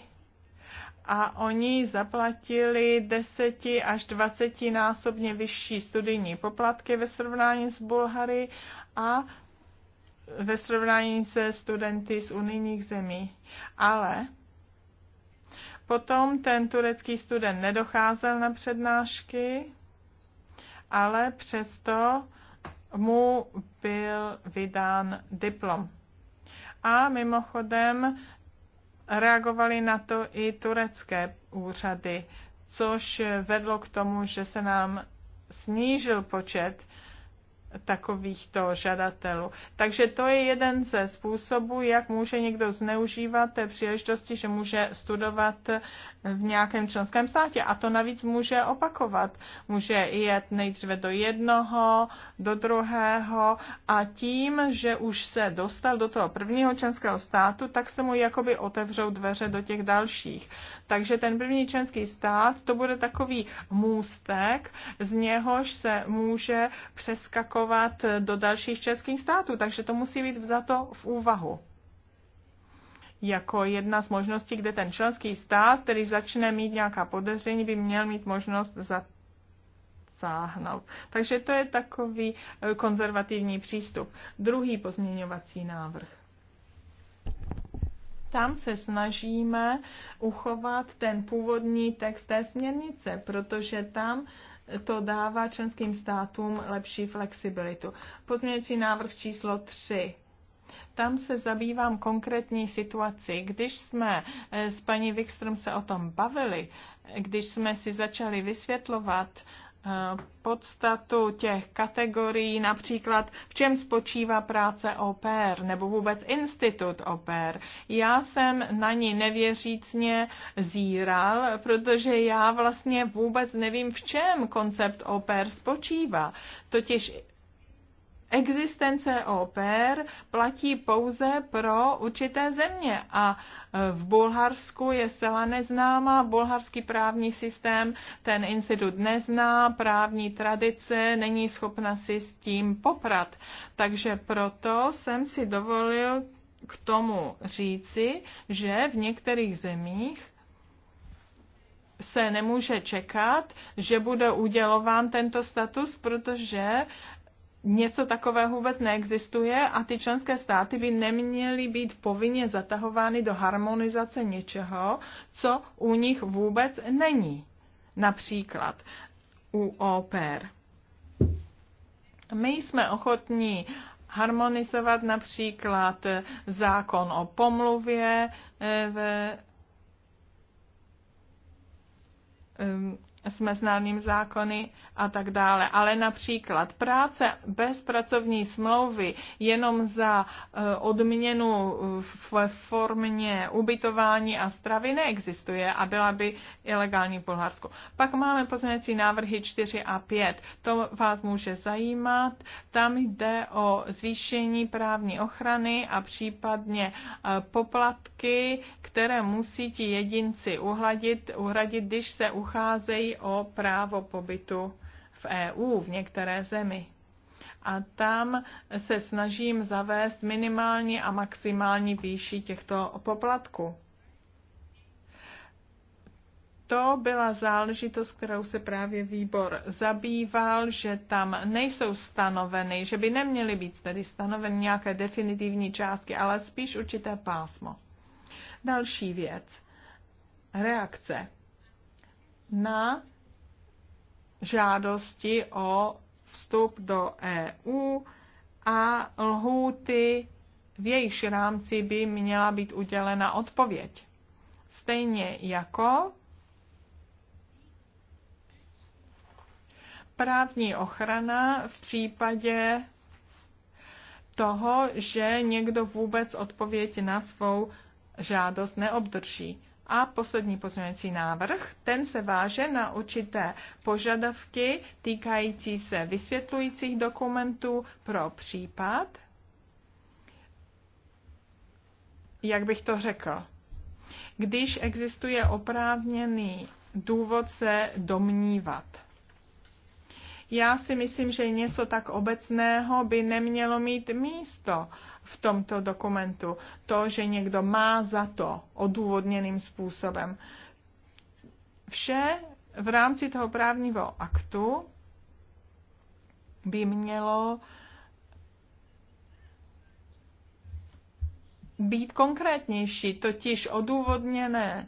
a oni zaplatili deseti až dvacetinásobně vyšší studijní poplatky ve srovnání s Bulhary a ve srovnání se studenty z unijních zemí. Ale potom ten turecký student nedocházel na přednášky, ale přesto mu byl vydán diplom. A mimochodem reagovaly na to i turecké úřady, což vedlo k tomu, že se nám snížil počet takovýchto žadatelů. Takže to je jeden ze způsobů, jak může někdo zneužívat té příležitosti, že může studovat v nějakém členském státě. A to navíc může opakovat. Může jet nejdříve do jednoho, do druhého a tím, že už se dostal do toho prvního členského státu, tak se mu jakoby otevřou dveře do těch dalších. Takže ten první členský stát, to bude takový můstek, z něhož se může přeskakovat aplikovat do dalších českých států, takže to musí být vzato v úvahu jako jedna z možností, kde ten členský stát, který začne mít nějaká podezření, by měl mít možnost zasáhnout. Takže to je takový eh, konzervativní přístup. Druhý pozměňovací návrh. Tam se snažíme uchovat ten původní text té směrnice, protože tam to dává členským státům lepší flexibilitu. Pozměňující návrh číslo 3. Tam se zabývám konkrétní situaci. Když jsme eh, s paní Wikström se o tom bavili, eh, když jsme si začali vysvětlovat, Eh, podstatu těch kategorií, například v čem spočívá práce pair, nebo vůbec institut pair. Já jsem na ní nevěřícně zíral, protože já vlastně vůbec nevím, v čem koncept pair spočívá. Totiž existence OPR platí pouze pro určité země a e, v Bulharsku je zcela neznámá, bulharský právní systém ten institut nezná, právní tradice není schopna si s tím poprat. Takže proto jsem si dovolil k tomu říci, že v některých zemích se nemůže čekat, že bude udělován tento status, protože něco takového vůbec neexistuje a ty členské státy by neměly být povinně zatahovány do harmonizace něčeho, co u nich vůbec není. Například u oper. My jsme ochotní harmonizovat například zákon o pomluvě eh, v jsme známým zákony a tak dále. Ale například práce bez pracovní smlouvy jenom za e, odměnu v formě ubytování a stravy neexistuje a byla by ilegální v Bulharsku. Pak máme pozměnící návrhy 4 a 5. To vás může zajímat. Tam jde o zvýšení právní ochrany a případně e, poplatky, které musí ti jedinci uhladit, uhradit, když se ucházejí o právo pobytu v EU, v některé zemi. A tam se snažím zavést minimální a maximální výši těchto poplatků. To byla záležitost, kterou se právě výbor zabýval, že tam nejsou stanoveny, že by neměly být tedy stanoveny nějaké definitivní částky, ale spíš určité pásmo. Další věc. Reakce na žádosti o vstup do EU a lhůty, v jejich rámci by měla být udělena odpověď. Stejně jako právní ochrana v případě toho, že někdo vůbec odpověď na svou žádost neobdrží. A poslední pozměňující návrh, ten se váže na určité požadavky týkající se vysvětlujících dokumentů pro případ, jak bych to řekl, když existuje oprávněný důvod se domnívat. Já si myslím, že něco tak obecného by nemělo mít místo v tomto dokumentu. To, že někdo má za to odůvodněným způsobem. Vše v rámci toho právního aktu by mělo být konkrétnější, totiž odůvodněné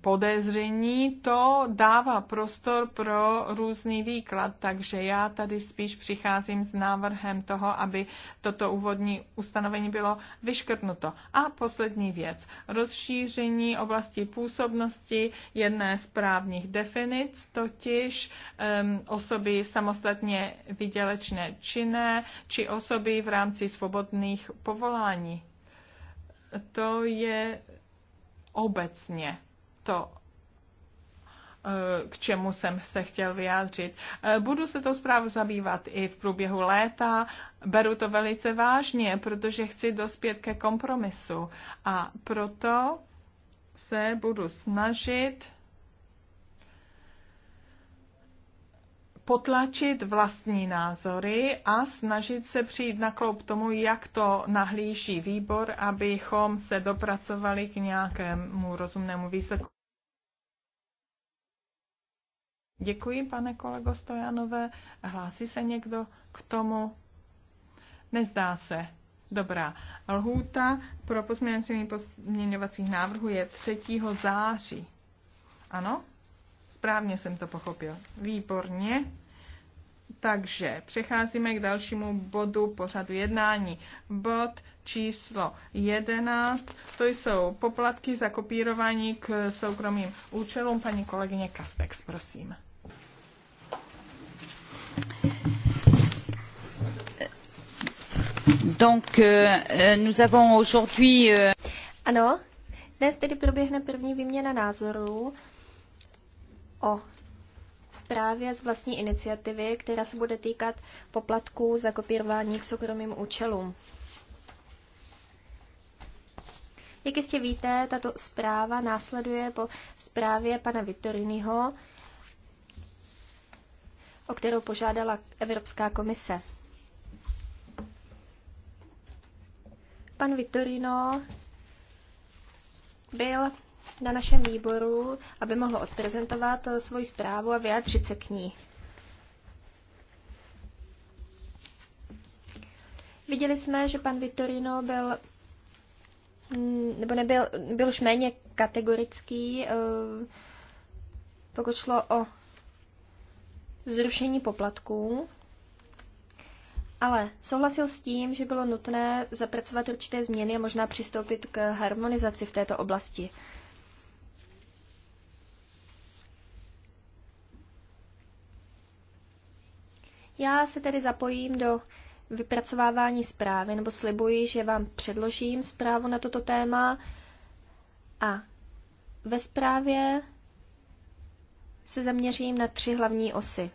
podezření, to dává prostor pro různý výklad, takže já tady spíš přicházím s návrhem toho, aby toto úvodní ustanovení bylo vyškrtnuto. A poslední věc, rozšíření oblasti působnosti jedné z právních definic, totiž um, osoby samostatně vydělečné činné či osoby v rámci svobodných povolání. To je obecně to eh, k čemu jsem se chtěl vyjádřit. Eh, budu se tou zprávu zabývat i v průběhu léta. Beru to velice vážně, protože chci dospět ke kompromisu. A proto se budu snažit potlačit vlastní názory a snažit se přijít na kloup tomu, jak to nahlíží výbor, abychom se dopracovali k nějakému rozumnému výsledku. Děkuji, pane kolego Stojanové. Hlásí se někdo k tomu? Nezdá se. Dobrá. Lhůta pro pozměňovacích pozměňovacích návrhů je 3. září. Ano? Správně jsem to pochopil. Výborně. Takže přecházíme k dalšímu bodu pořadu jednání. Bod číslo 11, to jsou poplatky za kopírování k soukromým účelům. Paní kolegyně Kastex, prosím. Euh, euh, euh, ano, dnes tedy proběhne první výměna názorů o zprávě z vlastní iniciativy, která se bude týkat poplatků za kopírování k soukromým účelům. Jak jistě víte, tato zpráva následuje po zprávě pana Vittoriniho, o kterou požádala Evropská komise. Pan Vitorino byl na našem výboru, aby mohl odprezentovat eh, svoji zprávu a vyjádřit se k ní. Viděli jsme, že pan Vitorino byl mm, nebo nebyl, byl už méně kategorický, eh, pokud šlo o zrušení poplatků ale souhlasil s tím, že bylo nutné zapracovat určité změny a možná přistoupit k harmonizaci v této oblasti. Já se tedy zapojím do vypracovávání zprávy, nebo slibuji, že vám předložím zprávu na toto téma a ve zprávě se zaměřím na tři hlavní osy.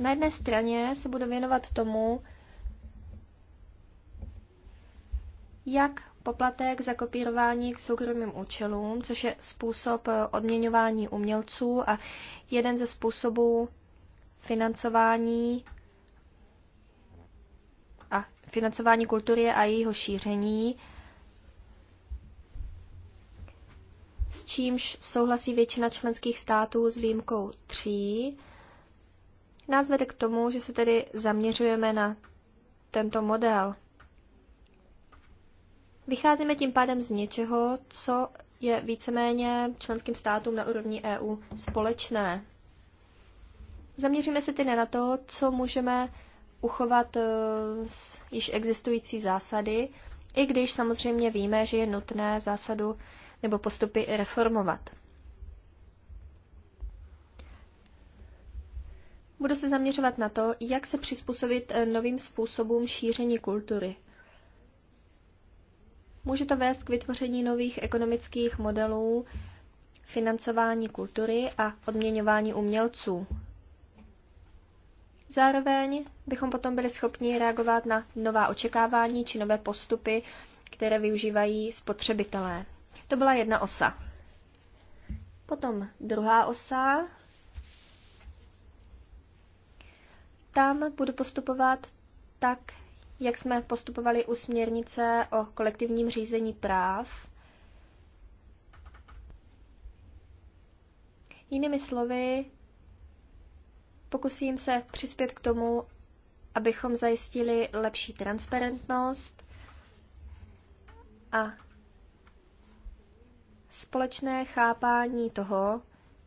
Na jedné straně se budu věnovat tomu, jak poplatek za kopírování k soukromým účelům, což je způsob eh, odměňování umělců a jeden ze způsobů financování a financování kultury a jejího šíření, s čímž souhlasí většina členských států s výjimkou tří, nás vede k tomu, že se tedy zaměřujeme na tento model. Vycházíme tím pádem z něčeho, co je víceméně členským státům na úrovni EU společné. Zaměříme se tedy na to, co můžeme uchovat eh, z již existující zásady, i když samozřejmě víme, že je nutné zásadu nebo postupy reformovat. Budu se zaměřovat na to, jak se přizpůsobit eh, novým způsobům šíření kultury. Může to vést k vytvoření nových ekonomických modelů, financování kultury a odměňování umělců. Zároveň bychom potom byli schopni reagovat na nová očekávání či nové postupy, které využívají spotřebitelé. To byla jedna osa. Potom druhá osa Tam budu postupovat tak, jak jsme postupovali u směrnice o kolektivním řízení práv. Jinými slovy, pokusím se přispět k tomu, abychom zajistili lepší transparentnost a společné chápání toho,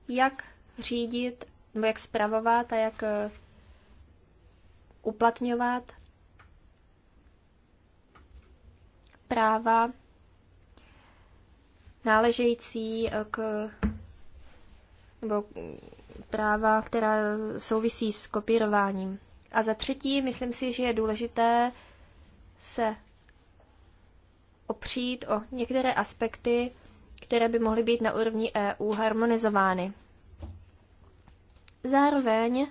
jak řídit nebo jak spravovat a jak uplatňovat práva náležející k nebo práva, která souvisí s kopírováním. A za třetí, myslím si, že je důležité se opřít o některé aspekty, které by mohly být na úrovni EU harmonizovány. Zároveň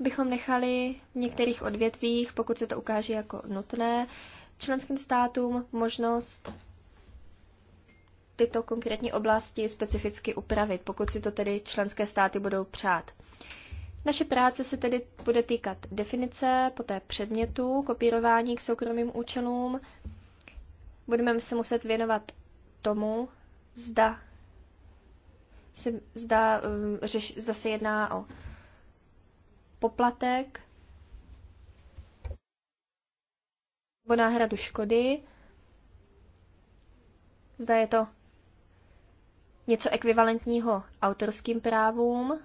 bychom nechali v některých odvětvích, pokud se to ukáže jako nutné, členským státům možnost tyto konkrétní oblasti specificky upravit, pokud si to tedy členské státy budou přát. Naše práce se tedy bude týkat definice, poté předmětu, kopírování k soukromým účelům. Budeme se muset věnovat tomu, zda zda, um, zda se jedná o poplatek nebo náhradu škody. Zda je to něco ekvivalentního autorským právům.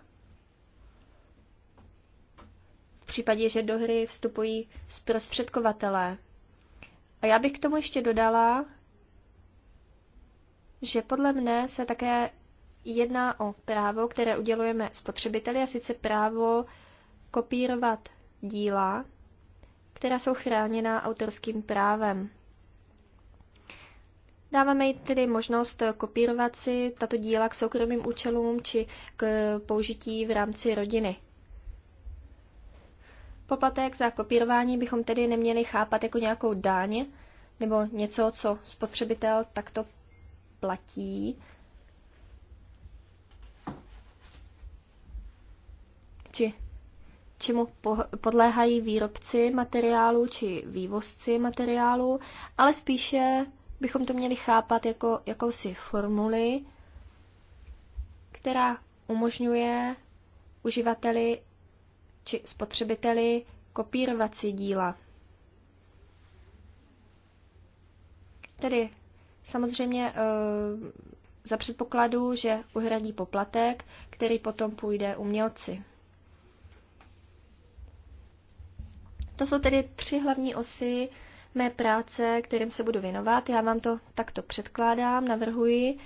V případě, že do hry vstupují zprostředkovatelé. A já bych k tomu ještě dodala, že podle mne se také jedná o právo, které udělujeme spotřebiteli, a sice právo kopírovat díla, která jsou chráněná autorským právem. Dáváme jí tedy možnost kopírovat si tato díla k soukromým účelům či k použití v rámci rodiny. Poplatek za kopírování bychom tedy neměli chápat jako nějakou dáň nebo něco, co spotřebitel takto platí. Či čemu podléhají výrobci materiálu či vývozci materiálu, ale spíše bychom to měli chápat jako jakousi formuli, která umožňuje uživateli či spotřebiteli kopírovat si díla. Tedy samozřejmě eh, za předpokladu, že uhradí poplatek, který potom půjde umělci. To jsou tedy tři hlavní osy mé práce, kterým se budu věnovat. Já vám to takto předkládám, navrhuji.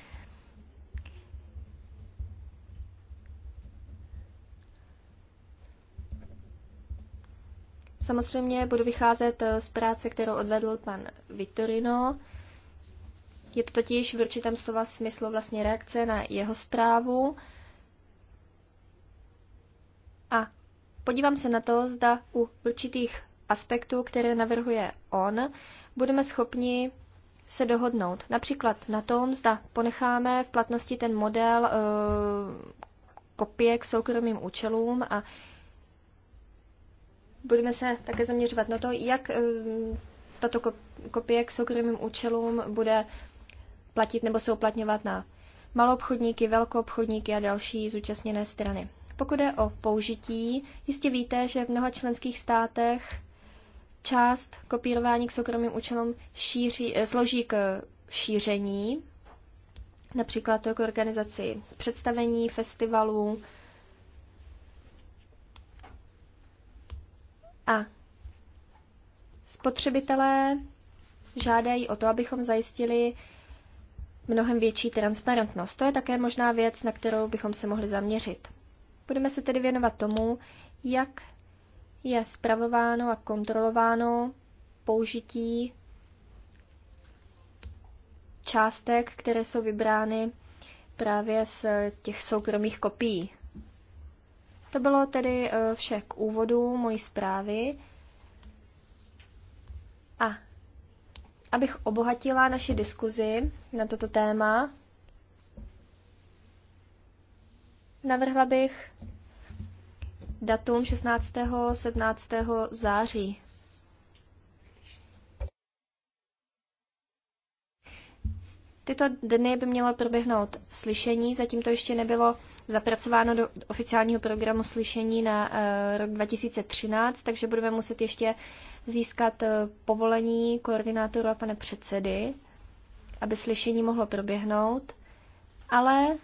Samozřejmě budu vycházet eh, z práce, kterou odvedl pan Vittorino. Je to totiž v určitém slova smyslu vlastně reakce na jeho zprávu. A Podívám se na to, zda u určitých aspektů, které navrhuje on, budeme schopni se dohodnout. Například na tom, zda ponecháme v platnosti ten model e, kopie k soukromým účelům a budeme se také zaměřovat na to, jak e, tato kopie k soukromým účelům bude platit nebo se uplatňovat na maloobchodníky, velkoobchodníky a další zúčastněné strany. Pokud je o použití, jistě víte, že v mnoha členských státech část kopírování k soukromým účelům šíří, eh, složí k šíření, například k organizaci představení, festivalů a spotřebitelé žádají o to, abychom zajistili mnohem větší transparentnost. To je také možná věc, na kterou bychom se mohli zaměřit. Budeme se tedy věnovat tomu, jak je spravováno a kontrolováno použití částek, které jsou vybrány právě z těch soukromých kopií. To bylo tedy eh, vše k úvodu mojí zprávy. A abych obohatila naši diskuzi na toto téma, Navrhla bych datum 16. 17. září. Tyto dny by mělo proběhnout slyšení, zatím to ještě nebylo zapracováno do oficiálního programu slyšení na eh, rok 2013, takže budeme muset ještě získat eh, povolení koordinátoru a pane předsedy, aby slyšení mohlo proběhnout. Ale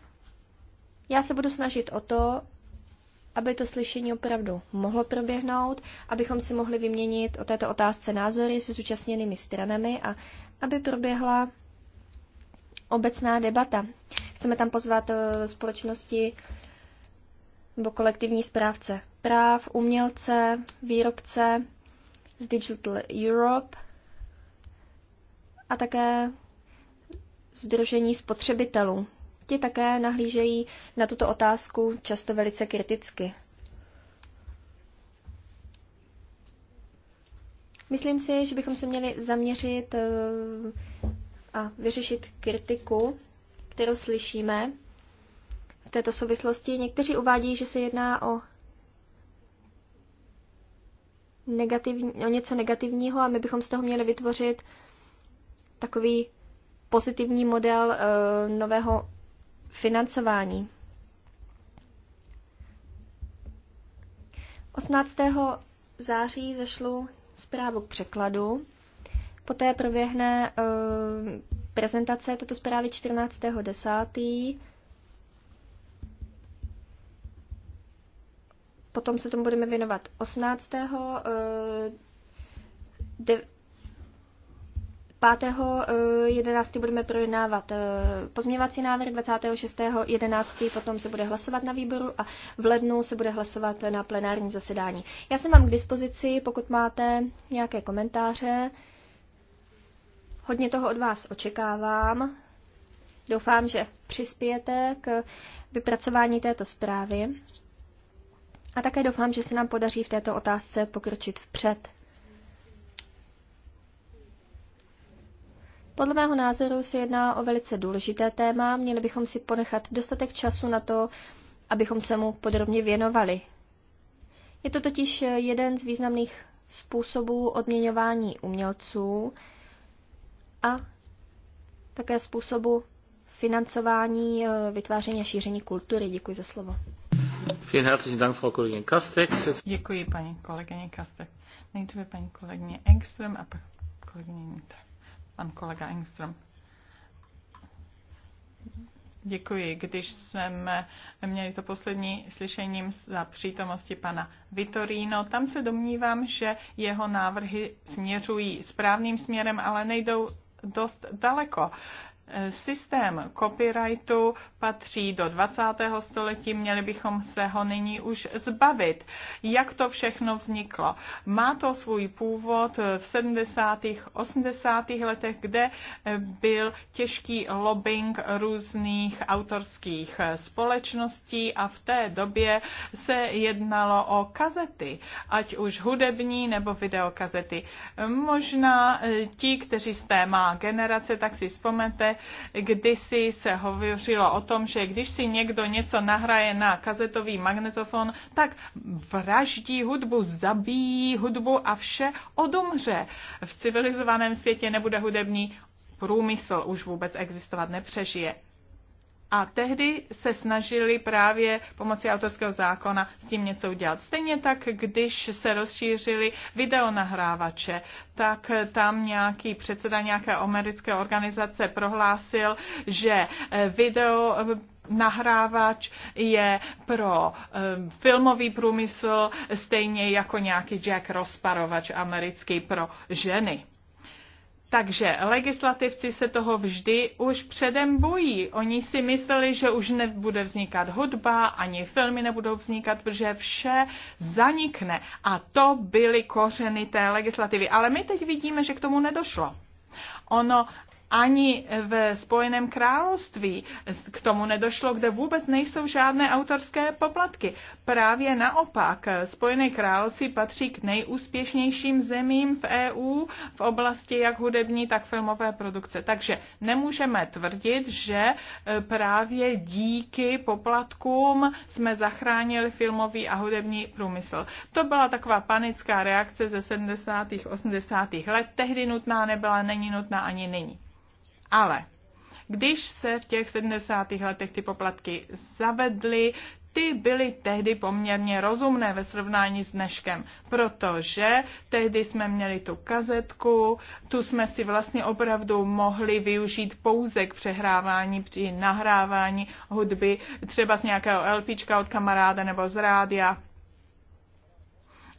já se budu snažit o to, aby to slyšení opravdu mohlo proběhnout, abychom si mohli vyměnit o této otázce názory se zúčastněnými stranami a aby proběhla obecná debata. Chceme tam pozvat eh, společnosti nebo kolektivní správce práv, umělce, výrobce z Digital Europe a také Združení spotřebitelů ti také nahlížejí na tuto otázku často velice kriticky. Myslím si, že bychom se měli zaměřit eh, a vyřešit kritiku, kterou slyšíme v této souvislosti. Někteří uvádí, že se jedná o, negativní, o něco negativního a my bychom z toho měli vytvořit takový pozitivní model eh, nového financování. 18. září zašlu zprávu k překladu. Poté proběhne e, prezentace této zprávy 14.10. Potom se tomu budeme věnovat 18. E, eh, 5.11. Eh, budeme projednávat eh, pozměňovací návrh, 26.11. potom se bude hlasovat na výboru a v lednu se bude hlasovat na plenární zasedání. Já jsem vám k dispozici, pokud máte nějaké komentáře. Hodně toho od vás očekávám. Doufám, že přispějete k vypracování této zprávy. A také doufám, že se nám podaří v této otázce pokročit vpřed. Podle mého názoru se jedná o velice důležité téma, měli bychom si ponechat dostatek času na to, abychom se mu podrobně věnovali. Je to totiž jeden z významných způsobů odměňování umělců a také způsobu financování, eh, vytváření a šíření kultury. Děkuji za slovo. Děkuji paní kolegyně Kastek. Nejdříve paní kolegyně Engström a pak kolegyně Nitek pan kolega Engström. Děkuji. Když jsme měli to poslední slyšením za přítomnosti pana Vitorino, tam se domnívám, že jeho návrhy směřují správným směrem, ale nejdou dost daleko. Systém copyrightu patří do 20. století, měli bychom se ho nyní už zbavit. Jak to všechno vzniklo? Má to svůj původ v 70. 80. letech, kde byl těžký lobbying různých autorských společností a v té době se jednalo o kazety, ať už hudební nebo videokazety. Možná eh, ti, kteří té má generace, tak si vzpomněte kdysi se hovořilo o tom, že když si někdo něco nahraje na kazetový magnetofon, tak vraždí hudbu, zabíjí hudbu a vše odumře. V civilizovaném světě nebude hudební průmysl, už vůbec existovat nepřežije. A tehdy se snažili právě pomocí autorského zákona s tím něco udělat. Stejně tak, když se rozšířili videonahrávače, tak tam nějaký předseda nějaké americké organizace prohlásil, že eh, video eh, nahrávač je pro um, filmový průmysl stejně jako nějaký Jack rozparovač americký pro ženy. Takže legislativci se toho vždy už předem bojí. Oni si mysleli, že už nebude vznikat hudba, ani filmy nebudou vznikat, protože vše zanikne. A to byly kořeny té legislativy. Ale my teď vidíme, že k tomu nedošlo. Ono ani v Spojeném království k tomu nedošlo, kde vůbec nejsou žádné autorské poplatky. Právě naopak, Spojené království patří k nejúspěšnějším zemím v EU v oblasti jak hudební, tak filmové produkce. Takže nemůžeme tvrdit, že e, právě díky poplatkům jsme zachránili filmový a hudební průmysl. To byla taková panická reakce ze 70. 80. let. Tehdy nutná nebyla, není nutná ani nyní. Ale když se v těch 70. letech ty poplatky zavedly, ty byly tehdy poměrně rozumné ve srovnání s dneškem, protože tehdy jsme měli tu kazetku, tu jsme si vlastně opravdu mohli využít pouze k přehrávání při nahrávání hudby, třeba z nějakého LPčka od kamaráda nebo z rádia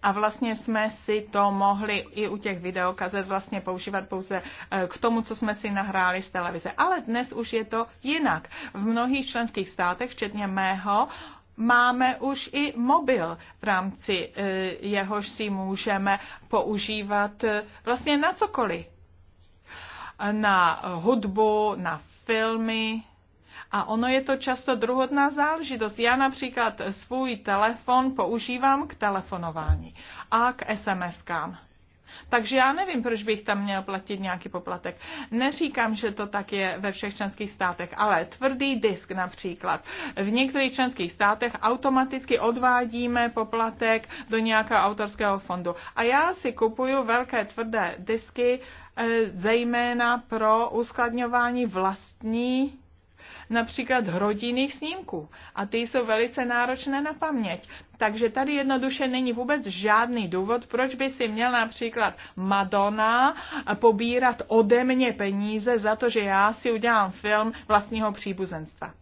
a vlastně jsme si to mohli i u těch videokazet vlastně používat pouze eh, k tomu, co jsme si nahráli z televize. Ale dnes už je to jinak. V mnohých členských státech, včetně mého, máme už i mobil, v rámci eh, jehož si můžeme používat eh, vlastně na cokoliv. Na hudbu, na filmy, a ono je to často druhodná záležitost. Já například svůj telefon používám k telefonování a k SMS-kám. Takže já nevím, proč bych tam měl platit nějaký poplatek. Neříkám, že to tak je ve všech členských státech, ale tvrdý disk například. V některých členských státech automaticky odvádíme poplatek do nějakého autorského fondu. A já si kupuju velké tvrdé disky, eh, zejména pro uskladňování vlastní například rodinných snímků a ty jsou velice náročné na paměť. Takže tady jednoduše není vůbec žádný důvod, proč by si měl například Madonna pobírat ode mě peníze za to, že já si udělám film vlastního příbuzenstva.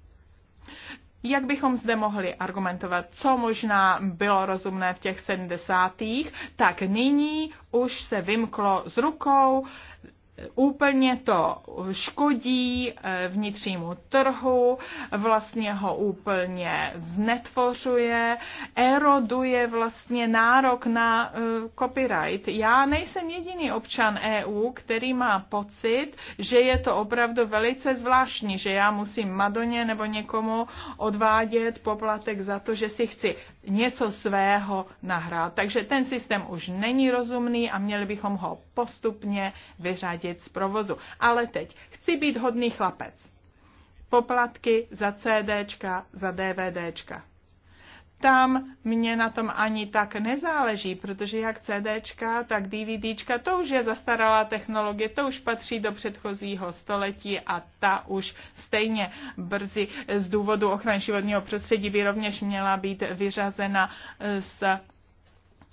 Jak bychom zde mohli argumentovat, co možná bylo rozumné v těch 70. tak nyní už se vymklo z rukou, Úplně to škodí eh, vnitřnímu trhu, vlastně ho úplně znetvořuje, eroduje vlastně nárok na eh, copyright. Já nejsem jediný občan EU, který má pocit, že je to opravdu velice zvláštní, že já musím Madoně nebo někomu odvádět poplatek za to, že si chci něco svého nahrát. Takže ten systém už není rozumný a měli bychom ho postupně vyřadit z provozu. Ale teď chci být hodný chlapec. Poplatky za CDčka, za DVDčka tam mě na tom ani tak nezáleží, protože jak CDčka, tak DVDčka, to už je zastaralá technologie, to už patří do předchozího století a ta už stejně brzy z důvodu ochrany životního prostředí by rovněž měla být vyřazena z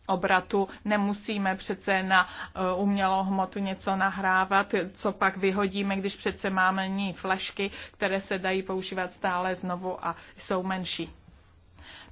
obratu. Nemusíme přece na uh, umělou hmotu něco nahrávat, co pak vyhodíme, když přece máme ní flašky, které se dají používat stále znovu a jsou menší.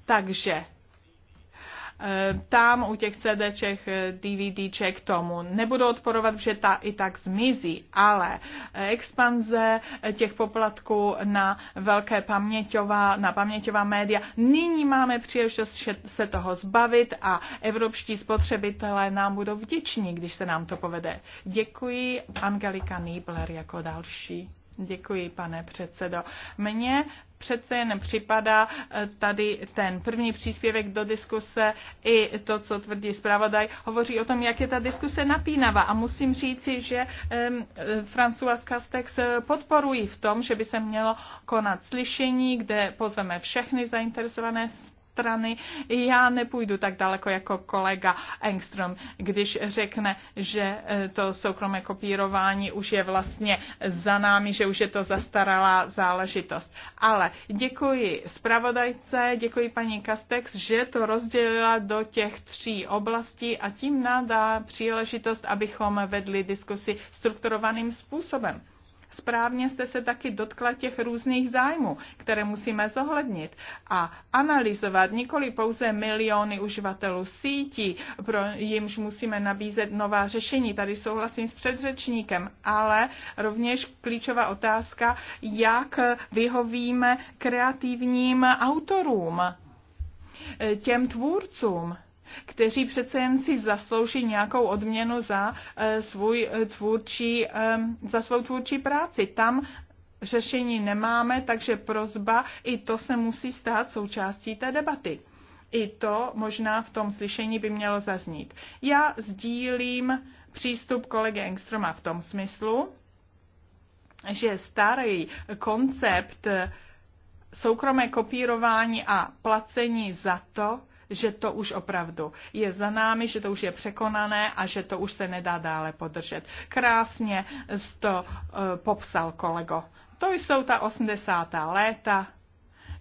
Takže eh, tam u těch CDček, eh, DVDček tomu nebudu odporovat, že ta i tak zmizí, ale eh, expanze těch poplatků na velké paměťová, na paměťová média, nyní máme příležitost se toho zbavit a evropští spotřebitelé nám budou vděční, když se nám to povede. Děkuji, Angelika Niebler jako další. Děkuji, pane předsedo. Mně přece jen připadá eh, tady ten první příspěvek do diskuse i to, co tvrdí zpravodaj, hovoří o tom, jak je ta diskuse napínavá. A musím říci, že um, François Castex eh, podporují v tom, že by se mělo konat slyšení, kde pozveme všechny zainteresované strany já nepůjdu tak daleko jako kolega Engström, když řekne, že e, to soukromé kopírování už je vlastně za námi, že už je to zastaralá záležitost. Ale děkuji zpravodajce, děkuji paní Kastex, že to rozdělila do těch tří oblastí a tím nám příležitost, abychom vedli diskusi strukturovaným způsobem správně jste se taky dotkla těch různých zájmů, které musíme zohlednit a analyzovat nikoli pouze miliony uživatelů sítí, pro jimž musíme nabízet nová řešení. Tady souhlasím s předřečníkem, ale rovněž klíčová otázka, jak vyhovíme kreativním autorům, těm tvůrcům kteří přece jen si zaslouží nějakou odměnu za eh, svůj eh, tvůrčí, eh, za svou tvůrčí práci. Tam řešení nemáme, takže prozba, i to se musí stát součástí té debaty. I to možná v tom slyšení by mělo zaznít. Já sdílím přístup kolegy Engstroma v tom smyslu, že starý koncept soukromé kopírování a placení za to že to už opravdu je za námi, že to už je překonané a že to už se nedá dále podržet. Krásně to eh, popsal kolego. To jsou ta 80. léta,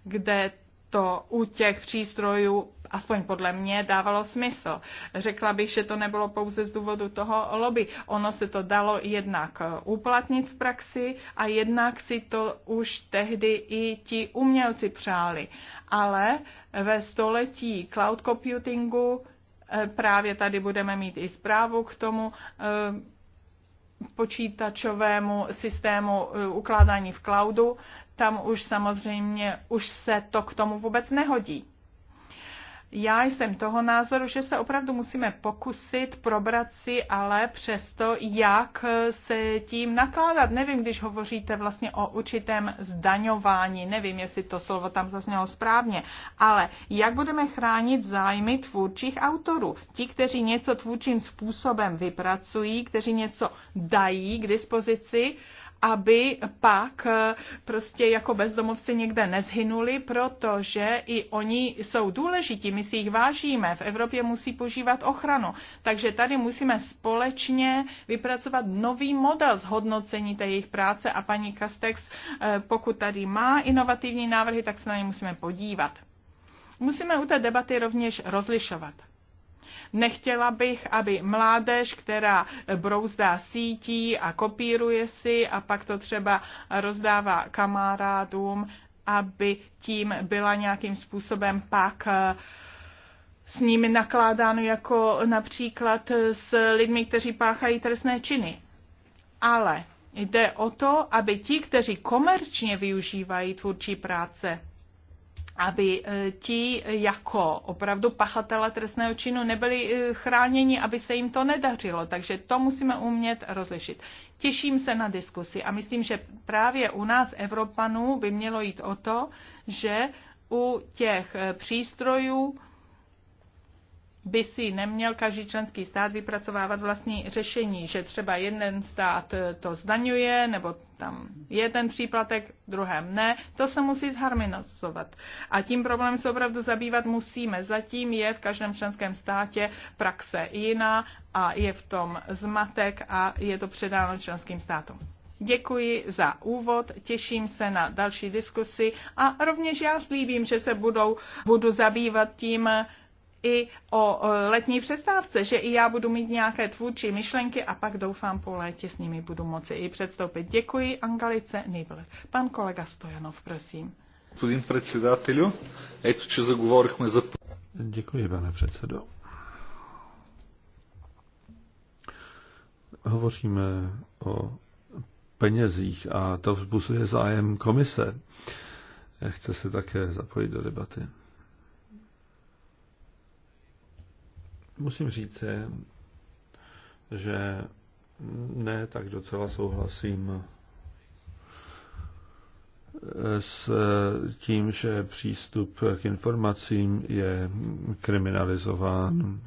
kde to u těch přístrojů aspoň podle mě, dávalo smysl. Řekla bych, že to nebylo pouze z důvodu toho lobby. Ono se to dalo jednak uplatnit v praxi a jednak si to už tehdy i ti umělci přáli. Ale ve století cloud computingu eh, právě tady budeme mít i zprávu k tomu, eh, počítačovému systému eh, ukládání v cloudu, tam už samozřejmě už se to k tomu vůbec nehodí. Já jsem toho názoru, že se opravdu musíme pokusit probrat si, ale přesto, jak se tím nakládat. Nevím, když hovoříte vlastně o určitém zdaňování, nevím, jestli to slovo tam zaznělo správně, ale jak budeme chránit zájmy tvůrčích autorů? Ti, kteří něco tvůrčím způsobem vypracují, kteří něco dají k dispozici, aby pak eh, prostě jako bezdomovci někde nezhynuli, protože i oni jsou důležití, my si jich vážíme, v Evropě musí požívat ochranu. Takže tady musíme společně vypracovat nový model zhodnocení té jejich práce a paní Kastex, eh, pokud tady má inovativní návrhy, tak se na ně musíme podívat. Musíme u té debaty rovněž rozlišovat. Nechtěla bych, aby mládež, která brouzdá sítí a kopíruje si a pak to třeba rozdává kamarádům, aby tím byla nějakým způsobem pak eh, s nimi nakládáno jako například s lidmi, kteří páchají trestné činy. Ale jde o to, aby ti, kteří komerčně využívají tvůrčí práce, aby e, ti jako opravdu pachatele trestného činu nebyli e, chráněni, aby se jim to nedařilo. Takže to musíme umět rozlišit. Těším se na diskusi a myslím, že právě u nás Evropanů by mělo jít o to, že u těch e, přístrojů by si neměl každý členský stát vypracovávat vlastní řešení, že třeba jeden stát to zdaňuje, nebo tam je ten příplatek, druhém ne, to se musí zharmonizovat. A tím problém se opravdu zabývat musíme. Zatím je v každém členském státě praxe jiná a je v tom zmatek a je to předáno členským státům. Děkuji za úvod, těším se na další diskusy a rovněž já slíbím, že se budou, budu zabývat tím, i o letní přestávce, že i já budu mít nějaké tvůrčí myšlenky a pak doufám po létě s nimi budu moci i předstoupit. Děkuji Angalice Nibler. Pan kolega Stojanov, prosím. Děkuji, pane předsedo. Hovoříme o penězích a to vzbuzuje zájem komise. Chce se také zapojit do debaty. Musím říct, že ne, tak docela souhlasím eh, s eh, tím, že přístup k informacím je kriminalizován.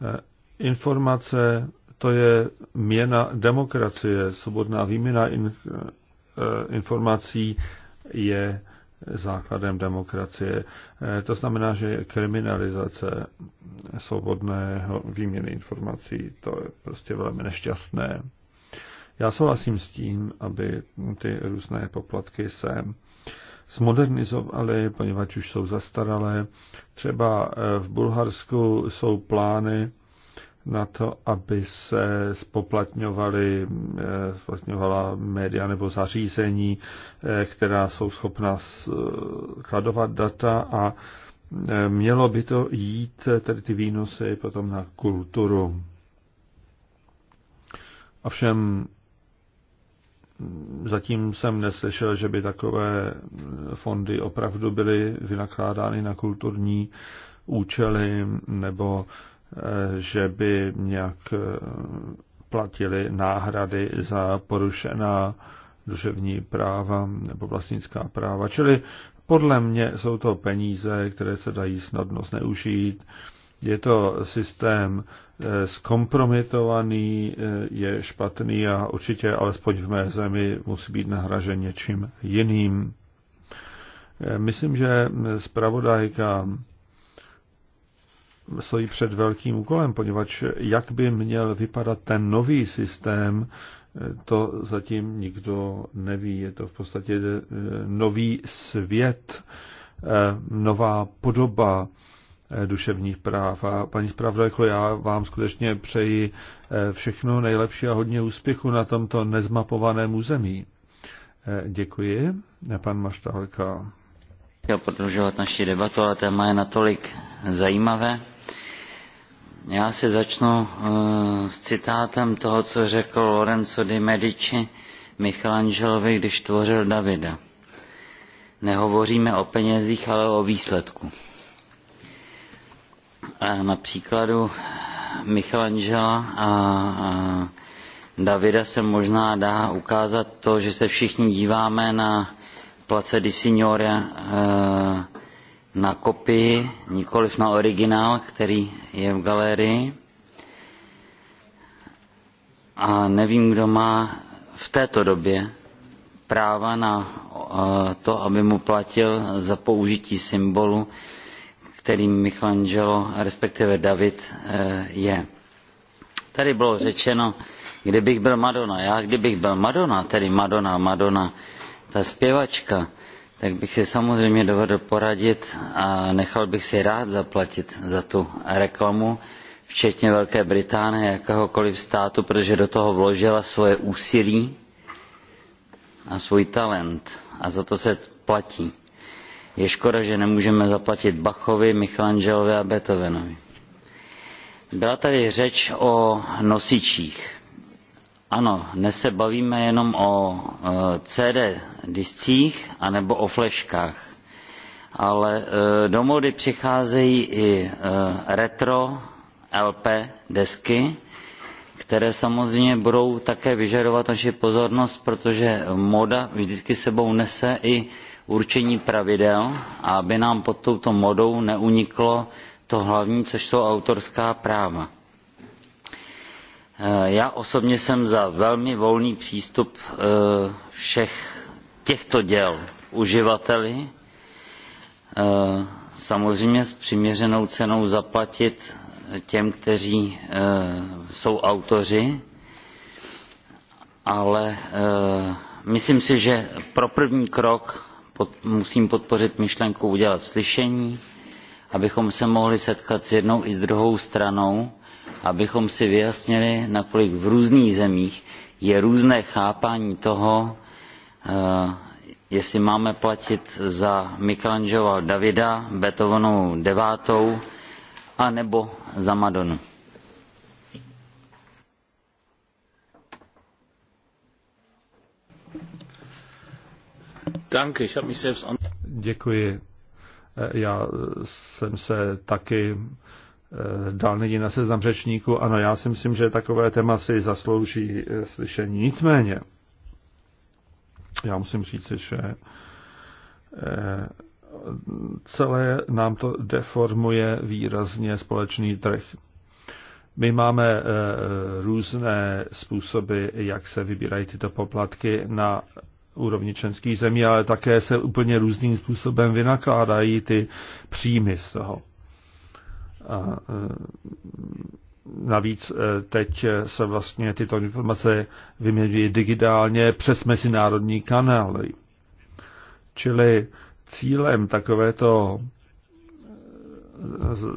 Eh, informace to je měna demokracie, svobodná výměna informací je základem demokracie. Eh, to znamená, že kriminalizace svobodného výměny informací, to je prostě velmi nešťastné. Já souhlasím s tím, aby ty různé poplatky se zmodernizovaly, poněvadž už jsou zastaralé. Třeba eh, v Bulharsku jsou plány na to, aby se spoplatňovaly, eh, spoplatňovala média nebo zařízení, eh, která jsou schopna skladovat eh, data a mělo by to jít, tedy ty výnosy, potom na kulturu. Ovšem zatím jsem neslyšel, že by takové fondy opravdu byly vynakládány na kulturní účely nebo Eh, že by nějak eh, platili náhrady za porušená duševní práva nebo vlastnická práva. Čili podle mě jsou to peníze, které se dají snadno zneužít. Je to systém eh, zkompromitovaný, je špatný a určitě alespoň v mé zemi musí být nahražen něčím jiným. Myslím, že zpravodajka stojí před velkým úkolem, poněvadž jak by měl vypadat ten nový systém, to zatím nikdo neví. Je to v podstatě eh, nový svět, eh, nová podoba eh, duševních práv. A paní zpravodajko, já vám skutečně přeji všechno nejlepší a hodně úspěchu na tomto nezmapovaném území. Děkuji. Pan Maštálka. Chtěl prodlužovat naši debatu, ale téma je natolik zajímavé, já se začnu uh, s citátem toho, co řekl Lorenzo di Medici Michelangelovi, když tvořil Davida. Nehovoříme o penězích, ale o výsledku. A na příkladu Michelangela a, a Davida se možná dá ukázat to, že se všichni díváme na place di Signore uh, na kopii, nikoliv na originál, který je v galerii. A nevím, kdo má v této době práva na eh, to, aby mu platil za použití symbolu, kterým Michelangelo, respektive David, eh, je. Tady bylo řečeno, kdybych byl Madonna. Já kdybych byl Madonna, tedy Madonna, Madonna, ta zpěvačka, tak bych si samozřejmě dovedl poradit a nechal bych si rád zaplatit za tu reklamu, včetně Velké Británie, jakéhokoliv státu, protože do toho vložila svoje úsilí a svůj talent a za to se platí. Je škoda, že nemůžeme zaplatit Bachovi, Michelangelovi a Beethovenovi. Byla tady řeč o nosičích ano, dnes se bavíme jenom o e, CD discích anebo o fleškách, ale e, do mody přicházejí i e, retro LP desky, které samozřejmě budou také vyžadovat naši pozornost, protože moda vždycky sebou nese i určení pravidel a aby nám pod touto modou neuniklo to hlavní, což jsou autorská práva Eh, já osobně jsem za velmi volný přístup eh, všech těchto děl uživateli eh, samozřejmě s přiměřenou cenou zaplatit těm kteří jsou autoři ale myslím si že pro první krok musím podpořit myšlenku udělat slyšení abychom se mohli setkat s jednou i s druhou stranou abychom si vyjasnili, nakolik v různých zemích je různé chápání toho, eh, jestli máme platit za Michelangelo Davida, Beethovenovu devátou, anebo za Madonu. Děkuji. Eh, já eh, jsem se taky Eh, dal není na seznam řečníků. Ano, já si myslím, že takové téma si zaslouží eh, slyšení. Nicméně, já musím říct, že eh, celé nám to deformuje výrazně společný trh. My máme různé způsoby, jak se vybírají tyto poplatky na úrovni členských zemí, ale také se úplně různým způsobem vynakládají ty příjmy z toho. A e, navíc e, teď se vlastně tyto informace vyměňují digitálně přes mezinárodní kanály. Čili cílem takovéto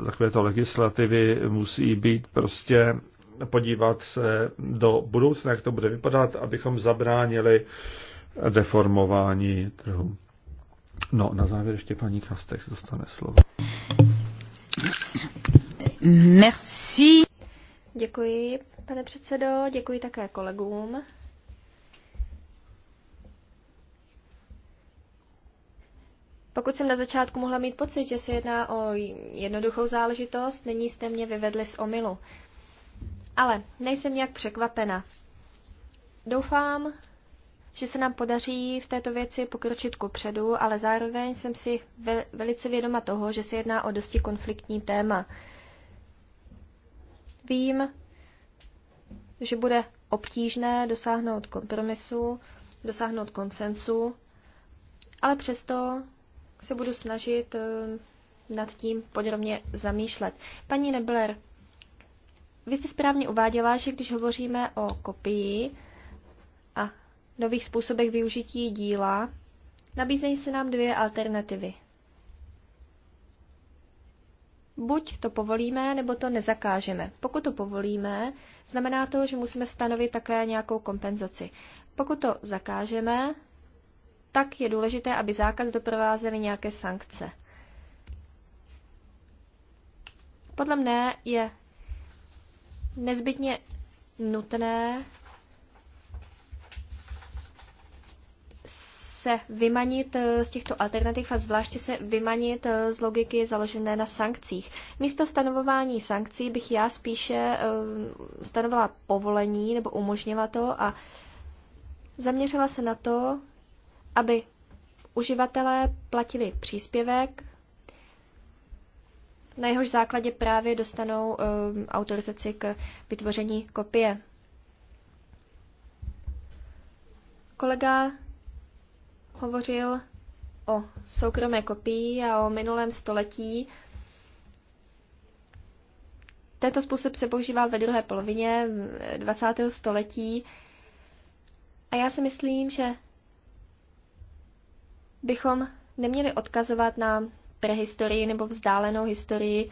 takovéto legislativy musí být prostě podívat se do budoucna, jak to bude vypadat, abychom zabránili deformování trhu. No, na závěr ještě paní Kastex dostane slovo. Merci. Děkuji, pane předsedo, děkuji také kolegům. Pokud jsem na začátku mohla mít pocit, že se jedná o jednoduchou záležitost, nyní jste mě vyvedli z omylu. Ale nejsem nějak překvapena. Doufám, že se nám podaří v této věci pokročit ku předu, ale zároveň jsem si velice vědoma toho, že se jedná o dosti konfliktní téma. Vím, že bude obtížné dosáhnout kompromisu, dosáhnout konsensu, ale přesto se budu snažit eh, nad tím podrobně zamýšlet. Paní Nebler, vy jste správně uváděla, že když hovoříme o kopii, nových způsobech využití díla, nabízejí se nám dvě alternativy. Buď to povolíme, nebo to nezakážeme. Pokud to povolíme, znamená to, že musíme stanovit také nějakou kompenzaci. Pokud to zakážeme, tak je důležité, aby zákaz doprovázely nějaké sankce. Podle mne je nezbytně nutné se vymanit eh, z těchto alternativ a zvláště se vymanit eh, z logiky založené na sankcích. Místo stanovování sankcí bych já spíše eh, stanovila povolení nebo umožnila to a zaměřila se na to, aby uživatelé platili příspěvek, na jehož základě právě dostanou autorizaci k vytvoření kopie. Kolega hovořil o soukromé kopii a o minulém století. Tento způsob se používal ve druhé polovině 20. století a já si myslím, že bychom neměli odkazovat na prehistorii nebo vzdálenou historii,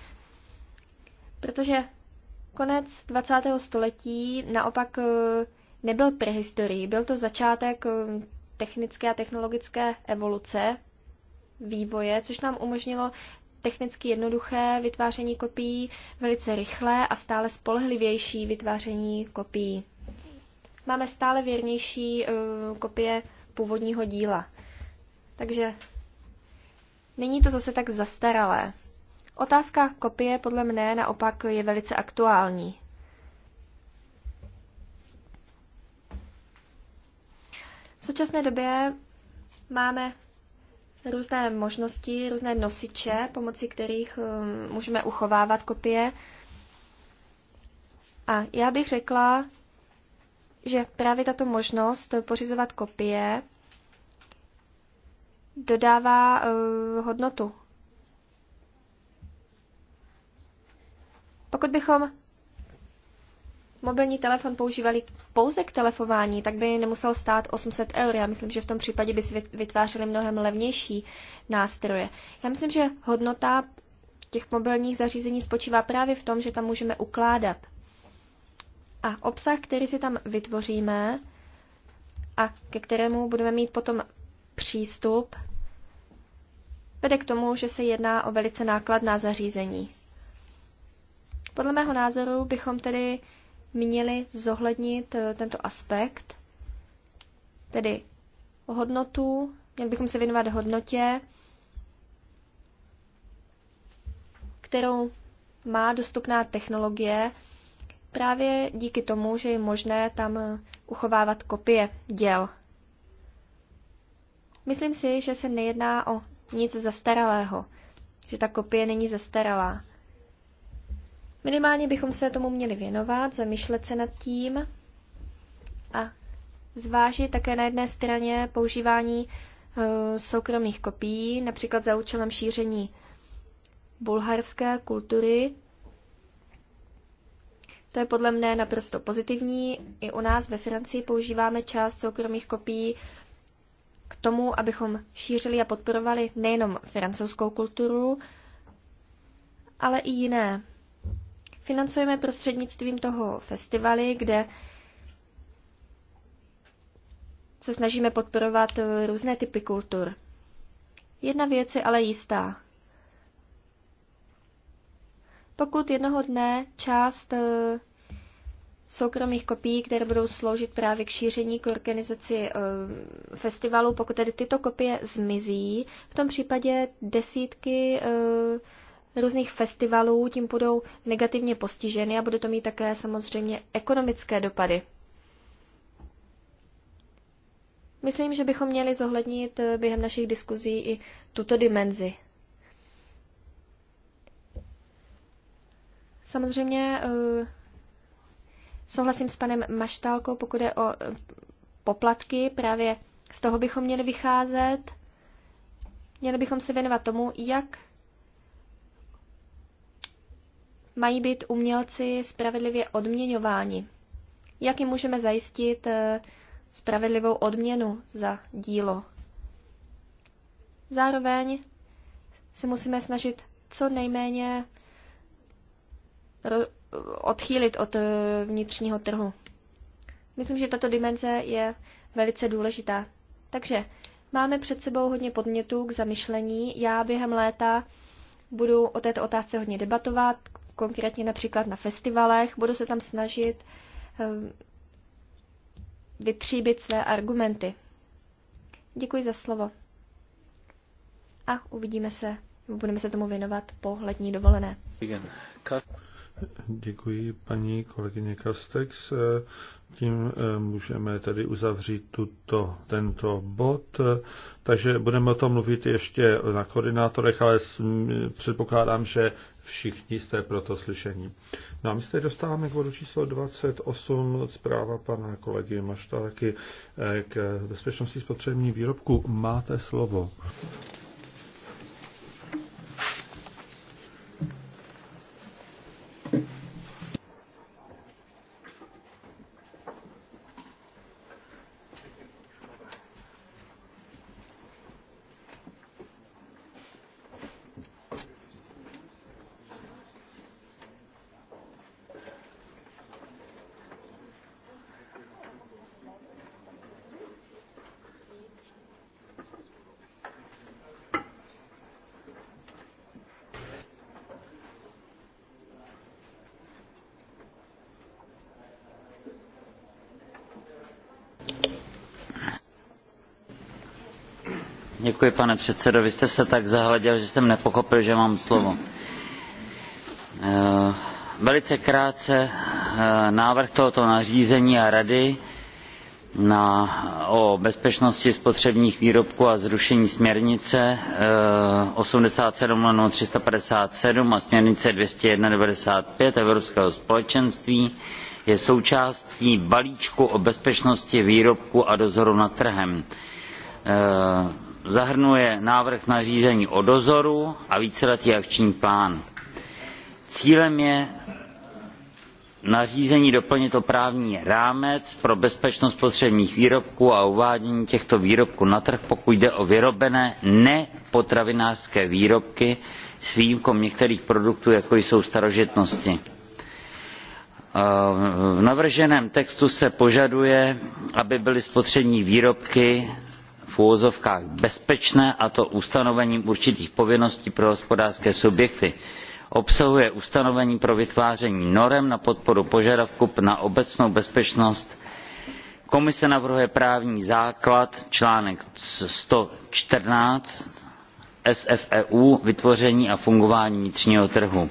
protože konec 20. století naopak eh, nebyl prehistorií, byl to začátek eh, technické a technologické evoluce vývoje, což nám umožnilo technicky jednoduché vytváření kopií, velice rychlé a stále spolehlivější vytváření kopií. Máme stále věrnější eh, kopie původního díla. Takže není to zase tak zastaralé. Otázka kopie podle mne naopak je velice aktuální. V současné době máme různé možnosti, různé nosiče, pomocí kterých eh, můžeme uchovávat kopie. A já bych řekla, že právě tato možnost pořizovat kopie dodává uh, hodnotu. Pokud bychom mobilní telefon používali pouze k telefonování, tak by nemusel stát 800 eur. Já myslím, že v tom případě by si vytvářeli mnohem levnější nástroje. Já myslím, že hodnota těch mobilních zařízení spočívá právě v tom, že tam můžeme ukládat. A obsah, který si tam vytvoříme a ke kterému budeme mít potom přístup, vede k tomu, že se jedná o velice nákladná zařízení. Podle mého názoru bychom tedy měli zohlednit eh, tento aspekt, tedy hodnotu, měli bychom se věnovat hodnotě, kterou má dostupná technologie právě díky tomu, že je možné tam eh, uchovávat kopie děl. Myslím si, že se nejedná o nic zastaralého, že ta kopie není zastaralá. Minimálně bychom se tomu měli věnovat, zamýšlet se nad tím a zvážit také na jedné straně používání eh, soukromých kopií, například za účelem šíření bulharské kultury. To je podle mne naprosto pozitivní. I u nás ve Francii používáme část soukromých kopií k tomu, abychom šířili a podporovali nejenom francouzskou kulturu, ale i jiné financujeme prostřednictvím toho festivaly, kde se snažíme podporovat eh, různé typy kultur. Jedna věc je ale jistá. Pokud jednoho dne část eh, soukromých kopií, které budou sloužit právě k šíření, k organizaci eh, festivalu, pokud tedy tyto kopie zmizí, v tom případě desítky různých festivalů tím budou negativně postiženy a bude to mít také samozřejmě ekonomické dopady. Myslím, že bychom měli zohlednit během našich diskuzí i tuto dimenzi. Samozřejmě eh, souhlasím s panem Maštálkou, pokud je o eh, poplatky, právě z toho bychom měli vycházet. Měli bychom se věnovat tomu, jak mají být umělci spravedlivě odměňováni. Jak jim můžeme zajistit eh, spravedlivou odměnu za dílo? Zároveň se musíme snažit co nejméně odchýlit od eh, vnitřního trhu. Myslím, že tato dimenze je velice důležitá. Takže máme před sebou hodně podnětů k zamyšlení. Já během léta budu o této otázce hodně debatovat, konkrétně například na festivalech. Budu se tam snažit ehm, vytříbit své argumenty. Děkuji za slovo. A uvidíme se, budeme se tomu věnovat po letní dovolené. Děkuji paní kolegyně Kastex. Tím eh, můžeme tedy uzavřít tuto, tento bod. Takže budeme o tom mluvit ještě na koordinátorech, ale předpokládám, že všichni jste pro to slyšení. No a my se dostáváme k bodu číslo 28, zpráva pana kolegy Maštáky eh, k bezpečnosti spotřební výrobku. Máte slovo. pane předsedo. Vy jste se tak zahleděl, že jsem nepochopil, že mám slovo. Eh, velice krátce eh, návrh tohoto nařízení a rady na, o bezpečnosti spotřebních výrobků a zrušení směrnice 87 eh, 357 a směrnice 201 Evropského společenství je součástí balíčku o bezpečnosti výrobků a dozoru nad trhem zahrnuje návrh nařízení o dozoru a víceletý akční plán. cílem je nařízení doplnit o právní rámec pro bezpečnost spotřebních výrobků a uvádění těchto výrobků na trh pokud jde o vyrobené nepotravinářské výrobky s výjimkou některých produktů jako jsou starožitnosti. Eh, v navrženém textu se požaduje aby byly spotřební výrobky v uvozovkách bezpečné a to ustanovením určitých povinností pro hospodářské subjekty obsahuje ustanovení pro vytváření norem na podporu požadavků na obecnou bezpečnost komise navrhuje právní základ článek one hundred and fourteen sfeu vytvoření a fungování vnitřního trhu.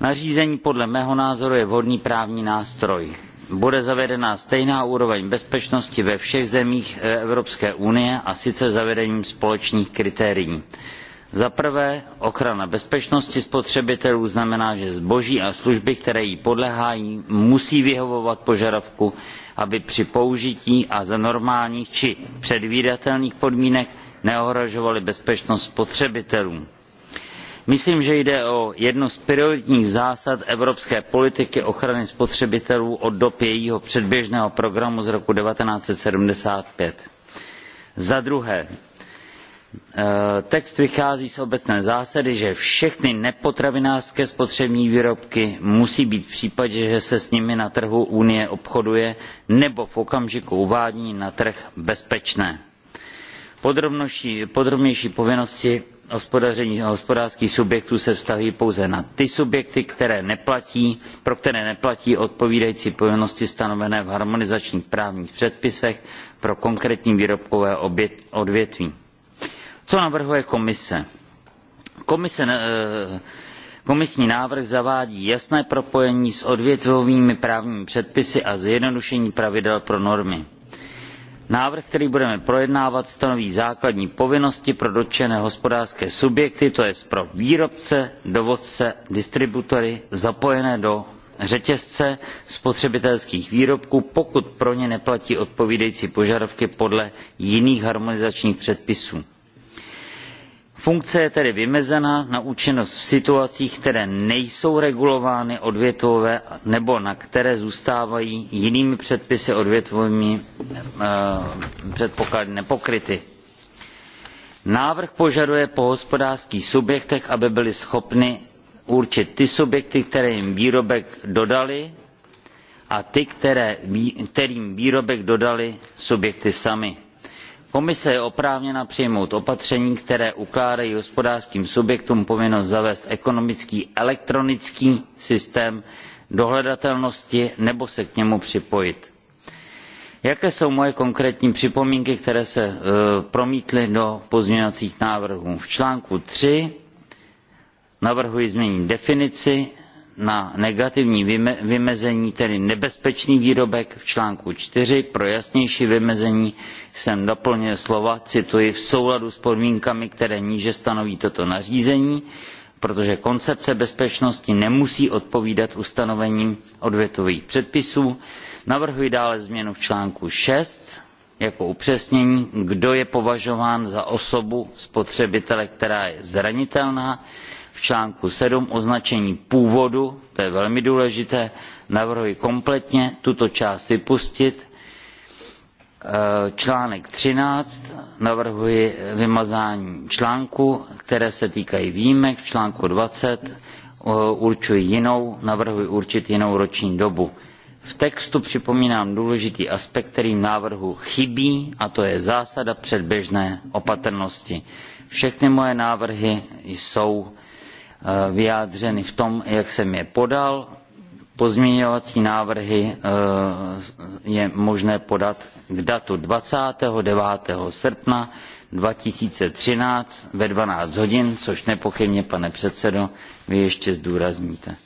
nařízení podle mého názoru je vhodný právní nástroj bude zavedena stejná úroveň bezpečnosti ve všech zemích eh, evropské unie a sice zavedením společných kritérií za prvé ochrana bezpečnosti spotřebitelů znamená že zboží a služby které jí podléhají musí vyhovovat požadavku aby při použití a za normálních či předvídatelných podmínek neohrožovaly bezpečnost spotřebitelů myslím že jde o jednu z prioritních zásad evropské politiky ochrany spotřebitelů od dob jejího předběžného programu z roku. one thousand nine hundred and seventy five za druhé eh, text vychází z obecné zásady že všechny nepotravinářské spotřební výrobky musí být v případě že se s nimi na trhu unie obchoduje nebo v okamžiku uvádění na trh bezpečné. podrobnější povinnosti hospodaření hospodářských subjektů se vztahují pouze na ty subjekty které neplatí, pro které neplatí odpovídající povinnosti stanovené v harmonizačních právních předpisech pro konkrétní výrobkové odvětví. co navrhuje komise? komise eh, komisní návrh zavádí jasné propojení s odvětvovými právními předpisy a zjednodušení pravidel pro normy návrh který budeme projednávat stanoví základní povinnosti pro dotčené hospodářské subjekty to jest pro výrobce dovozce distributory zapojené do řetězce spotřebitelských výrobků pokud pro ně neplatí odpovídající požadavky podle jiných harmonizačních předpisů funkce je tedy vymezena na účinnost v situacích které nejsou regulovány odvětvově nebo na které zůstávají jinými předpisy odvětvovými eh, předpoklady nepokryty. návrh požaduje po hospodářských subjektech aby byly schopny určit ty subjekty které jim výrobek dodaly a ty které, kterým výrobek dodaly subjekty samy komise je oprávněna přijmout opatření která ukládají hospodářským subjektům povinnost zavést ekonomický elektronický systém dohledatelnosti nebo se k němu připojit. jaké jsou moje konkrétní připomínky které se e, promítly do pozměňovacích návrhů? v článku three navrhuji změnit definici na negativní vymezení tedy nebezpečný výrobek v článku four pro jasnější vymezení jsem doplnil slova cituji v souladu s podmínkami které níže stanoví toto nařízení protože koncepce bezpečnosti nemusí odpovídat ustanovením odvětvových předpisů navrhuji dále změnu v článku six jako upřesnění kdo je považován za osobu spotřebitele která je zranitelná v článku seven označení původu to je velmi důležité navrhuji kompletně tuto část vypustit eh, článek thirteen navrhuji vymazání článků které se týkají výjimek v článku twenty eh, určuji jinou navrhuji určit jinou roční dobu. v textu připomínám důležitý aspekt který v návrhu chybí a to je zásada předběžné opatrnosti. všechny moje návrhy jsou Eh, vyjádřeny v tom jak jsem je podal pozměňovací návrhy eh, je možné podat k datu. twenty nine srpna two thousand and thirteen ve twelve hodin což nepochybně pane předsedo vy ještě zdůrazníte.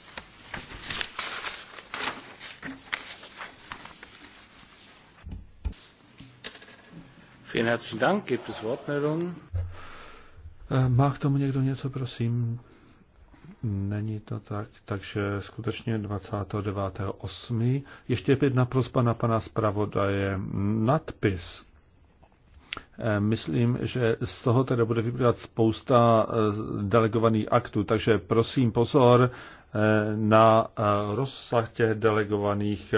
Eh, má k tomu někdo něco, prosím? Není to tak, takže skutečně 29.8. Ještě jedna prosba na pana zpravodaje. Nadpis. Eh, myslím, že z toho teda bude vybrat spousta eh, delegovaných aktů, takže prosím pozor eh, na rozsah těch delegovaných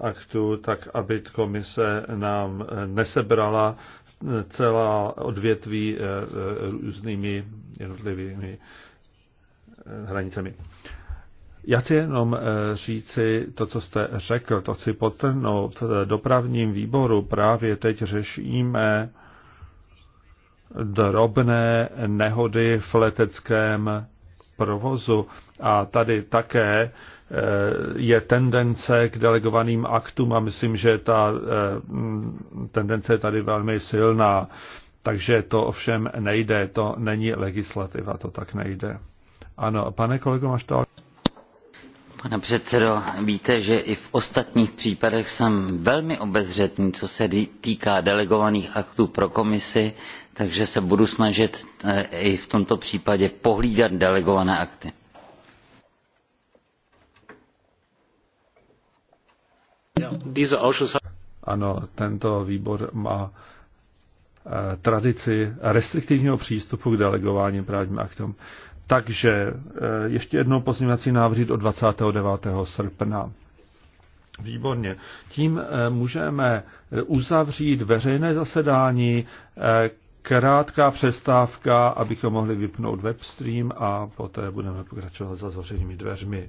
aktů, tak aby komise nám nesebrala celá odvětví různými jednotlivými Eh, hranicemi. Já chci jenom eh, říci to, co jste řekl, to chci potrhnout. V dopravním výboru právě teď řešíme drobné nehody v leteckém provozu a tady také eh, je tendence k delegovaným aktům a myslím, že ta tendence je tady velmi silná. Takže to ovšem nejde, to není legislativa, to tak nejde. Ano, pane kolego, máš to. Pane předsedo, víte, že i v ostatních případech jsem velmi obezřetný, co se týká delegovaných aktů pro komisi, takže se budu snažit eh, i v tomto případě pohlídat delegované akty. Ano, tento výbor má eh, tradici restriktivního přístupu k delegováním právním aktům. Takže eh, ještě jednou pozměňovací návrhy do 29. srpna. Výborně. Tím eh, můžeme eh, uzavřít veřejné zasedání, krátká přestávka, abychom mohli vypnout webstream a poté budeme pokračovat za zavřenými dveřmi.